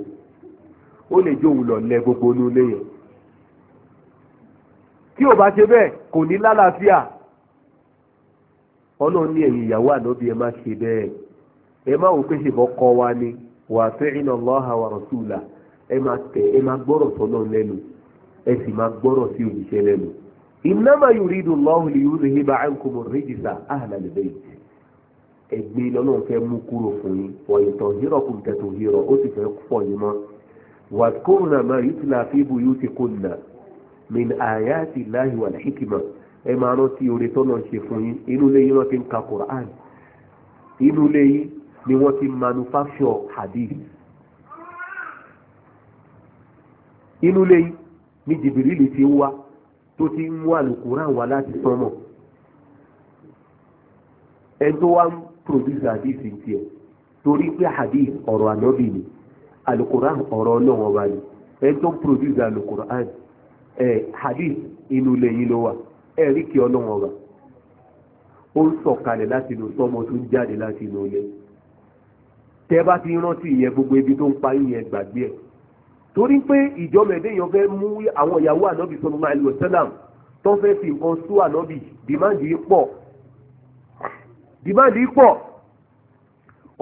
Speaker 1: ó lè jó òun lọ lẹ gbogbo inú ilé yẹn tí ò bá ṣe bẹ́ẹ̀ kò ní lálàáfíà ọlọ́run ní ẹ̀yìn ìyàwó ànábì ẹ má ṣe bẹ́ẹ̀ ẹ má wò pé ṣèbọ̀ kọ́ wa ni wà á tẹ́ iná lọ́hà wà rọ̀túùlà ẹ má tẹ ẹ má gbọ́rọ̀ sọ́nà lẹ́nu ẹ sì má gbọ́rọ̀ sí òṣìṣẹ́ lẹ́nu. ìnáma yóò rí dùn lọ́hùn lè yóò rí hibà ànkùmọ̀ rẹ́jìsà àhàlà lẹ́bẹ̀ yìí. ẹgbẹ́ lọ́nà fẹ́ mú kúrò fún yín wọ̀nyí tọ̀ hírọ̀ kùn tẹ̀tọ̀ hírọ̀ ó sì fẹ́ pọ̀ yín mọ́. wàkúrùnà máa yóò ti là fi bu yóò ti kùnà min ayati lahi wal hikima ẹ máa rántí oore tọ́nà ṣe fún yín inú lé yín rántí ń ka Qur'an ni wọ́n ti manufacture hadith inú lẹ́yìn ní jìbìrìlì ti ń wá tó ti ń mú àlùkùrán wá láti sánmọ̀ ẹni tó wá ń produce hadith tiẹ̀ torí pé hadith ọ̀rọ̀ ànábì ni àlùkùrán ọ̀rọ̀ ọlọ́wọ́n wa ni ẹni tó ń produce àlùkùrán ẹ̀ hadith inú lẹ́yìn ló wà ẹ̀rí kí ọlọ́wọ́n wa ó ń sọ̀kalẹ̀ láti inú sọ́mọ tó ń jáde láti inú ilé tẹ́ bá ti rántí ìyẹn gbogbo ibi tó ń pa ìyẹn gbàgbé ẹ̀ torí pé ìjọmọ̀ẹ́dẹ́ yẹn fẹ́ mú àwọn ìyàwó ànábì sallallahu alaihi wasallam tó fẹ́ fi nǹkan sú ànábì dìmáàdì pọ̀ dìmáàdì pọ̀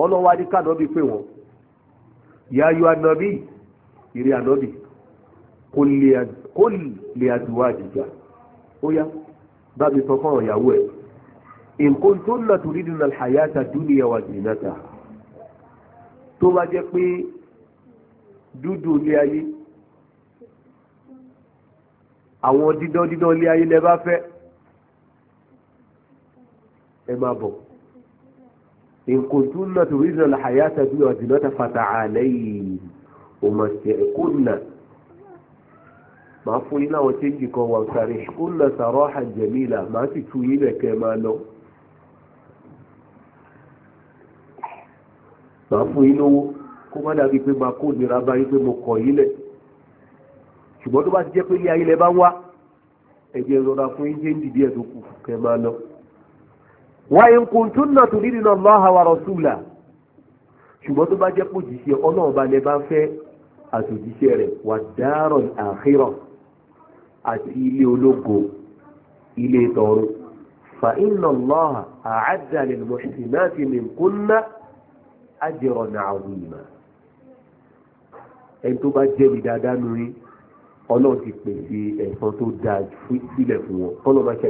Speaker 1: ọlọ́wọ́ kànábì pé wọ́n yáyọ ànábì ìrẹ́ ànábì kó lè àdúrà àdìjà ó yá bá mi sọ fún ọ̀yàwó ẹ̀ in kuntunna turidna al-hayata ad-dunya wa tó bá jẹ́ pé dúdú ilé ayé àwọn dídán dídán ilé ayé lẹ bá fẹ́ ẹ máa bọ̀ nkuntun náà tó rí ìrìnà àyàtà bí ọ̀dìnà ta fata àlẹ́yìn òmàṣẹ kúnnà máa fún yín láwọn tí ń jìkan wà sáré kúnnà sàrọ́ àjẹmílà máa sì tú yín lẹ̀kẹ́ máa lọ. màá fún yín lówó kó má dàbí pé máa kó nira bá yín pé mo kọ̀ yín lẹ̀ ṣùgbọ́n tó bá ti jẹ́ pé ilé ayé lẹ bá ń wá ẹ̀jẹ̀ rọra fún yín jẹ́ ń dìbí ẹ̀ tó kù kẹ́ ẹ máa lọ. wa in kuntunna turidna Allaha wa rasulahu ṣùgbọ́n tó bá jẹ́ pé òjíṣẹ́ ọlọ́run lẹ bá fẹ́ àtòjíṣẹ́ rẹ̀ wà dárọ̀ àkírọ̀ àti ilé ológo ilé tọrọ fa inna Allaha a'adda lil ajran azima ẹni tó bá jẹ́ mi dáadáa lórí ti pèsè ẹ̀san tó dáa sílẹ̀ fún wọn kọ́nà máa ṣe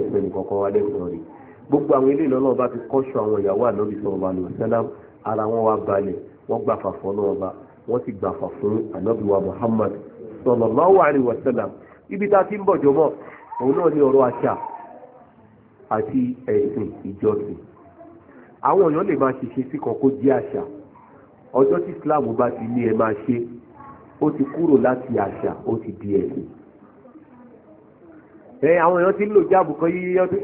Speaker 1: gbogbo àwọn ilé ìlọ́lọ́ bá ti àwọn ìyàwó ara wọn wá Wọn náà bá ti fún wa Muhammad sallallahu alaihi wasallam ibi ti ń òun náà ní àṣà àti ìjọsìn àwọn èèyàn lè máa ọjọ́ tí islam bá ti ní ẹ máa ṣe ó ti kúrò láti àṣà ó ti di ẹ̀sìn ẹ àwọn èèyàn ti ń lò jáàbù kan yí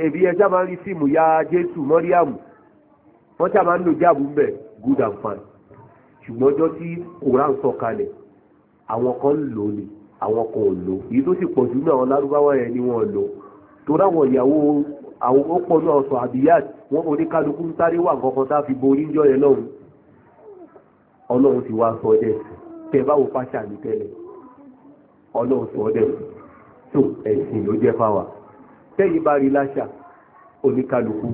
Speaker 1: ẹbí ẹjá máa ń rí síìmù ya jésù mọ́ríàmù wọ́n ṣá máa ń lò jáàbù ń bẹ̀ good and fine ṣùgbọ́n ọjọ́ tí koran sọ kalẹ̀ àwọn kan ń lò ní àwọn kan ò lò èyí tó sì pọ̀ jù náà lárúbáwá yẹn ni wọ́n lò tó ráwọn ìyàwó àwọn ó pọ̀ náà sọ àbíyá wọn oníkálukú ń sáré wà kankan tá a fi borí ń jọ yẹn lọ́hùn-ún ọlọ́run ti wá sọ ọdẹ tẹ báwo fáṣà ní tẹ́lẹ̀ ọlọ́run sọ ọdẹ tó ẹ̀sìn ló jẹ́ fáwà tẹ́yìn bá rí láṣà oníkálukú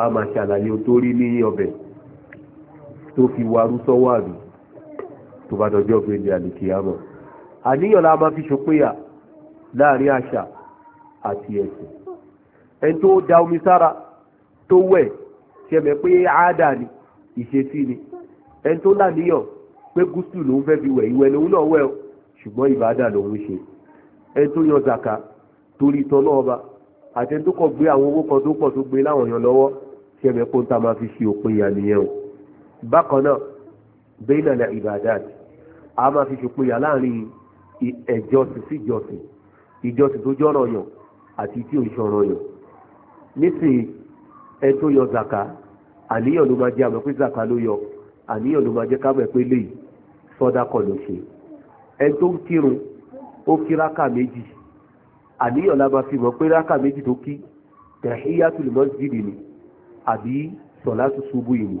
Speaker 1: a máa ṣàlàyé ohun tó rí ní ọbẹ̀ tó fi warú sọ́wọ́ àbí tó bá dọjọ́ gbẹ̀dẹ̀ àlùkìyàmọ̀ àníyàn la máa fi ṣòpéyà láàrin àṣà àti ẹ̀sìn ẹni tó da omi sára tó wẹ̀ ṣẹmẹ̀ pé àádà ni ìṣesí ni ẹni tó láníyàn pé gúúsù lòun fẹ́ fi wẹ̀ ìwẹ̀ lòun náà wẹ̀ ṣùgbọ́n ìbádà lòun ṣe ẹni tó yan zaka torí tán náà ọba àti ẹni tó kọ̀ gbé àwọn owó kan tó pọ̀ tó gbé láwọn yan lọ́wọ́ ṣẹ̀mẹ̀ kó tá máa fi ṣe òpin ìyà nìyẹn o bákan náà bẹ́ẹ̀ náà ìbádà a máa fi ṣòpin ìyà láàrin ẹ̀jọsìn sí ìjọsìn ìjọsìn tó jọ́rọ̀ yàn àti tí ò ń ṣọ̀rọ̀ yàn nísìnyí ẹni tó yan zaka àníyàn ló máa jẹ́ àmọ́ pé zaka ló yọ àníyàn ló máa jẹ́ ká mọ̀ pé lè sọ́dá kọ̀ ló ṣe ẹni tó ń kírun ó kí rákà méjì àníyàn la máa fi mọ̀ pé rákà méjì tó kí tẹ̀híyàtul masjid ni àbí sọ̀látù ṣubú yìí ni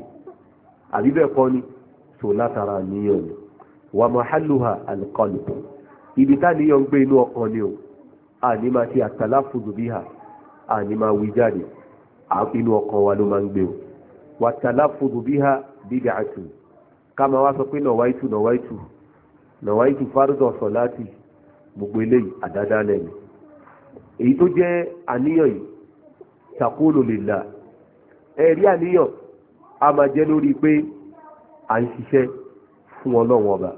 Speaker 1: àbí bẹ́ẹ̀ kọ́ ni sọ̀látara àníyàn ni wà mahalluha al-qalb ibi táníyàn ń gbé inú ọkàn ni o àní máa ṣe àtàláfùdù biha àní máa wí jáde inú ọkàn wa ló máa ń gbé o wàtàláfùdù biha kama àtù ká máa wá sọ pé nàwáìtù nàwáìtù nàwáìtù fárúdà ọ̀sán láti gbogbo eléyìí àdáda lẹ́nu èyí tó jẹ́ àníyàn yìí takúlù lìlà ẹ̀rí àníyàn a máa jẹ́ lórí pé à ń ṣiṣẹ́ fún ọlọ́run ọba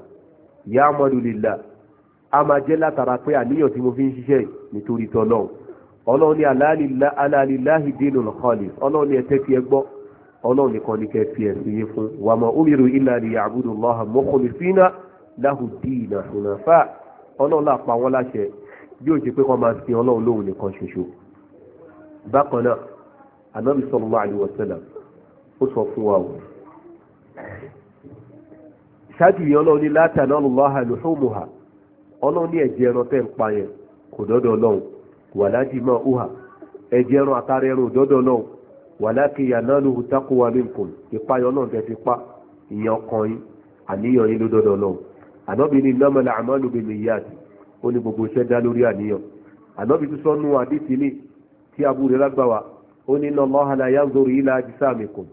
Speaker 1: ìyá amadu a máa jẹ́ látara pé àníyàn tí mo fi ń ṣiṣẹ́ nítorí tọ́lọ́run ọlọ́run ní alálìláhìdínú kọ́lì ọlọ́run ní ẹ̀tẹ́ fi ẹgbọ́ ọlọ́run nìkan ní kẹ́ fi Wa yín fún wa ma umiru illa liya'budullaha fina lahu ddina na ọlọ́run là pa láṣẹ bí ó ṣe pé kọ́ máa sin ọlọ́run lóhun nìkan ṣoṣo bákan náà anábì sallallahu alaihi wasallam ó sọ fún wa o ṣáájú yẹn ọlọ́run ní la tanalullaha luhumuha ọlọ́run ní ẹ̀jẹ̀ ẹran tẹ́ ń pa yẹn kò dọ́dọ̀ ọlọ́run wàláàkì yànnánú takuwa minkum ìpayọ náà tẹ fi pa ìyẹn ọkàn yín àníyàn yín ló dọdọ lọ ànábì ní innamal a'malu binniyat ó ní gbogbo iṣẹ́ dá lórí àníyàn ànábì tún sọnù àdìsí ní tí abúlé lágbàwá ó ní inna Allaha la yanzuru ila ajsamikum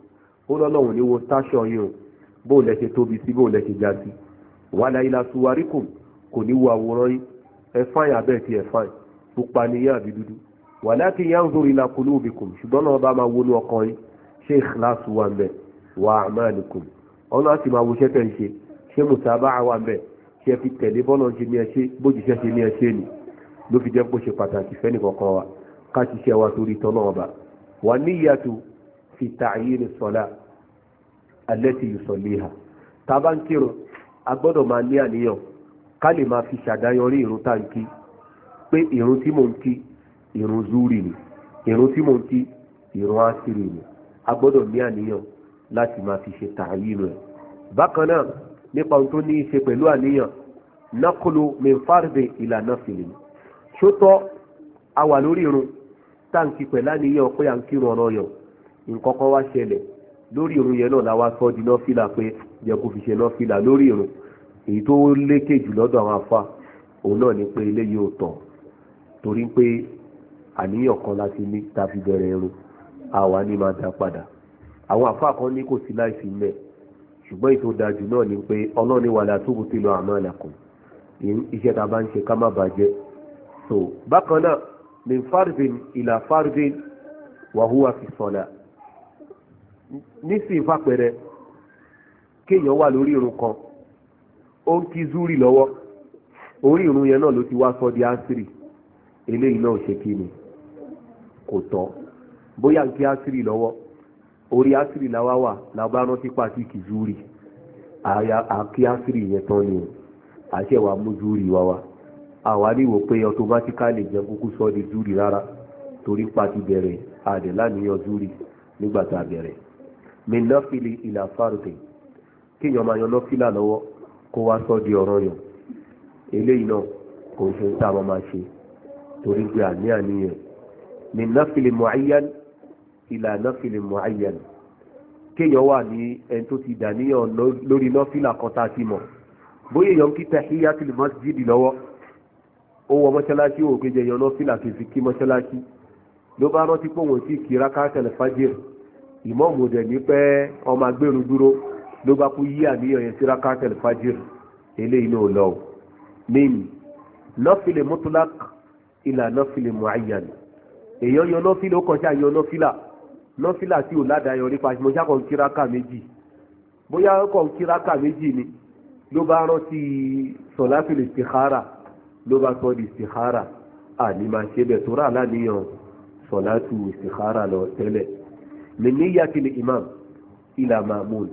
Speaker 1: ó lọ́lọ́run ní wo táṣọ yín o bóun lẹ ṣe tóbi sí bóun lẹ ṣe já sí wàlá ila suwarikum kò ní wo àwòrán yín ẹ fáìn abẹ́ẹ̀ tí ẹ fáìn pupa ni yín àbí dúdú walakin yanzur ila qulubikum ṣùgbọ́n náà bá máa wọnú ọkàn yín ṣé ìkìláàsì wà ń bẹ wa a'malukum ọlọ́run àti máa wo iṣẹ́ tẹ̀ ń ṣe ṣé mùsàbáà wà ń bẹ ṣe fi tẹ̀lé bọ́lọ̀ ṣe ní ẹṣẹ́ bójúṣẹ́ ṣe ní ẹṣẹ́ ni ló fi jẹ́ pé ṣe pàtàkì fẹ́ nìkọ̀kan wa ká ṣiṣẹ́ wa torí tọ́nà ọba wà níyàtò fi ta'yin sọ́lá allati yusalliha tá a bá ń kírun a gbọ́dọ̀ máa ní àníyàn ká lè máa fi ṣàdáyọrí ìrun ìrun zúrì ni ìrun tí mo ń kí ìrun àṣírí ni a gbọ́dọ̀ ní àníyàn láti máa fi ṣe tààyínú ẹ̀ bákan náà nípa ohun tó ní í ṣe pẹ̀lú àníyàn nákòló mẹ́fàrdé ìlànà fìlì ni ṣótọ́ a wà lórí ìrun táǹkì pẹ̀lá níyàn pé à ń kírun ọ̀rọ̀ yàn nǹkan kan wá ṣẹlẹ̀ lórí ìrun yẹn náà láwa sọ di nọ́fìlà pé jẹ́ kó fi ṣe nọ́fìlà lórí ìrun èyí tó lékè jù lọ́dọ̀ àwọn afa òun náà ni pé eléyìí ò tọ́ torí pé àníyàn kan láti ní tá a fi bẹ̀rẹ̀ irun àwa ní máa dá padà àwọn àfáà kan ní kò sí láìsí mẹ́ ṣùgbọ́n ètò dájú náà ni pé ọlọ́ni wàlá tóbu lọ àmọ́ àlàkùn iṣẹ́ tá bá ń ṣe ká má bàjẹ́ so bákan náà min fardin ìlà fardin wàhúwà fi sọ̀là nísìnyí fàpẹ̀rẹ̀ kéèyàn wà lórí irun kan ó ń kí zúrì lọ́wọ́ orí irun yẹn náà ló ti wá sọ di àṣírí eléyìí náà ṣe kí ni kò tọ́ bóyá nkí asiri lọ́wọ́ orí asiri làwa wà làbá rántí pàtí kìjúrì àkí asiri yẹn tán ni àṣẹ wa mú júrì wa wa àwa níwò pé ọtọmátíkálì jẹ kúkú sọ di júrì rárá torí pàtí bẹ̀rẹ̀ àdè láníyàn júrì nígbà tá a bẹ̀rẹ̀ mi nọ́fìlì ìlà fárùtì kíyàn máa yan nọ́fìlà lọ́wọ́ kó wá sọ di ọ̀rọ̀ yàn eléyìí náà kò ń ṣe tá a máa ṣe torí pé àní min nafili mu'ayyan ila nafili mu'ayyan kéèyàn wà ní ẹni tó ti dàníyàn lórí nọ́fìlà kan tá a ti mọ̀ bóyá èèyàn kí tahiyatul masjid lọ́wọ́ ó wọ mọ́ṣáláṣí òkè jẹyàn nọ́fìlà kì í fi kí mọ́ṣáláṣí ló bá rántí pé òun ti kí rákàtà fájìrì ìmọ̀ọ́mù dẹ̀ ní pẹ́ ọmọ agbẹ́rù dúró ló bá kú yí àníyàn yẹn sí rákàtà fájìr eléyìí náà lọ. mímu nọ́fìlì mutlaq ìlà nọ́fìlì mu'ayyan èèyàn yan nọ́fìlà ó kọjá yan nọ́fìlà nọ́fìlà tí ò ládàáyọ nípa mo ṣàkọ ń kíráka méjì bóyá ó kọ ń kíráka méjì ni ló bá rántí sọ̀láfìlì istikhara ló bá sọ di istikhara àní máa ṣe bẹ̀ tó rà láníyàn sọ̀látù istikhara lọ tẹ́lẹ̀ mi níyàtìlì imam ilà mamun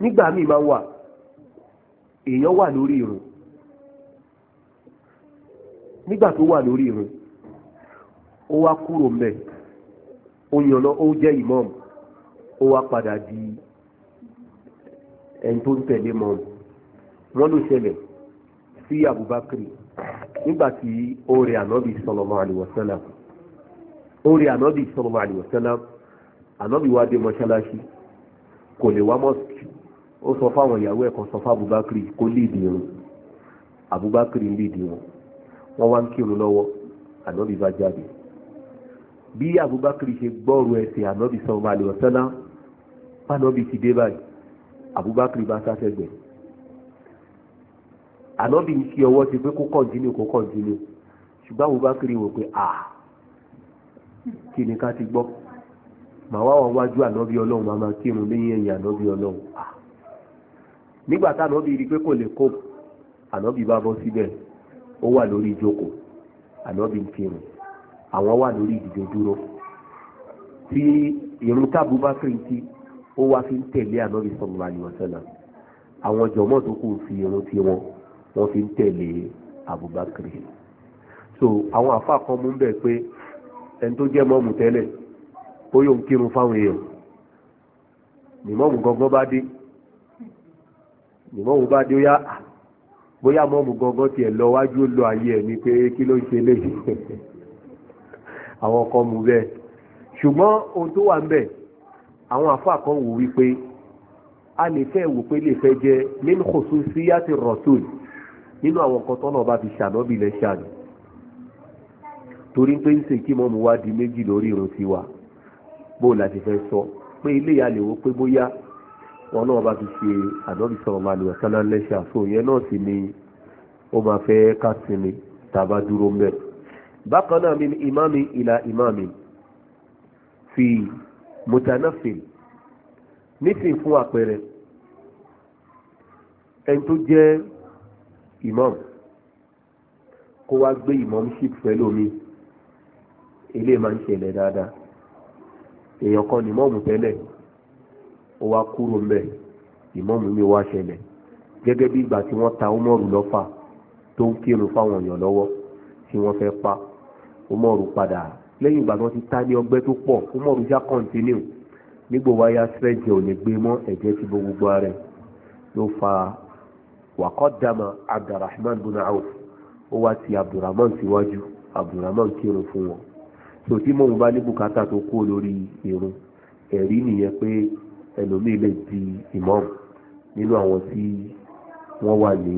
Speaker 1: nígbà míì máa wà èèyàn wà lórí irun nígbà tó wà lórí irun ó wá kúrò mbẹ ó yànnà ó jẹ́ imam ó wá padà di ẹni tó ń tẹ̀lé mọ́ wọn ló ṣẹlẹ̀ sí Abubakar nígbà ó rẹ ànábì sallallahu alaihi wasallam ó rẹ ànábì sallallahu alaihi wasallam ànábì wá dé mọ́ṣáláṣí kò lè wá mọ́sùkì ó sọ fáwọn ìyàwó ẹ̀ sọ fún Abubakar kó lè dìrún Abubakar lè dìrún wọ́n wá ń kírun lọ́wọ́ ànábì bá jáde bí abubakar ṣe gbọ́ọ̀rù ẹsẹ̀ ànábì sallallahu alaihi wasallam fànábì ti dé báyìí abubakar bá sá sẹ́gbẹ̀ẹ́ ànábì ń ṣe ọwọ́ ti pé kó kọ̀ǹtínú kó kọ̀ǹtínú ṣùgbọ́n abubakar wò pé à ah, kí ni ká ti gbọ́ màá wá wọn wájú ànábì ọlọ́run màá máa kírun lẹ́yìn ẹ̀yìn ànábì ọlọ́run ah. nígbà tá ànábì rí i pé kò lè kó ànábì bá bọ́ síbẹ̀ ó wà lórí ìjókòó ànábì ń kírun àwọn wà lórí ìdìde dúró tí irun tábù bá kiri tí ó wá fi ń tẹ̀lé ànábì sallallahu alaihi wasallam àwọn jọmọ́ tó kù fi irun tí wọn wọ́n fi ń tẹ̀lé Abubakar so àwọn àfa kan mú bẹ́ẹ̀ pé ẹni tó jẹ́ mọ́mù tẹ́lẹ̀ ó yóò ń kírun fáwọn èèyàn nìmọ́mù gangan bá dé nìmọ́mù bá dé ó yá bóyá mọ́mù gangan tiẹ̀ lọ wájú lọ ayé ẹ̀ ni pé kí ló ń ṣe léyìí àwọn kan mú bẹ́ẹ̀ ṣùgbọ́n ohun tó wà ń bẹ̀ àwọn àfáà kan wò wípé a lè fẹ́ wò pé lè fẹ́ jẹ́ nínú kòsó sí yàtì rọ̀tún nínú àwọn nǹkan tọ́nà bá fi ṣànọ́bì lẹ́ ṣàní torí pé ń ṣe kí mọ́mù wá di méjì lórí irun tiwa bó o láti fẹ́ sọ pé ilé ìyá lè wo pé bóyá wọn náà bá fi ṣe ànábì sọ̀rọ̀ máa lè wọ̀sán náà lẹ́ṣà fún òyìn náà sì ni ó máa fẹ́ ká sinmi tàbá dúró mẹ́. bákan náà mi ìmáàmì ìlà ìmáàmì fi mutanafil nísìn fún àpẹẹrẹ ẹni tó jẹ́ imam kó wá gbé imamship pẹ̀lú mi ilé máa ń ṣẹlẹ̀ dáadáa èèyàn kan ni mọ́ọ̀mù tẹ́lẹ̀ ó wá kúrò mbẹ̀ ìmọ̀mù mi wá ṣẹlẹ̀ gẹ́gẹ́ bí ìgbà tí wọ́n ta Umaru lọ́fà tó ń kírun fáwọn èèyàn lọ́wọ́ tí wọ́n fẹ́ pa Umaru padà lẹ́yìn ìgbà tí wọ́n ti ta ní ọgbẹ́ tó pọ̀ Umaru ṣá kọ́ntínú nígbò wáyà strength ò lè gbé mọ́ ẹ̀jẹ̀ ti bó gbogbo rẹ̀ ló fa wàkọ́dàmà Abdurrahman bin Auf ó wá ti Abdurrahman síwájú Abdurrahman kírun fún wọn tòtí mọ̀mú bá ní bùkátà tó kó lórí irun ẹ̀rí nìyẹn pé ẹlòmíì lè di ìmọ̀ọ̀mù nínú àwọn tí wọ́n wà ní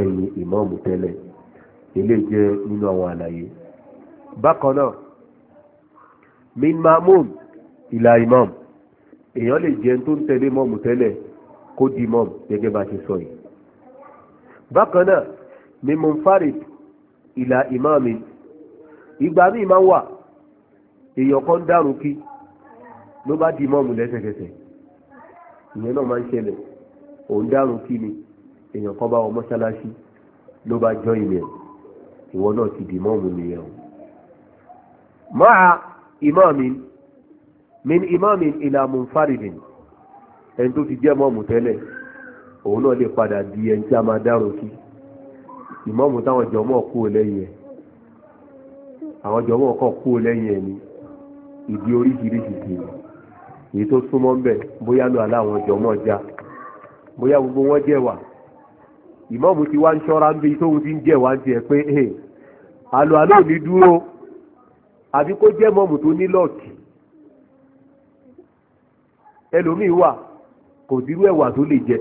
Speaker 1: ẹ̀yìn ìmọ̀ọ̀mù tẹ́lẹ̀ ilé jẹ́ nínú àwọn àlàyé bákan náà min mamum ìlà ìmọ̀ọ̀mù èèyàn lè jẹ́ tó ń tẹ̀lé mọ̀ọ̀mù tẹ́lẹ̀ kó di mọ̀ọ̀mù gẹ́gẹ́ bá ti sọ yìí bákan náà min munfarid ìlà ìmọ̀ọ̀mù ìgbà míì máa wà èèyàn kan dárò kí ló bá di mọ́ọ̀mù lẹ́sẹ̀kẹsẹ̀ ìyẹn náà máa ń ṣẹlẹ̀ òun dárun kí ni èèyàn kan bá wọ mọ́ṣáláṣí ló bá jọ ìyẹn ìwọ náà ti dì mọ́ọ̀mù nìyẹn o. máa ìmáàmì min ìmáàmì ìlà munfaridin ẹni tó ti jẹ́ mọ́ọ̀mù tẹ́lẹ̀ òun náà lè padà di ẹni tí a máa dárun kí ìmọ̀ọ̀mù táwọn jọmọ́ kú lẹ́yìn ẹ̀ àwọn jọmọ́ kọ̀ kú lẹ́yìn ẹ̀ ni ìdí oríṣiríṣi sí i èyí tó súnmọ́ ń bẹ̀ bóyá lọ aláwọn ọjọ́ mọ́ já bóyá gbogbo wọn jẹ̀wà ìmọ̀mù ti wá ń ṣọ́ra ń bí tóun ti ń jẹ̀wà ń tiẹ̀ pé àlọ́ àlọ́ ò ní dúró àbí kó jẹ́ mọ̀mù tó ní lọ́ọ̀kì ẹlòmíì wà kò dírú ẹ̀wà tó lè jẹ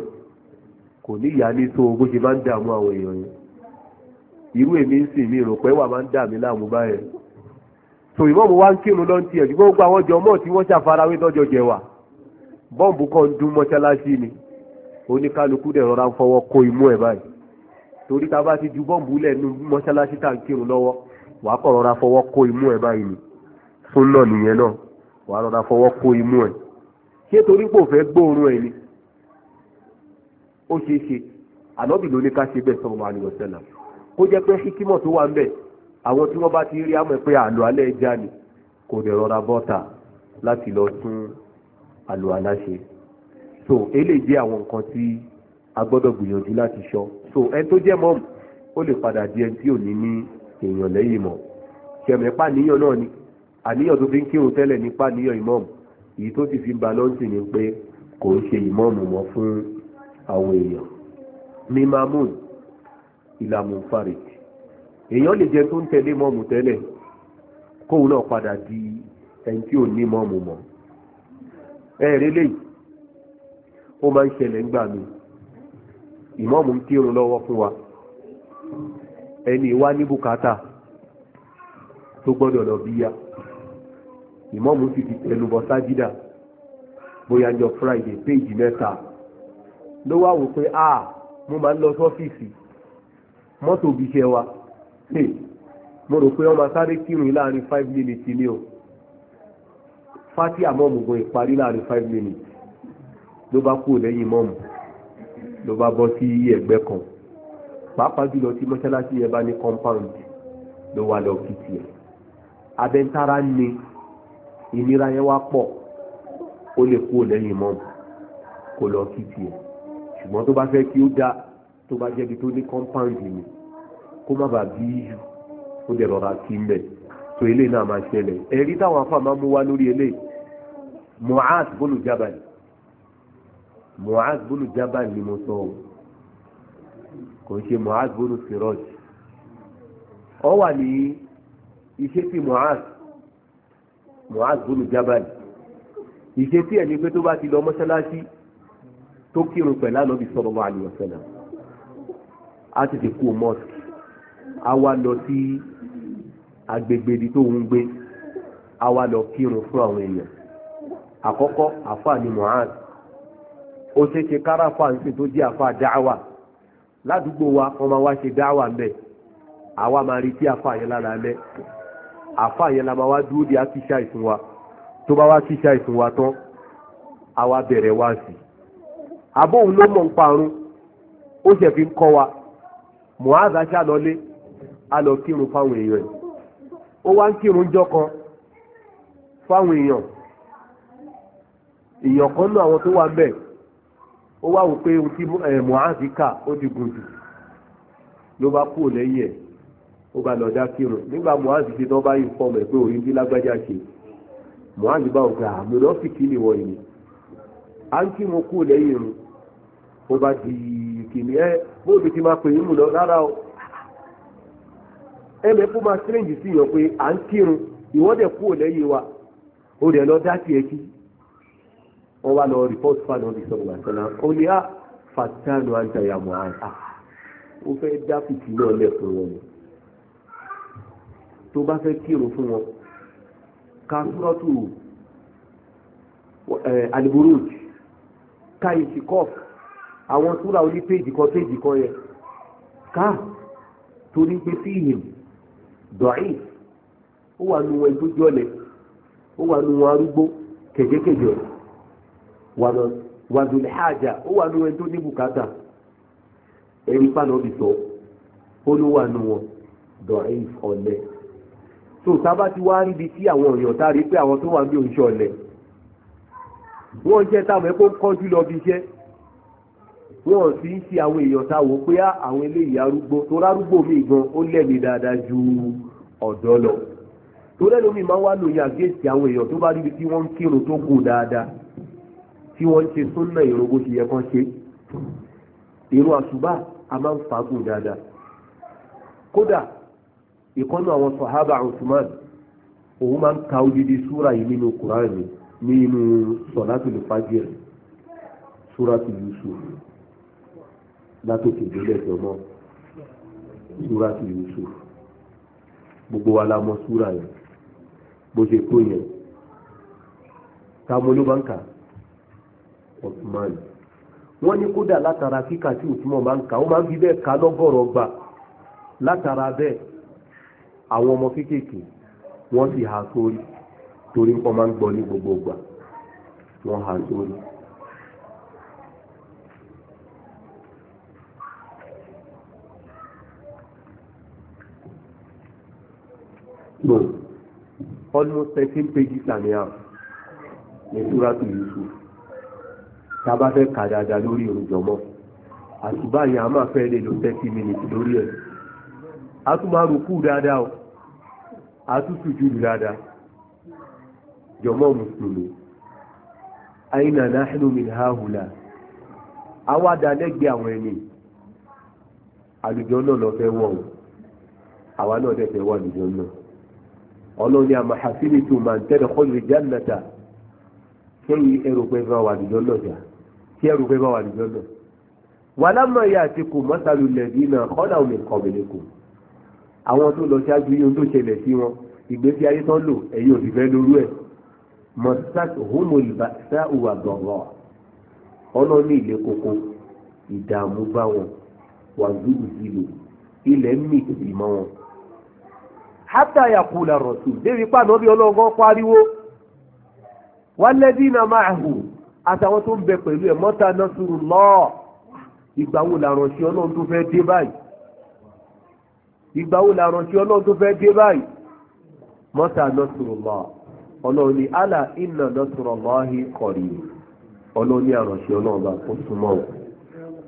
Speaker 1: kò ní ìyá ní tó bó ṣe máa ń dààmú àwọn èèyàn yẹn irú èmi ń sìn mí rò pé wà máa ń dà mí báyẹn so ìmọ̀mù wa ń kírun lọ́n tiẹ̀ ṣùgbọ́n gbogbo àwọn jọmọ́ tí wọ́n ṣàfarawé lọ́jọ́ jẹ̀wà bọ́ǹbù kan ń dún mọ́ṣáláṣí ni oníkálukú dẹ̀ rọra ń fọwọ́ kó imú ẹ̀ báyìí torí ta bá ti ju bọ́ǹbù lẹ̀ nu mọ́ṣáláṣí tá ń kírun lọ́wọ́ wà á kọ̀ rọra fọwọ́ kó imú ẹ̀ báyìí ni fún náà nìyẹn náà wà á rọra fọwọ́ kó imú ẹ̀ ṣé torí pò fẹ́ gbóòórùn ẹ̀ ni ó ṣeé ṣe ànábì ló àwọn tí wọ́n bá ti rí àmọ́ pé àlò alẹ́ ẹja ni kò lè rọra bọ́ta láti lọ tún àlò aláṣẹ so eléyìí jẹ́ àwọn nǹkan tí a gbọ́dọ̀ gbìyànjú láti sọ so ẹni tó jẹ́ mọ́mù ó lè padà di ẹni tí ò ní ní èèyàn lẹ́yìn mọ́ ṣẹ̀mẹ̀ pàníyàn náà ni àníyàn tó fi ń kírun tẹ́lẹ̀ ní pàníyàn ìmọ̀mù èyí tó sì fi ń ba lọ́ǹtì ni pé kò ń ṣe ìmọ̀mù mọ́ fún àwọn èèyàn ní mamun ìlàmù farid èèyàn lè jẹ tó ń tẹ̀lé mọ́mù tẹ́lẹ̀ kóun náà padà di ẹni tí ò ní mọ́mù mọ́ ẹ̀rẹ́ lẹ́yìn ó máa ń ṣẹlẹ̀ ńgbà mi ìmọ́mù ń kírun lọ́wọ́ fún wa ẹni wá ní bùkátà tó gbọ́dọ̀ lọ bíyà ìmọ́mù sì ti tẹnubọ sájídà bóyá jọ friday péjì mẹ́ta ló wá wò pé a ah, mo máa ń lọ sọ́fíìsì mọ́tò bí iṣẹ́ wa Hmm. mo rò pé ọmọ sáré kírun láàrin five minutes ni o fati àmọ́mùgbọ̀n ìparí láàrin five minutes ló bá kú lẹ́yìn mọ́mù ló bá bọ́ sí ẹgbẹ́ kan pàápàá jùlọ tí mọ́ṣáláṣí yẹn bá ní compound ló wà lọ kìtì ẹ̀ abẹ́ntara ni ìnira yẹn wá pọ̀ ó lè kú lẹ́yìn mọ́mù kó lọ kìtì ẹ̀ ṣùgbọ́n tó bá fẹ́ kí ó dá tó bá jẹ́bi tó ní compound ni kó má bàa bí ó dẹ̀ rọra kí ń bẹ̀ tó ilé náà máa ṣẹlẹ̀ ẹ̀rí táwọn afá máa mú wá lórí ilé Mu'az bólú jábàl Mu'az bólú jábàl ni mo sọ o kò ń ṣe Mu'az bólú siraj ọ wà ní iṣẹ́ tí Mu'az Mu'az bólú jábàl ìṣe tí ẹni pé tó bá ti lọ mọ́ṣáláṣí tó kírun pẹ̀lú ànábì sallallahu alaihi wasallam á ti fi kú mọ́ọ̀sì a wá lọ sí agbègbè ibi tó ń gbé a lọ kírun fún àwọn èèyàn àkọ́kọ́ àfà ni Mu'adh ó ṣe ṣe káráfà ń ṣe tó jẹ́ àfà dáwà ládùúgbò wa wọ́n máa wá ṣe dáwà ń bẹ̀ àwa máa rí sí àfà yẹn lára lẹ́ àfà yẹn la máa wá dúró di àkíṣà ìfún wa tó bá wá kíṣà ìfún wa tán àwa bẹ̀rẹ̀ wá sí àbóhùn ló mọ̀ ń parun ó ṣẹ̀ fi ń kọ́ wa Mu'adh aṣáálọ́lé a lọ kírun fáwọn èèyàn ó wá ń kírun jọ kan fáwọn èèyàn èèyàn kan náà àwọn tó wà bẹ́ẹ̀ ó wá wò pé ohun tí Mu'adh kà ó ti gùn jù ló bá kú lẹ́yìn ẹ̀ ó bá lọ dá kírun nígbà Mu'adh ṣe tán bá yìí orí bí lágbájá ṣe bá òkè ah, yìí ń lẹ́yìn ó bá di ẹnlẹ́ fún máa strange sí yàn pé à ń kírun ìwọ́dẹ̀ kúrò lẹ́yìn wa ó dẹ̀ lọ dá sí ẹ kí wọ́n wá lọ report fan of the sọ̀rọ̀ àtàlà ó ní à fatanu antaya muhammed ó fẹ́ dá fìtì náà lẹ̀ fún wọn ni tó bá fẹ́ kírun fún wọn ká súrọ́tù aliburuj ká ìsìkọ́f àwọn súra oní péjì kan péjì kan yẹ ká torí pé fíìmù dọ̀ọ́yì ó wà nù wọn ìtọ́jú ọ̀lẹ̀ ó wà nù wọn arúgbó kẹ̀kẹ́kẹ̀jọ wàdùnlé àjà ó wà nù wọn tó ní bùkátà ẹ̀rí pànàbì sọ ó ló wà nù wọn dọ̀ọ́yì ọ̀lẹ̀ tó sábà ti wá ríbi tí àwọn èèyàn tá a rí pé àwọn tó wà ní oṣù ọ̀lẹ̀ wọ́n jẹ́ táwọn ẹ̀kọ́ kọ́ jùlọ bí iṣẹ́ wọn ti ń ṣe àwọn èèyàn ta wò pé ah, àwọn eléyìí arúgbó tó rárúgbó mi gan ó lẹ́mìí dáadáa ju ọ̀dọ́ lọ tó lẹ́nu mi máa ń wá lóyún àgéèsì àwọn èèyàn tó bá níbi tí wọ́n ń kírun tó gùn dáadáa tí wọ́n ń ṣe súnà ìrun bó ṣe yẹ kán ṣe ìrun àṣùbà a máa ń fagùn dáadáa kódà ìkọ́nù àwọn sọ̀hábà Usman òun máa ń ka odidi súra yìí nínú Kùránì nínú sọ̀látùlù fájìrì súra tùlù sùúrù látòkè ìgbélẹ̀ ìjọmọ́ súra ti Yusuf gbogbo wa la mọ̀ súra yẹn bó ṣe tó yẹn táwọn olóbánkà Osman wọ́n ní kódà látara kíkà tí òtúmọ̀ máa ń kà ó máa ń fi bẹ́ẹ̀ ka lọ́gọ́rọ̀ gbà látara bẹ́ẹ̀ àwọn ọmọ kéékèèké wọ́n torí máa ń No. Almost 13 pages and a half. Ní Súra tó Yusuf. Tá a bá fẹ́ kà dáadáa lórí òjọ̀mọ́. a máa fẹ́ lè lo 30 minutes lórí ẹ̀. A tún máa dáadáa o. A tún sùjúdù dáadáa. Jọ̀mọ́ Mùsùlùmí. Àyìnà nahnu min hahula. A wá da lẹ́gbẹ̀ẹ́ àwọn ẹni. Àlùjọ náà lọ fẹ́ wọ̀ Àwa náà dẹ̀ ọlọ́run ní àmàhàsílì tó máa ń tẹ́lẹ̀ kọ́lù jannata kẹ́yìn ẹrù pé bá wà nìjọ́ náà jà kí ẹrù pé bá wà nìjọ́ náà. wà lámà yà àti kò mọ́sálù lẹ̀bí náà kọ́là omi kọ̀bìnrin kù. àwọn tó lọ ṣáájú yóò tó ṣẹlẹ̀ sí wọn ìgbésí ayé tán lò ẹ̀yin ò fẹ́ lórú ẹ̀. mọ̀sát homol bàtà òwà gbọ̀ngàn ọlọ́run ní ilé koko ìdààmú bá wọn wà zúlù zìlù ilẹ̀ mì ìmọ̀ wọn hátà yàkùlà rọ̀tù débi pàdé ọbí ọlọ́gọ́ pariwo wálẹ́dínà máa hù àtàwọn tó ń bẹ pẹ̀lú ẹ̀ mọ́ta la ránṣẹ́ ọlọ́run tó fẹ́ dé báyìí ìgbà la ránṣẹ́ ọlọ́run tó fẹ́ dé báyìí mọ́ta nasrullah inna nasrullahi qarib ọlọ́run ní àránṣẹ́ ọlọ́run bá kó súnmọ́ o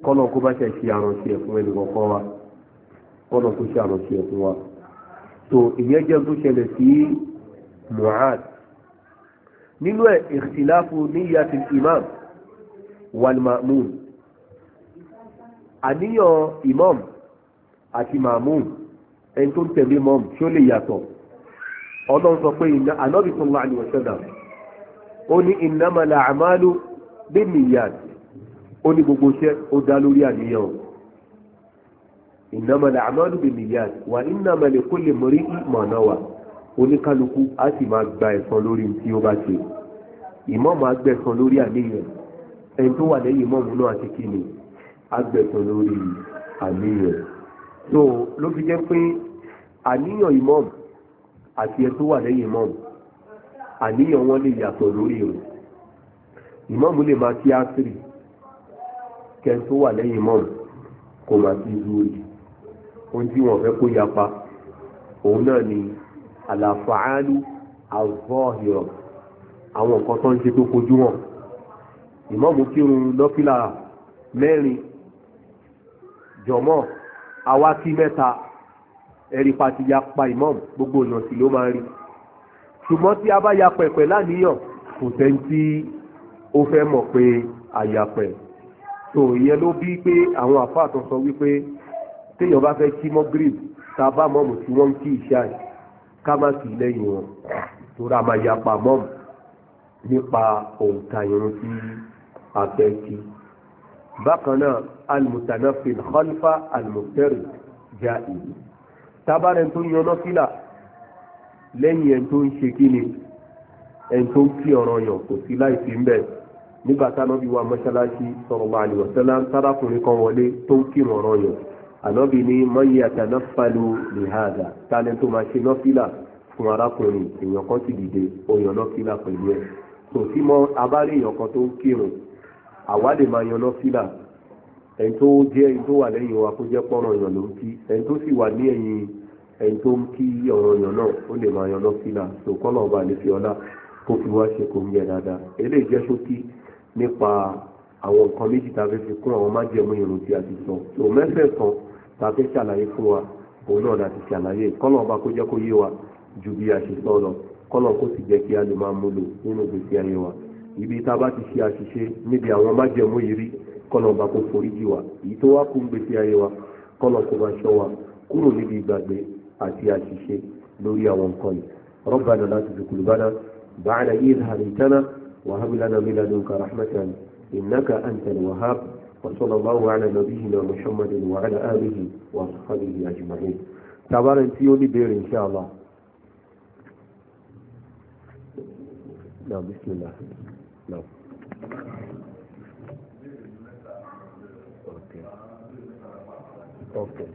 Speaker 1: kọ́nà kó bá ṣe ṣe àránṣẹ́ fún wa wa. tó ìyẹn jẹ́ tó ṣẹlẹ̀ sí mu'ad nínú ẹ̀ ìṣìláfù níyàtì imam walmamun àníyàn imam àti mamun ẹni tó ń tẹ̀lé mọ́m tí ó lè yàtọ̀ ọlọ́run sọ pé iná anábì tó wà ní ọ̀ṣẹ́dà ó ní innamal a'malu bin niyyat ó ní gbogbo iṣẹ́ ó dá lórí àníyàn innamal a'malu binniyat wa innamal likulli imri'in ma nawa oníkálukú á sì máa gba ẹ̀san lórí tí ó bá ṣe ìmọ̀mù agbẹ̀san lórí àníyàn ẹni tó wà lẹ́yìn ìmọ̀mù náà ti kí ni agbẹ̀san lórí àníyàn so ló fi jẹ́ pé àníyàn ìmọ̀mù àti ẹ tó wà lẹ́yìn ìmọ̀mù àníyàn wọn lè yàtọ̀ lórí rẹ̀ ìmọ̀mù lè máa kí ásírì kẹ́ tó wà lẹ́yìn ìmọ̀mù kò máa kí zúrì ohun tí wọ́n fẹ́ kó yapa òun náà ni àlàfààlù àzọ́hìrọ̀ àwọn nǹkan tó ń ṣe tó kojú wọn ìmáàmù kírun lọ́fílà mẹ́rin jọ̀mọ́ awákí mẹ́ta ẹ̀rí pàtí yapa ìmáàmù gbogbo èèyàn sì ló máa rí ṣùgbọ́n tí a bá ya pẹ̀pẹ̀ láníyàn kò tẹ́ tí ó fẹ́ mọ̀ pé àyàpẹ̀ tó ìyẹn ló bí pé àwọn àfáà tó sọ wípé téèyàn bá fẹ́ kí mọ́gírì tá a bá mọ́mù tí wọ́n ń kí ìṣá yìí ká má kì í lẹ́yìn wọn torí a máa yapa mọ́mù nípa òǹkà irun tí a fẹ́ kí. bákan náà almutanafil khalfa almutari ja ìlú tábàrẹ̀ tó yan nọ́fìlà lẹ́yìn ẹ̀ tó ń ṣe kí ni ẹ̀ tó ń kí ọ̀rọ̀ yàn kò sí láì fi ń bẹ̀ nígbà táwọn bí wa mọ́ṣáláṣí sallallahu alaihi wasallam tárákùnrin kan wọlé tó ń kírun ọ̀rọ̀ yàn ànábì ní mọ́yì àtànáfàlù lèhàdà tálẹ́ tó máa ṣe nọ́fìlà fún arákùnrin èèyàn kan ti dìde ó yan nọ́fìlà pẹ̀lú ẹ̀ tó tí mọ́ abárè èèyàn kan tó ń kírun àwa lè máa yan nọ́fìlà ẹni tó jẹ́ ẹni tó wà lẹ́yìn wa kó jẹ́ pọ́nrán èèyàn ló ń kí ẹni tó sì wà ní ẹ̀yìn ẹni tó ń kí ọ̀rọ̀ èèyàn náà ó lè máa yan nọ́fìlà tó kọ́nà ọba lè fi ọlá kó fi wá ṣe kò ń yẹ dáadáa eléyìí jẹ́ ṣókí nípa àwọn nǹkan méjì tàbí fi kún àwọn májẹ̀mú ìrùn tí a ti sọ tó mẹ́fẹ̀ẹ́ kan tàbí ṣàlàyé fún wa òun náà láti ṣàlàyé kọ́lọ̀ ọba kó jẹ́ kó yé wa ju bí a ṣe sọ lọ kọ́lọ̀ kó sì jẹ́ kí a lè máa múlò nínú ìgbésí ayé wa ibi tá a bá ti ṣe àṣìṣe níbi àwọn májẹ̀mú yìí rí kọ́lọ̀ ọba kó forí jì wa èyí tó wá kún ìgbésí ayé wa kọ́lọ̀ kó máa ṣọ́ wa kúrò níbi ìgbàgbé àti àṣìṣe lórí àwọn nǹkan yìí ربنا وصلى الله على نبينا محمد وعلى آله وصحبه أجمعين تبارا تيوني بير إن شاء الله نعم بسم الله
Speaker 2: نعم أوكي أوكي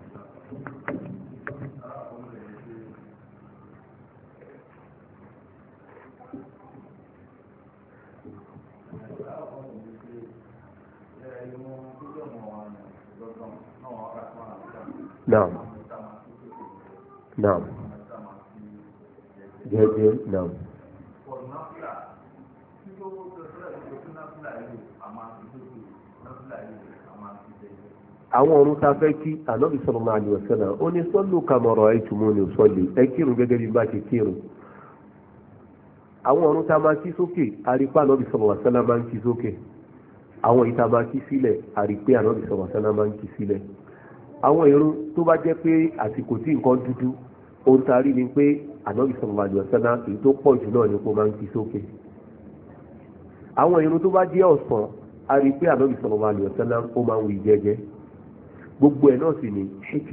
Speaker 1: نعم نعم جيد نعم àwọn ọ̀run ta fẹ́ kí ànábì sallallahu alaihi wasallam ó ní sọ́lù kàmọ̀rọ̀ ẹ̀tùmọ̀ ní sọ́lì ẹ kírun gẹ́gẹ́ bí bá ṣe kírun àwọn ọ̀run ta máa kí sókè arípa ànábì sallallahu alaihi máa ń kí sókè àwọn ìta ma kí sílẹ̀ àrí pé ànábì máa ń kí sílẹ̀ àwọn tó bá jẹ́ pé àsìkò tí nǹkan a rí ni pé ànábì sọ̀rọ̀ èyí tó pọ̀ jù náà ni máa ń kí sókè àwọn èrò tó bá jẹ́ ọ̀sán àrí pé ànábì sọ̀rọ̀ ó máa ń wù jẹ́jẹ́ gbogbo ẹ̀ náà sì ni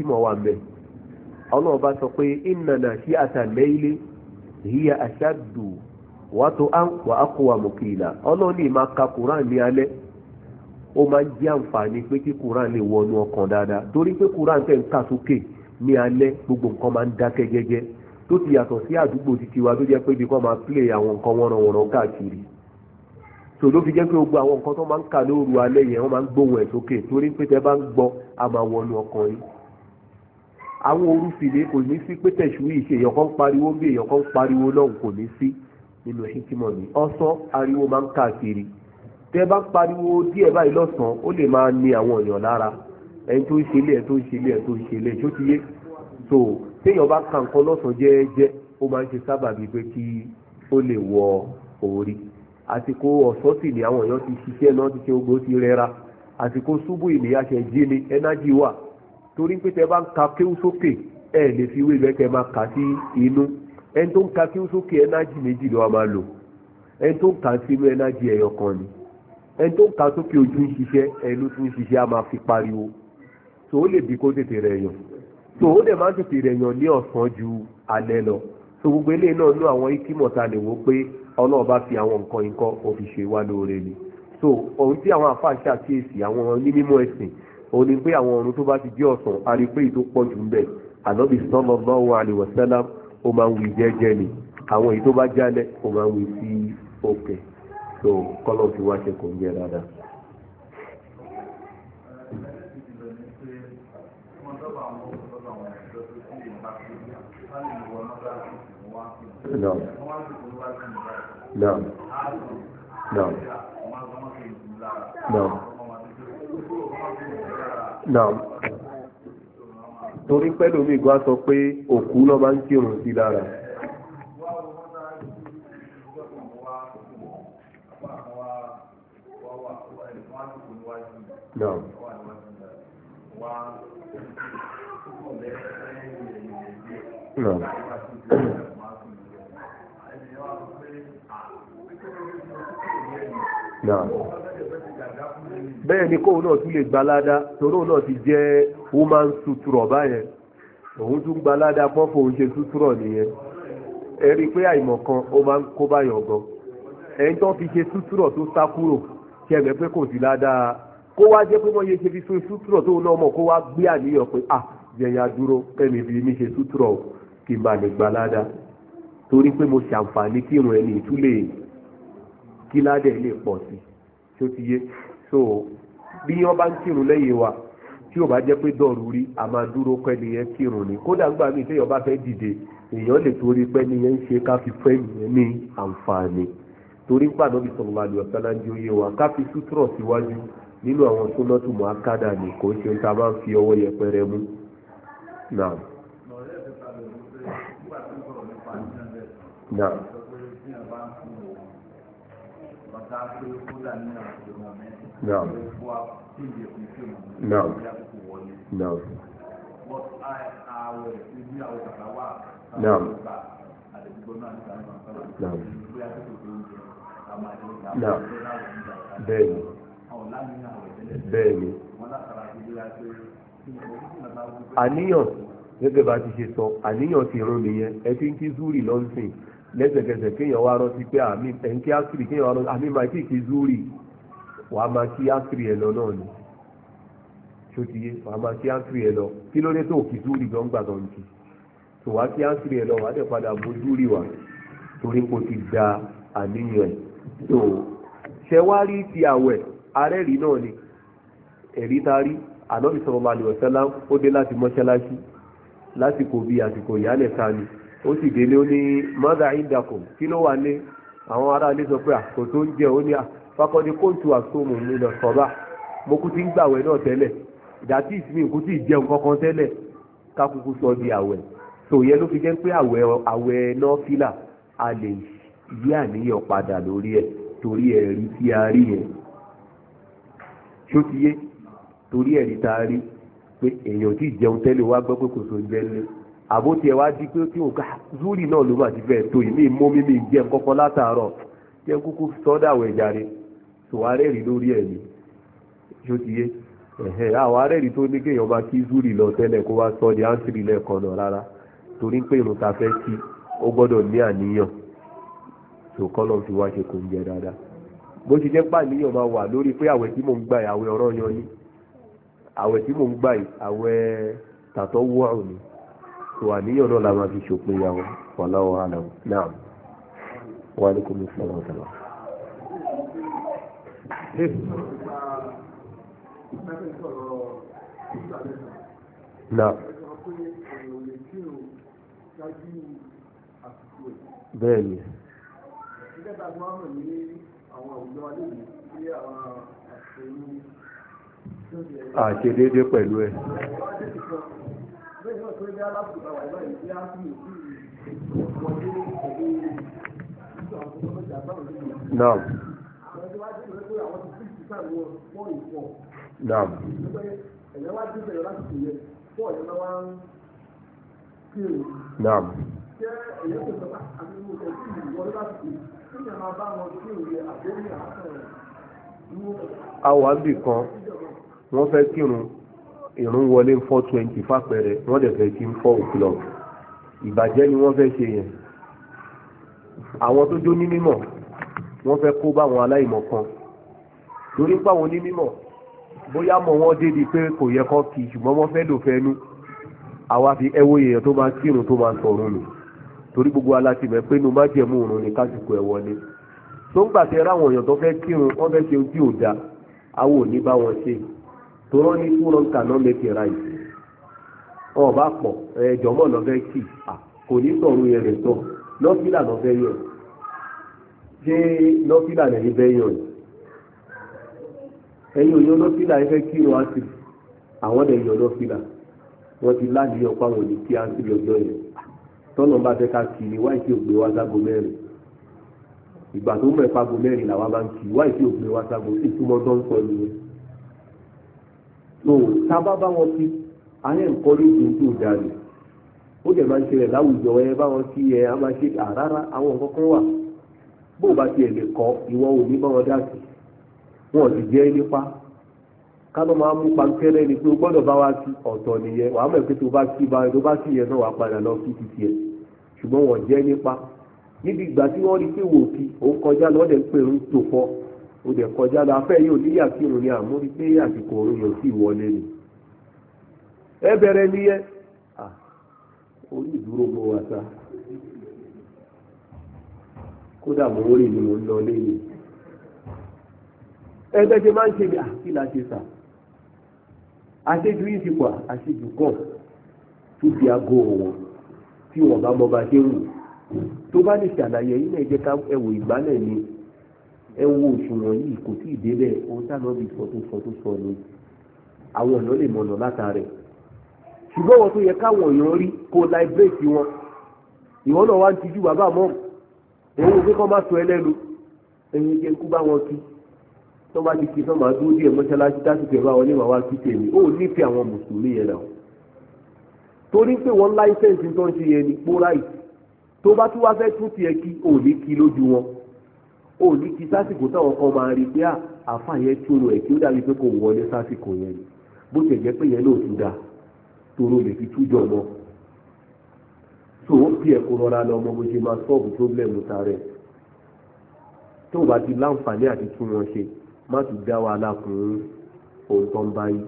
Speaker 1: wà mẹ́ sọ pé ìnànà sí ìyá wàá tó àǹkọ́ àkọ́wà ó máa ń jẹ́ àǹfààní pé kí quran lè wọnú ọkàn dáadáa torí pé quran tẹ̀ ń kà sókè ní alẹ́ gbogbo nǹkan máa ń dákẹ́ jẹ́jẹ́ tó ti yàtọ̀ sí àdúgbò títí wa tó jẹ́ pé ibi kan máa play àwọn nǹkan wọ́nranwọ̀nran káàkiri tò ló fi jẹ́ pé gbogbo àwọn nǹkan tó máa ń kà lóru alẹ́ yẹn wọ́n máa ń gbóhùn ẹ̀ sókè torí pé tẹ bá ń gbọ́ a máa wọnú ọkàn yìí àwọn orúfìlẹ̀ kò ní sí pé tẹ̀sù ṣe èèyàn kan pariwo bí èèyàn kan pariwo lọ́hùn kò ní sí nínú ṣíkímọ̀ ni ọ̀sán ariwo máa ń káàkiri tẹ bá pariwo díẹ̀ báyìí lọ́sàn-án ó lè máa ní àwọn èèyàn lára ẹni tó ń ṣe ilé ẹ tó ń ṣe ilé ẹ tó ń ṣe ilé ẹ tó ti yé so téèyàn bá ka nǹkan lọ́sàn-án jẹ́ẹ́jẹ́ ó máa ń ṣe sábàbí pé kí ó lè wọ orí àsìkò ọ̀sán sì ni àwọn èèyàn ti ṣiṣẹ́ náà ti ṣe ogbó ti rẹra àsìkò ṣubú ìníyàṣẹ́ jí ni ẹnájì wà torí pé tẹ bá ń ka kéwú sókè ẹ lè fi wé ìgbẹ́kẹ̀ máa kà sí inú ẹni tó ń ka kéwú sókè ẹnájì méjì ló wà máa lò ẹni tó ń kà sínú ẹnájì ẹ̀yọ̀kan ni ẹni tó ń ka sókè ojú ń ṣiṣẹ́ ẹni ló tún ń ṣiṣẹ́ a máa fi pariwo tó ó lè bí kó tètè rẹ̀ yàn tó ó dẹ̀ máa ń tètè rẹ̀ yàn ní ọ̀sán ju alẹ́ lọ tó gbogbo eléyìí náà ní àwọn ikímọ̀ta lè wò pé ọlọ́run bá fi àwọn nǹkan nǹkan ó fi ṣe wá lóore ni so ohun tí àwọn àfáà ṣàkíyèsí àwọn onímọ̀ ẹ̀sìn òun ni pé àwọn ọ̀run tó bá ti jẹ́ ọ̀sán a rí pé ìtó pọ̀ jù ń bẹ̀ ànábì sallallahu alaihi so kọ́lọ̀ fi wá ṣe kò ń jẹ́ dáadáa.
Speaker 2: Naam. Naam. Naam. Naam. Naam. Torí pẹ́lú
Speaker 1: mi gbá sọ pé òkú ló máa ń kírun sí lára.
Speaker 2: نعم نعم náà bẹ́ẹ̀
Speaker 1: ni kóhùn náà gbalada toró náà ti jẹ́ woman suturọ̀ báyẹn òun tún gbalada ṣe nìyẹn ẹ pé àìmọ̀kan máa ń kó fi ṣe tó sá kúrò kò sí kó wá jẹ́ pé wọ́n yẹ ṣe fi sun sútúrọ̀ tó náà mọ̀ kó wá gbé àníyàn pé à ah, jẹ̀yà dúró kẹ́mi fi mí ṣe sútúrọ̀ kí n bá lè gbà ládàá torí pé mo ṣàǹfààní kí irun ẹni ìtúlẹ̀ kí ládẹ̀ lè pọ̀ sí tó ti yé so bí wọ́n bá ń kírun lẹ́yìn wa tí ò bá jẹ́ pé dọ̀rù rí a máa dúró pẹ́ nìyẹn kírun ni kódà ń gbà mí téèyàn bá fẹ́ dìde èèyàn lè torí pẹ́ nìyẹn ń ṣe ká fi fẹ́ nìyẹn ní àǹfààní torí pàdánù bí sọ̀rọ̀ yé wa ká fi sútúrọ̀ síwájú. Si nínú àwọn súnmọ́tò mọ́kádà ní kò ṣe ń ta ń fi ọwọ́ yẹpẹrẹ mú náà
Speaker 2: náà náà náà náà Naam. Naam. Naam. Bẹ́ẹ̀ni bẹ́ẹ̀ ni
Speaker 1: àníyàn gẹ́gẹ́ bá ti ṣe sọ àníyàn ti rán nìyẹn ẹ ti ń kí zúrì lọ́sìn lẹ́sẹ̀kẹsẹ̀ kéèyàn wá rántí pé àmì ẹ̀ ń kí ákìrì kéèyàn wá rántí àmì máa kí kí zúrì wàá máa kí ákìrì ẹ̀ lọ náà ni ṣòtìyé wàá máa kí ákìrì ẹ̀ lọ kí ló dé tó kí zúrì gan gbà gan jù tó wá kí ákìrì ẹ̀ lọ wàá dẹ̀ padà bó zúrì wá torí kò ti da àníyàn ẹ̀ tó ṣẹ ti àwẹ̀ arẹ́rìí náà ni ẹ̀rí ta rí ànábì sallallahu alaihi wasallam ó dé láti mọ́ṣáláṣí lásìkò bíi àsìkò ìyálẹ̀ ta ni ó sì délé ó ní mọ́dà ìdàkọ̀ kí ló wà lé àwọn ará ilé sọ pé àkókò tó ń jẹ ó ní fakọ́dé kóńtù àsomù mi lọ sọ́ba mo kú ti ń gbàwẹ̀ náà tẹ́lẹ̀ ìdàtí ìsinmi kú ti jẹun kankan tẹ́lẹ̀ kákùkù sọ di àwẹ̀ tó yẹ ló fi jẹ́ pé àwẹ̀ àwẹ̀ náà fílà a lè yí àníyàn padà lórí ẹ̀ torí ẹ̀rí tí a rí yẹn ṣó ti yé torí ẹ̀rí tá a rí pé èèyàn tí ìjẹun tẹ́lẹ̀ wá gbọ́ pé kò sóun jẹ́ nílé àbó tiẹ̀ wá di pé tí òkà zúrì náà ló máa ti fẹ́ tó yìí mí mú mi mi jẹun kọ́kọ́ látàárọ̀ jẹ́ kúkú sọ́dàwọ̀ ẹ̀já rẹ̀ tòwárẹ́ rí lórí ẹ̀mí ṣó ti ẹ̀hẹ́ àwọn arẹ́rì tó ní kéèyàn bá kí zúrì lọ tẹ́lẹ̀ kó wá sọ di ánsìrì lẹ́ẹ̀kan náà rárá torí pé irun ta fẹ́ kí ó gbọ́dọ̀ ní àníyàn tòkọ́ lọ́n fi wá ṣe kò ń jẹ dáadáa bó ṣe jẹ́ pàníyàn máa wà lórí pé àwẹ̀ tí mò ń gbà yìí àwẹ̀ ọ̀rọ̀ yan ni àwẹ̀ tí mò ń gbà yìí àwẹ̀ tàtọ́ wú àrùn ni tó àníyàn náà la máa fi ṣòpin ìyàwó wàláwọ̀ àlọ́ náà wà ní kò ní sọ̀rọ̀ ọ̀tọ̀lọ̀.
Speaker 2: Bẹ́ẹ̀ni àwọn àwùjọ alẹ́yìn sí àṣedédé pẹ̀lú ẹ̀ Naam. Naam. Naam. Naam àwọn àbí kan
Speaker 1: wọ́n fẹ́ kírun ìrún wọlé four twenty fàpẹẹrẹ wọ́n dẹ̀ fẹ́ kí n four o'clock ìbàjẹ́ ni wọ́n fẹ́ ṣe yẹn àwọn tó jó ní mímọ̀ wọ́n fẹ́ kó báwọn aláìmọ̀ kan torí páwọn ní mímọ̀ bóyá mọ̀ wọ́n débi pé kò yẹ kọ́ kí ṣùgbọ́n wọ́n fẹ́ lò fẹ́ nú àwa fi ẹwọ́ èèyàn tó máa kírun tó máa sọ̀rọ̀ nù torí gbogbo aláti mẹ́ pé inú májẹ̀mú òrùn ni kásìkò ẹ̀ wọlé tó ń gbà tẹ ráwọn èèyàn tó fẹ́ kírun wọ́n fẹ́ ṣe ojú òda àwọn òní bá wọn ṣe torọ́ ní two wrong cannot make a right wọn bá pọ̀ ẹ̀jọ̀ mọ́ lọ fẹ́ kì kò ní sọ̀rọ̀ yẹn rẹ̀ tọ̀ lọ́fílà lọ fẹ́ yàn ṣé lọ́fílà lẹ́yìn fẹ́ yàn ẹ̀yin òyìn lọ́fílà ẹ fẹ́ kírun àti àwọn ẹ̀yàn lọ́fílà wọ́n ti láàyè ọ̀pá wọn ní kí á sí ọjọ́ yẹn tọ́nà bá fẹ́ ká kiri wáyé tí ò gbé wá ságo mẹ́rin ìgbà tó mọ̀ ìpago mẹ́rin làwa bá ń kiri wáyé tí ò gbé wá ságo sí ìtumọ̀ tó ń sọ nìyẹn. tó sábà bá wọn kí alẹ́ nǹkan ló dùn tó dànù ó dẹ̀ máa ń ṣẹlẹ̀ láwùjọ ẹ bá wọn kí ẹ á máa ṣe àrárá àwọn nǹkan wà bó o bá tiẹ̀ lè kọ́ ìwọ òní bá wọn dá sí wọn ò sì jẹ́ nípa kánú máa mú pankẹ́rẹ́ ni pé o gbọ́dọ̀ bá wa sí ọ̀tọ̀ nìyẹn wàá mọ̀ pé tó bá sí bá tó bá sí yẹn náà wàá padà lọ sí títí ẹ̀ ṣùgbọ́n wọ́n jẹ́ nípa níbi ìgbà tí wọ́n rí pé wò kí òun kọjá lọ ọ̀dẹ̀ ń pè ń tò fọ́ o dẹ̀ kọjá lọ afẹ́ yóò níyà kí òun ni àmú rí pé àsìkò òun yóò sì wọlé ni. ẹ bẹ̀rẹ̀ nìyẹn orí ìdúró mo wà sá kódà mo rí ni mo ń lọ lé ni ẹgbẹ́ ṣe máa ń ṣe bí àkílà ṣe sà àṣejù yìí ti pà àṣejù kọ̀ tó fi aago wọn tí wọn bá mọ ṣe wù tó bá lè ṣàlàyé yìí náà jẹ́ ká ẹwò ìgbálẹ̀ ni ẹ wo òṣùwọ̀n yìí kò tí ì débẹ̀ ohun tá lọ́ọ́ bí sọ tó sọ tó sọ ni àwọn ọ̀nà lè mọ̀nà látàrẹ̀ ṣùgbọ́n wọn tó yẹ káwọn èèyàn rí kó láìbírèkì wọn ìwọ náà wá ń tijú bàbá mọ́ òun ò pé kọ́ má sọ ẹlẹ́nu ẹ̀yin jẹ́ kú bá wọn kí tó bá ti kí sọ́mà dúró díẹ̀ mọ́ṣáláṣí dásìkò ẹ̀rọ àwọn onímọ̀ wá sí tèmi ó nífẹ̀ẹ́ àwọn mùsùlùmí yẹn náà torí pé wọ́n láìsẹ̀nsì tó ń ṣe yẹn ní póráì tó bá tún wá fẹ́ tún tiẹ̀ kí ò ní kí lójú wọn ò ní kí sásìkò táwọn kan máa rí pé ah, àáfà yẹn túrò ẹ̀ kí ó dàbí pé kò wọlé sásìkò yẹn ni bó ṣe jẹ́ pé yẹn ló tún dáa toro lè fi tújọ mọ́ tó ó fi ẹ̀kọ́ rọra lọ ọmọ bó ṣe máa sọ́ọ̀bù tó blẹ̀mù ta tó bá ti láǹfààní àti tún ṣe má ti dá wa lákùnrin ohun tó ń báyìí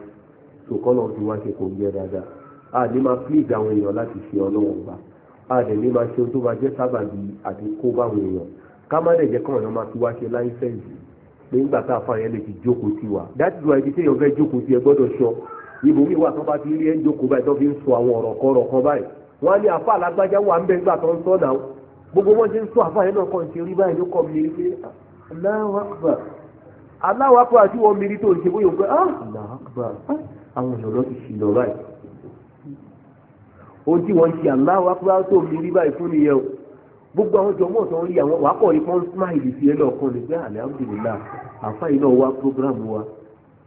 Speaker 1: tó kọ́nà fi wá ṣe kò yẹ dáadáa a ní máa please àwọn èèyàn láti ṣe ọlọ́wọ́n gbà a dẹ̀ ní máa ṣe ohun tó bá jẹ́ sábàbí àti kó báwọn èèyàn ká má dẹ̀ jẹ́ kọ́ ọ̀nà máa fi wá ṣe láìsẹ̀ǹsì pé ńgbà tá a fa yẹn lè fi jókòó sí wa dájú wa ibi tí èèyàn fẹ́ jókòó sí ẹ gbọ́dọ̀ sọ ibòmíì wà tó bá ti rí ẹ jókòó báyìí tó fi ń sọ àwọn ọ̀rọ̀ aláwọ̀ apá àti wọn mi rí tó ń ṣe bóyá pé ah, ah tó báyìí fún o gbogbo àwọn jọmọ́ ọ̀tọ̀ rí àwọn wàákọ̀ rí smile sí ẹ lọ́ọ̀kan ní pé alhamdulillah àfa iná wa program wa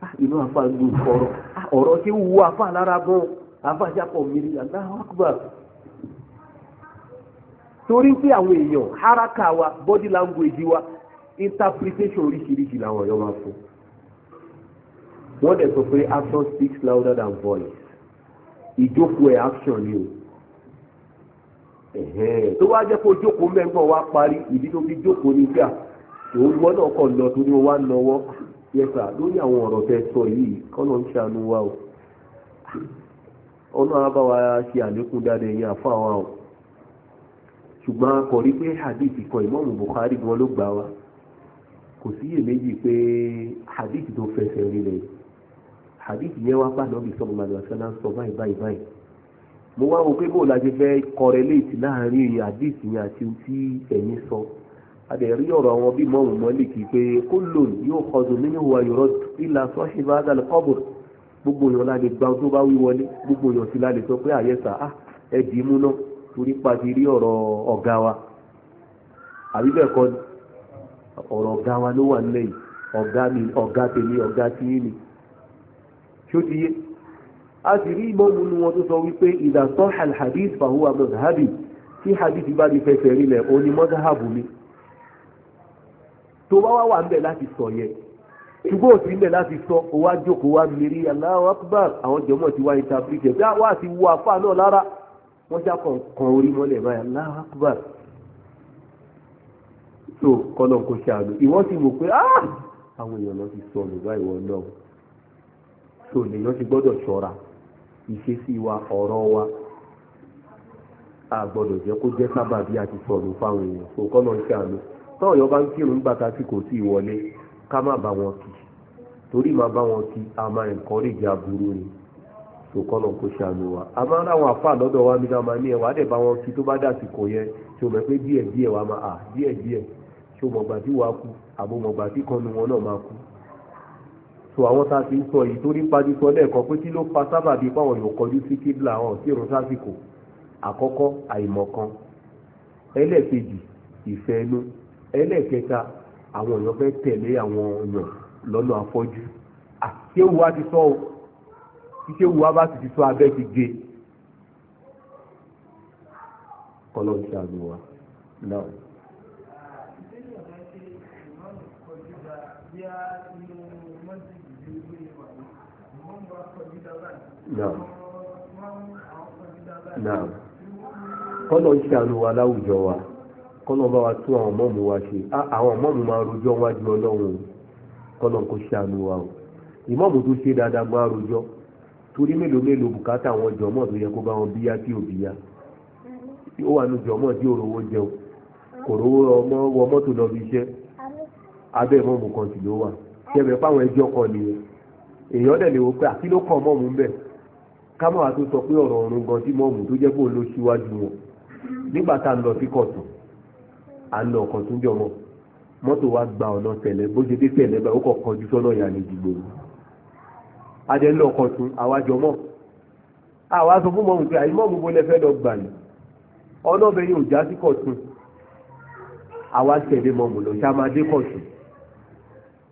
Speaker 1: ah, inú lu ọ̀rọ̀ ah, ọ̀rọ̀ tí ń wo àfa lára gan àfa ṣàpọ̀ mi torí pé haraka wa body language wa interpretation oríṣiríṣi làwọn èèyàn máa fún wọ́n dẹ̀ sọ pé action speaks louder than voice ìjókòó ẹ̀ action ni o tó wá jẹ́ kó jókòó mẹ́gbọ́n wá parí ìdí tó fi jókòó ní bíà òun gbọ́dọ̀ kọ̀ lọ torí wọ́n wá nọwọ́ yẹsà lórí àwọn ọ̀rọ̀ tẹ sọ yìí kọ́nà ń ṣàánú wa o ọ̀nà àbáwá ṣe àlékún dáadáa ẹ̀yìn àfa o ṣùgbọ́n a pé hadith kan Ìmáàmù Bukhari gan ló gbà wá kò síyè méjì pé hadith tó fẹsẹ̀ rinlẹ̀ hadith yẹn wá pàdánù bí sọ́kùnrin àdúrà sọ́nà sọ báyìí báyìí báyìí mo wá wo pé bó la ṣe fẹ́ correlate láàrin hadith yẹn àti tí ẹ̀yin sọ adẹ̀rí ọ̀rọ̀ àwọn bí mọ́mù mọ́lìkì pé kó lòun yóò kọjú nínú wa yọ̀rọ̀ ìlà sọ́ọ̀ṣì bá dàlẹ́ kọ́bùrù gbogbo èèyàn láti gba tó bá wí wọlé gbogbo èèyàn sì láti sọ pé àyẹ̀sà á ẹ̀dì mú náà torí pàtí rí ọ̀rọ̀ ọ̀gá wa àbí bẹ́ẹ̀ kọ́ ọ̀rọ̀ ọ̀gá wa ló wà nílẹ̀ yìí ọ̀gá mi ọ̀gá tèmi ọ̀gá tí yìí ni ṣó ti yé a sì rí ìmọ̀mù nu wọn tó sọ wípé idha sahha al-hadith fahuwa madhhabi tí hadith bá di fẹsẹ̀ rí lẹ̀ òní mọ́sáhábù mi tó bá wá wà ń bẹ̀ láti sọ yẹn ṣùgbọ́n òsì ń bẹ̀ láti sọ owó àjòkó wa mìírí Allahu Akbar àwọn jọmọ́ ti wá interpret ẹ̀ wá ti wo àfa náà lára wọ́n ṣàkàn kan orí mọ́lẹ̀ báyìí Allahu Akbar so kọ́nà kò ṣàánú ìwọ́n ti mọ̀ pé ah! àwọn èèyàn lọ ti sọnù náà so lèèyàn ti gbọ́dọ̀ ṣọ́ra ìṣesí wa ọ̀rọ̀ wa a je jẹ́ kó jẹ́ sábà bí a ti fáwọn èèyàn so kọ́nà ṣàánú tọ́ọ̀yọ́ bá ń kírun gbàtà tí kò tíì wọlé ká má bá wọn kì torí máa bá wọn kí a máa nǹkan lè jà burú ni sòkànnà kò ṣàánú wa a máa ń ráwọn lọ́dọ̀ wa máa ní ẹwà á dẹ̀ bá wọn tó bá pé wa ṣó mọ̀gbà tí wàá kú àbò mọ̀gbà tí kọ́nu wọn náà máa kú so àwọn tá a ti ń sọ yìí torí pàdé sọ lẹ́ẹ̀kan pé kí ló fa sábàbí páwọn yóò kọjú sí kíbla àwọn tí irun sásìkò àkọ́kọ́ àìmọ̀kan ẹlẹ́ẹ̀kejì ìfẹ́ inú ẹlẹ́ẹ̀kẹta àwọn èèyàn fẹ́ tẹ̀lé àwọn èèyàn lọ́nà afọ́jú àṣewùwá ti ti sọ abẹ́ ti
Speaker 2: gaskiya muhimmanci da zai faru mun kọ́nà
Speaker 1: ń wa láwùjọ wa kọ́nà bá wa tún àwọn mọ́mù wa ṣe àwọn mọ́mù máa rojọ́ wájú ọlọ́run kọ́nà ṣe dáadáa rojọ́ torí mélòó mélòó bùkátà àwọn jọmọ́ tó yẹ kó bá wọn bíyá tí ò bíyá ó wà
Speaker 2: jọmọ́
Speaker 1: abẹ́ mọ́mù kan sì ló wà ṣẹ̀bẹ̀ fáwọn ẹjọ́ kan nìyẹn èèyàn dẹ̀ lè wo pé àti ló kàn mọ́mù bẹ̀ ká mọ́ àti sọ pé ọ̀rọ̀ ọ̀run gan tí mọ́mù tó jẹ́ pé òun ló ṣíwájú wọn nígbà tá a lọ sí kọ̀tún a lọ ọ̀kan tún jọ mọ́ mọ́tò wa gba ọ̀nà tẹ̀lẹ́ bó ṣe dé tẹ̀lẹ́ báyìí ó kọ̀ kọjú sọ́nà ìyàlejò gbòòrò adé ńlọ yóò já sí kọ̀tún àwa tẹ̀lé mọ́mù lọ ṣá máa dé kọ̀tún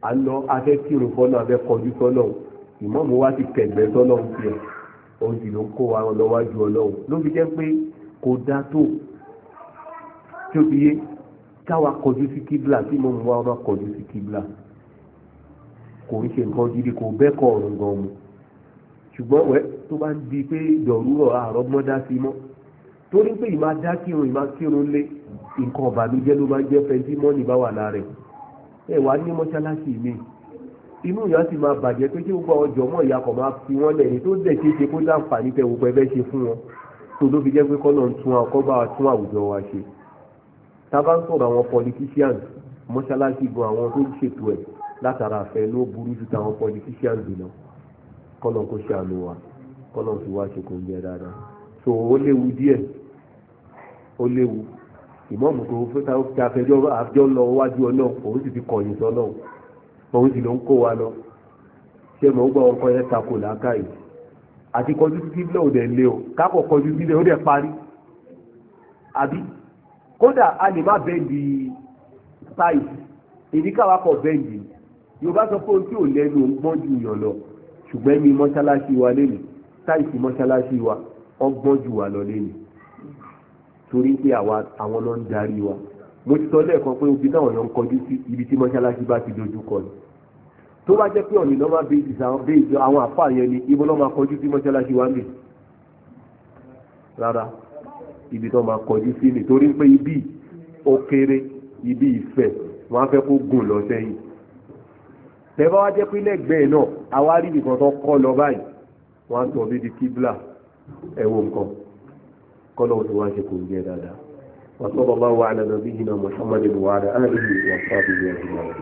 Speaker 1: àlọ afẹ́kírun fọ́nà abẹ́kọjú sọ́lọ́hún ìmọ̀mù wa ti kẹ̀gbẹ́ sọ́lọ́hún tiẹ̀ òun sì ló ń kó wa lọ́wájú ọlọ́hún ló fi jẹ́ pé kò dá tó tí ó fi yé káwa kọjú sí kíbla tí mo mú wa ọmọ kọjú sí kíbla kò ń ṣe nǹkan gidi kò bẹ́kọ̀ ọ̀rùn gan mu ṣùgbọ́n wẹ́ tó bá ń di pé dọ̀rúrọ̀ àárọ̀ mọ́ dá sí mọ́ torí pé ìmá dá kírun ìmá kírun lé nǹkan ọ̀bàlújẹ́ ló máa ń jẹ́ fẹ́ntì mọ́nì bá wà lára rẹ̀ ẹ wà ní mọ́ṣáláṣí mi inú ìyá sì máa bàjẹ́ pé kí gbogbo àwọn jọmọ́ ìyá kan máa fi wọ́n lẹ̀ ní tó dẹ̀ ṣe é ṣe kó dáǹfààní tẹ gbogbo ẹgbẹ́ ṣe fún wọn tó ló fi jẹ́ pé kọ́nà tún àwọn kọ́ bá tún àwùjọ wa ṣe tá a bá ń sọ̀rọ̀ àwọn politicians mọ́ṣáláṣí gan àwọn tó ń ṣètò ẹ̀ látara àfẹ́ ló burú ju táwọn politicians lọ kọ́nà kó ṣàánú wa kọ́nà fi wá ṣe kò ń jẹ dáadáa so ó léwu díẹ̀ ó léwu ìmọ̀ọ́mù tó fi afẹjọ́ àjọ lọ wájú ọlọ́ òun sì fi kọ̀yìn sọ náà òun sì ló ń kó wa lọ ṣé mo ń gbọ́ ọkọ yẹn takò làákàyè àti kọjú sí kíbílẹ̀ ò dẹ̀ lé o kápọ̀ kọjú sílẹ̀ ó dẹ̀ parí àbí kódà a lè má bẹ́ẹ̀dì táìsì èdè káwa kọ̀ bẹ́ẹ̀dì yorùbá sọ pé ohun tí ò lẹ́nu ń gbọ́n ju yàn lọ ṣùgbọ́n mọ́ṣáláṣí wa lẹ́nu táìsì torí pé àwọn náà ń darí wa mo ti sọ lẹ́ẹ̀kan pé ibi táwọn èèyàn ń kọjú sí ibi tí mọ́ṣáláṣí bá ti dojú kọ ni tó bá jẹ́ pé ọ̀nì lọ́mọ bíi ìjọ àwọn àfáà yẹn ni ibo lọ́mọ kọjú sí mọ́ṣáláṣí wa nì rárá ibi tó máa kọjú sí ni torí pé ibi ó kéré ibi ìfẹ́ wọn á fẹ́ kó gùn lọ sẹ́yìn tẹ́bá wá jẹ́ pé lẹ́gbẹ̀ẹ́ náà àwárí nìkan tó kọ́ lọ báyìí wọ́n á sọ bí di kíbla ẹ̀wọ̀ nǹkan kọ́lọ̀ tó wá ṣe kò ń jẹ́ dáadáa wa sallallahu ala nabiyyina Muhammadin wa ala alihi wa sahbihi ajma'in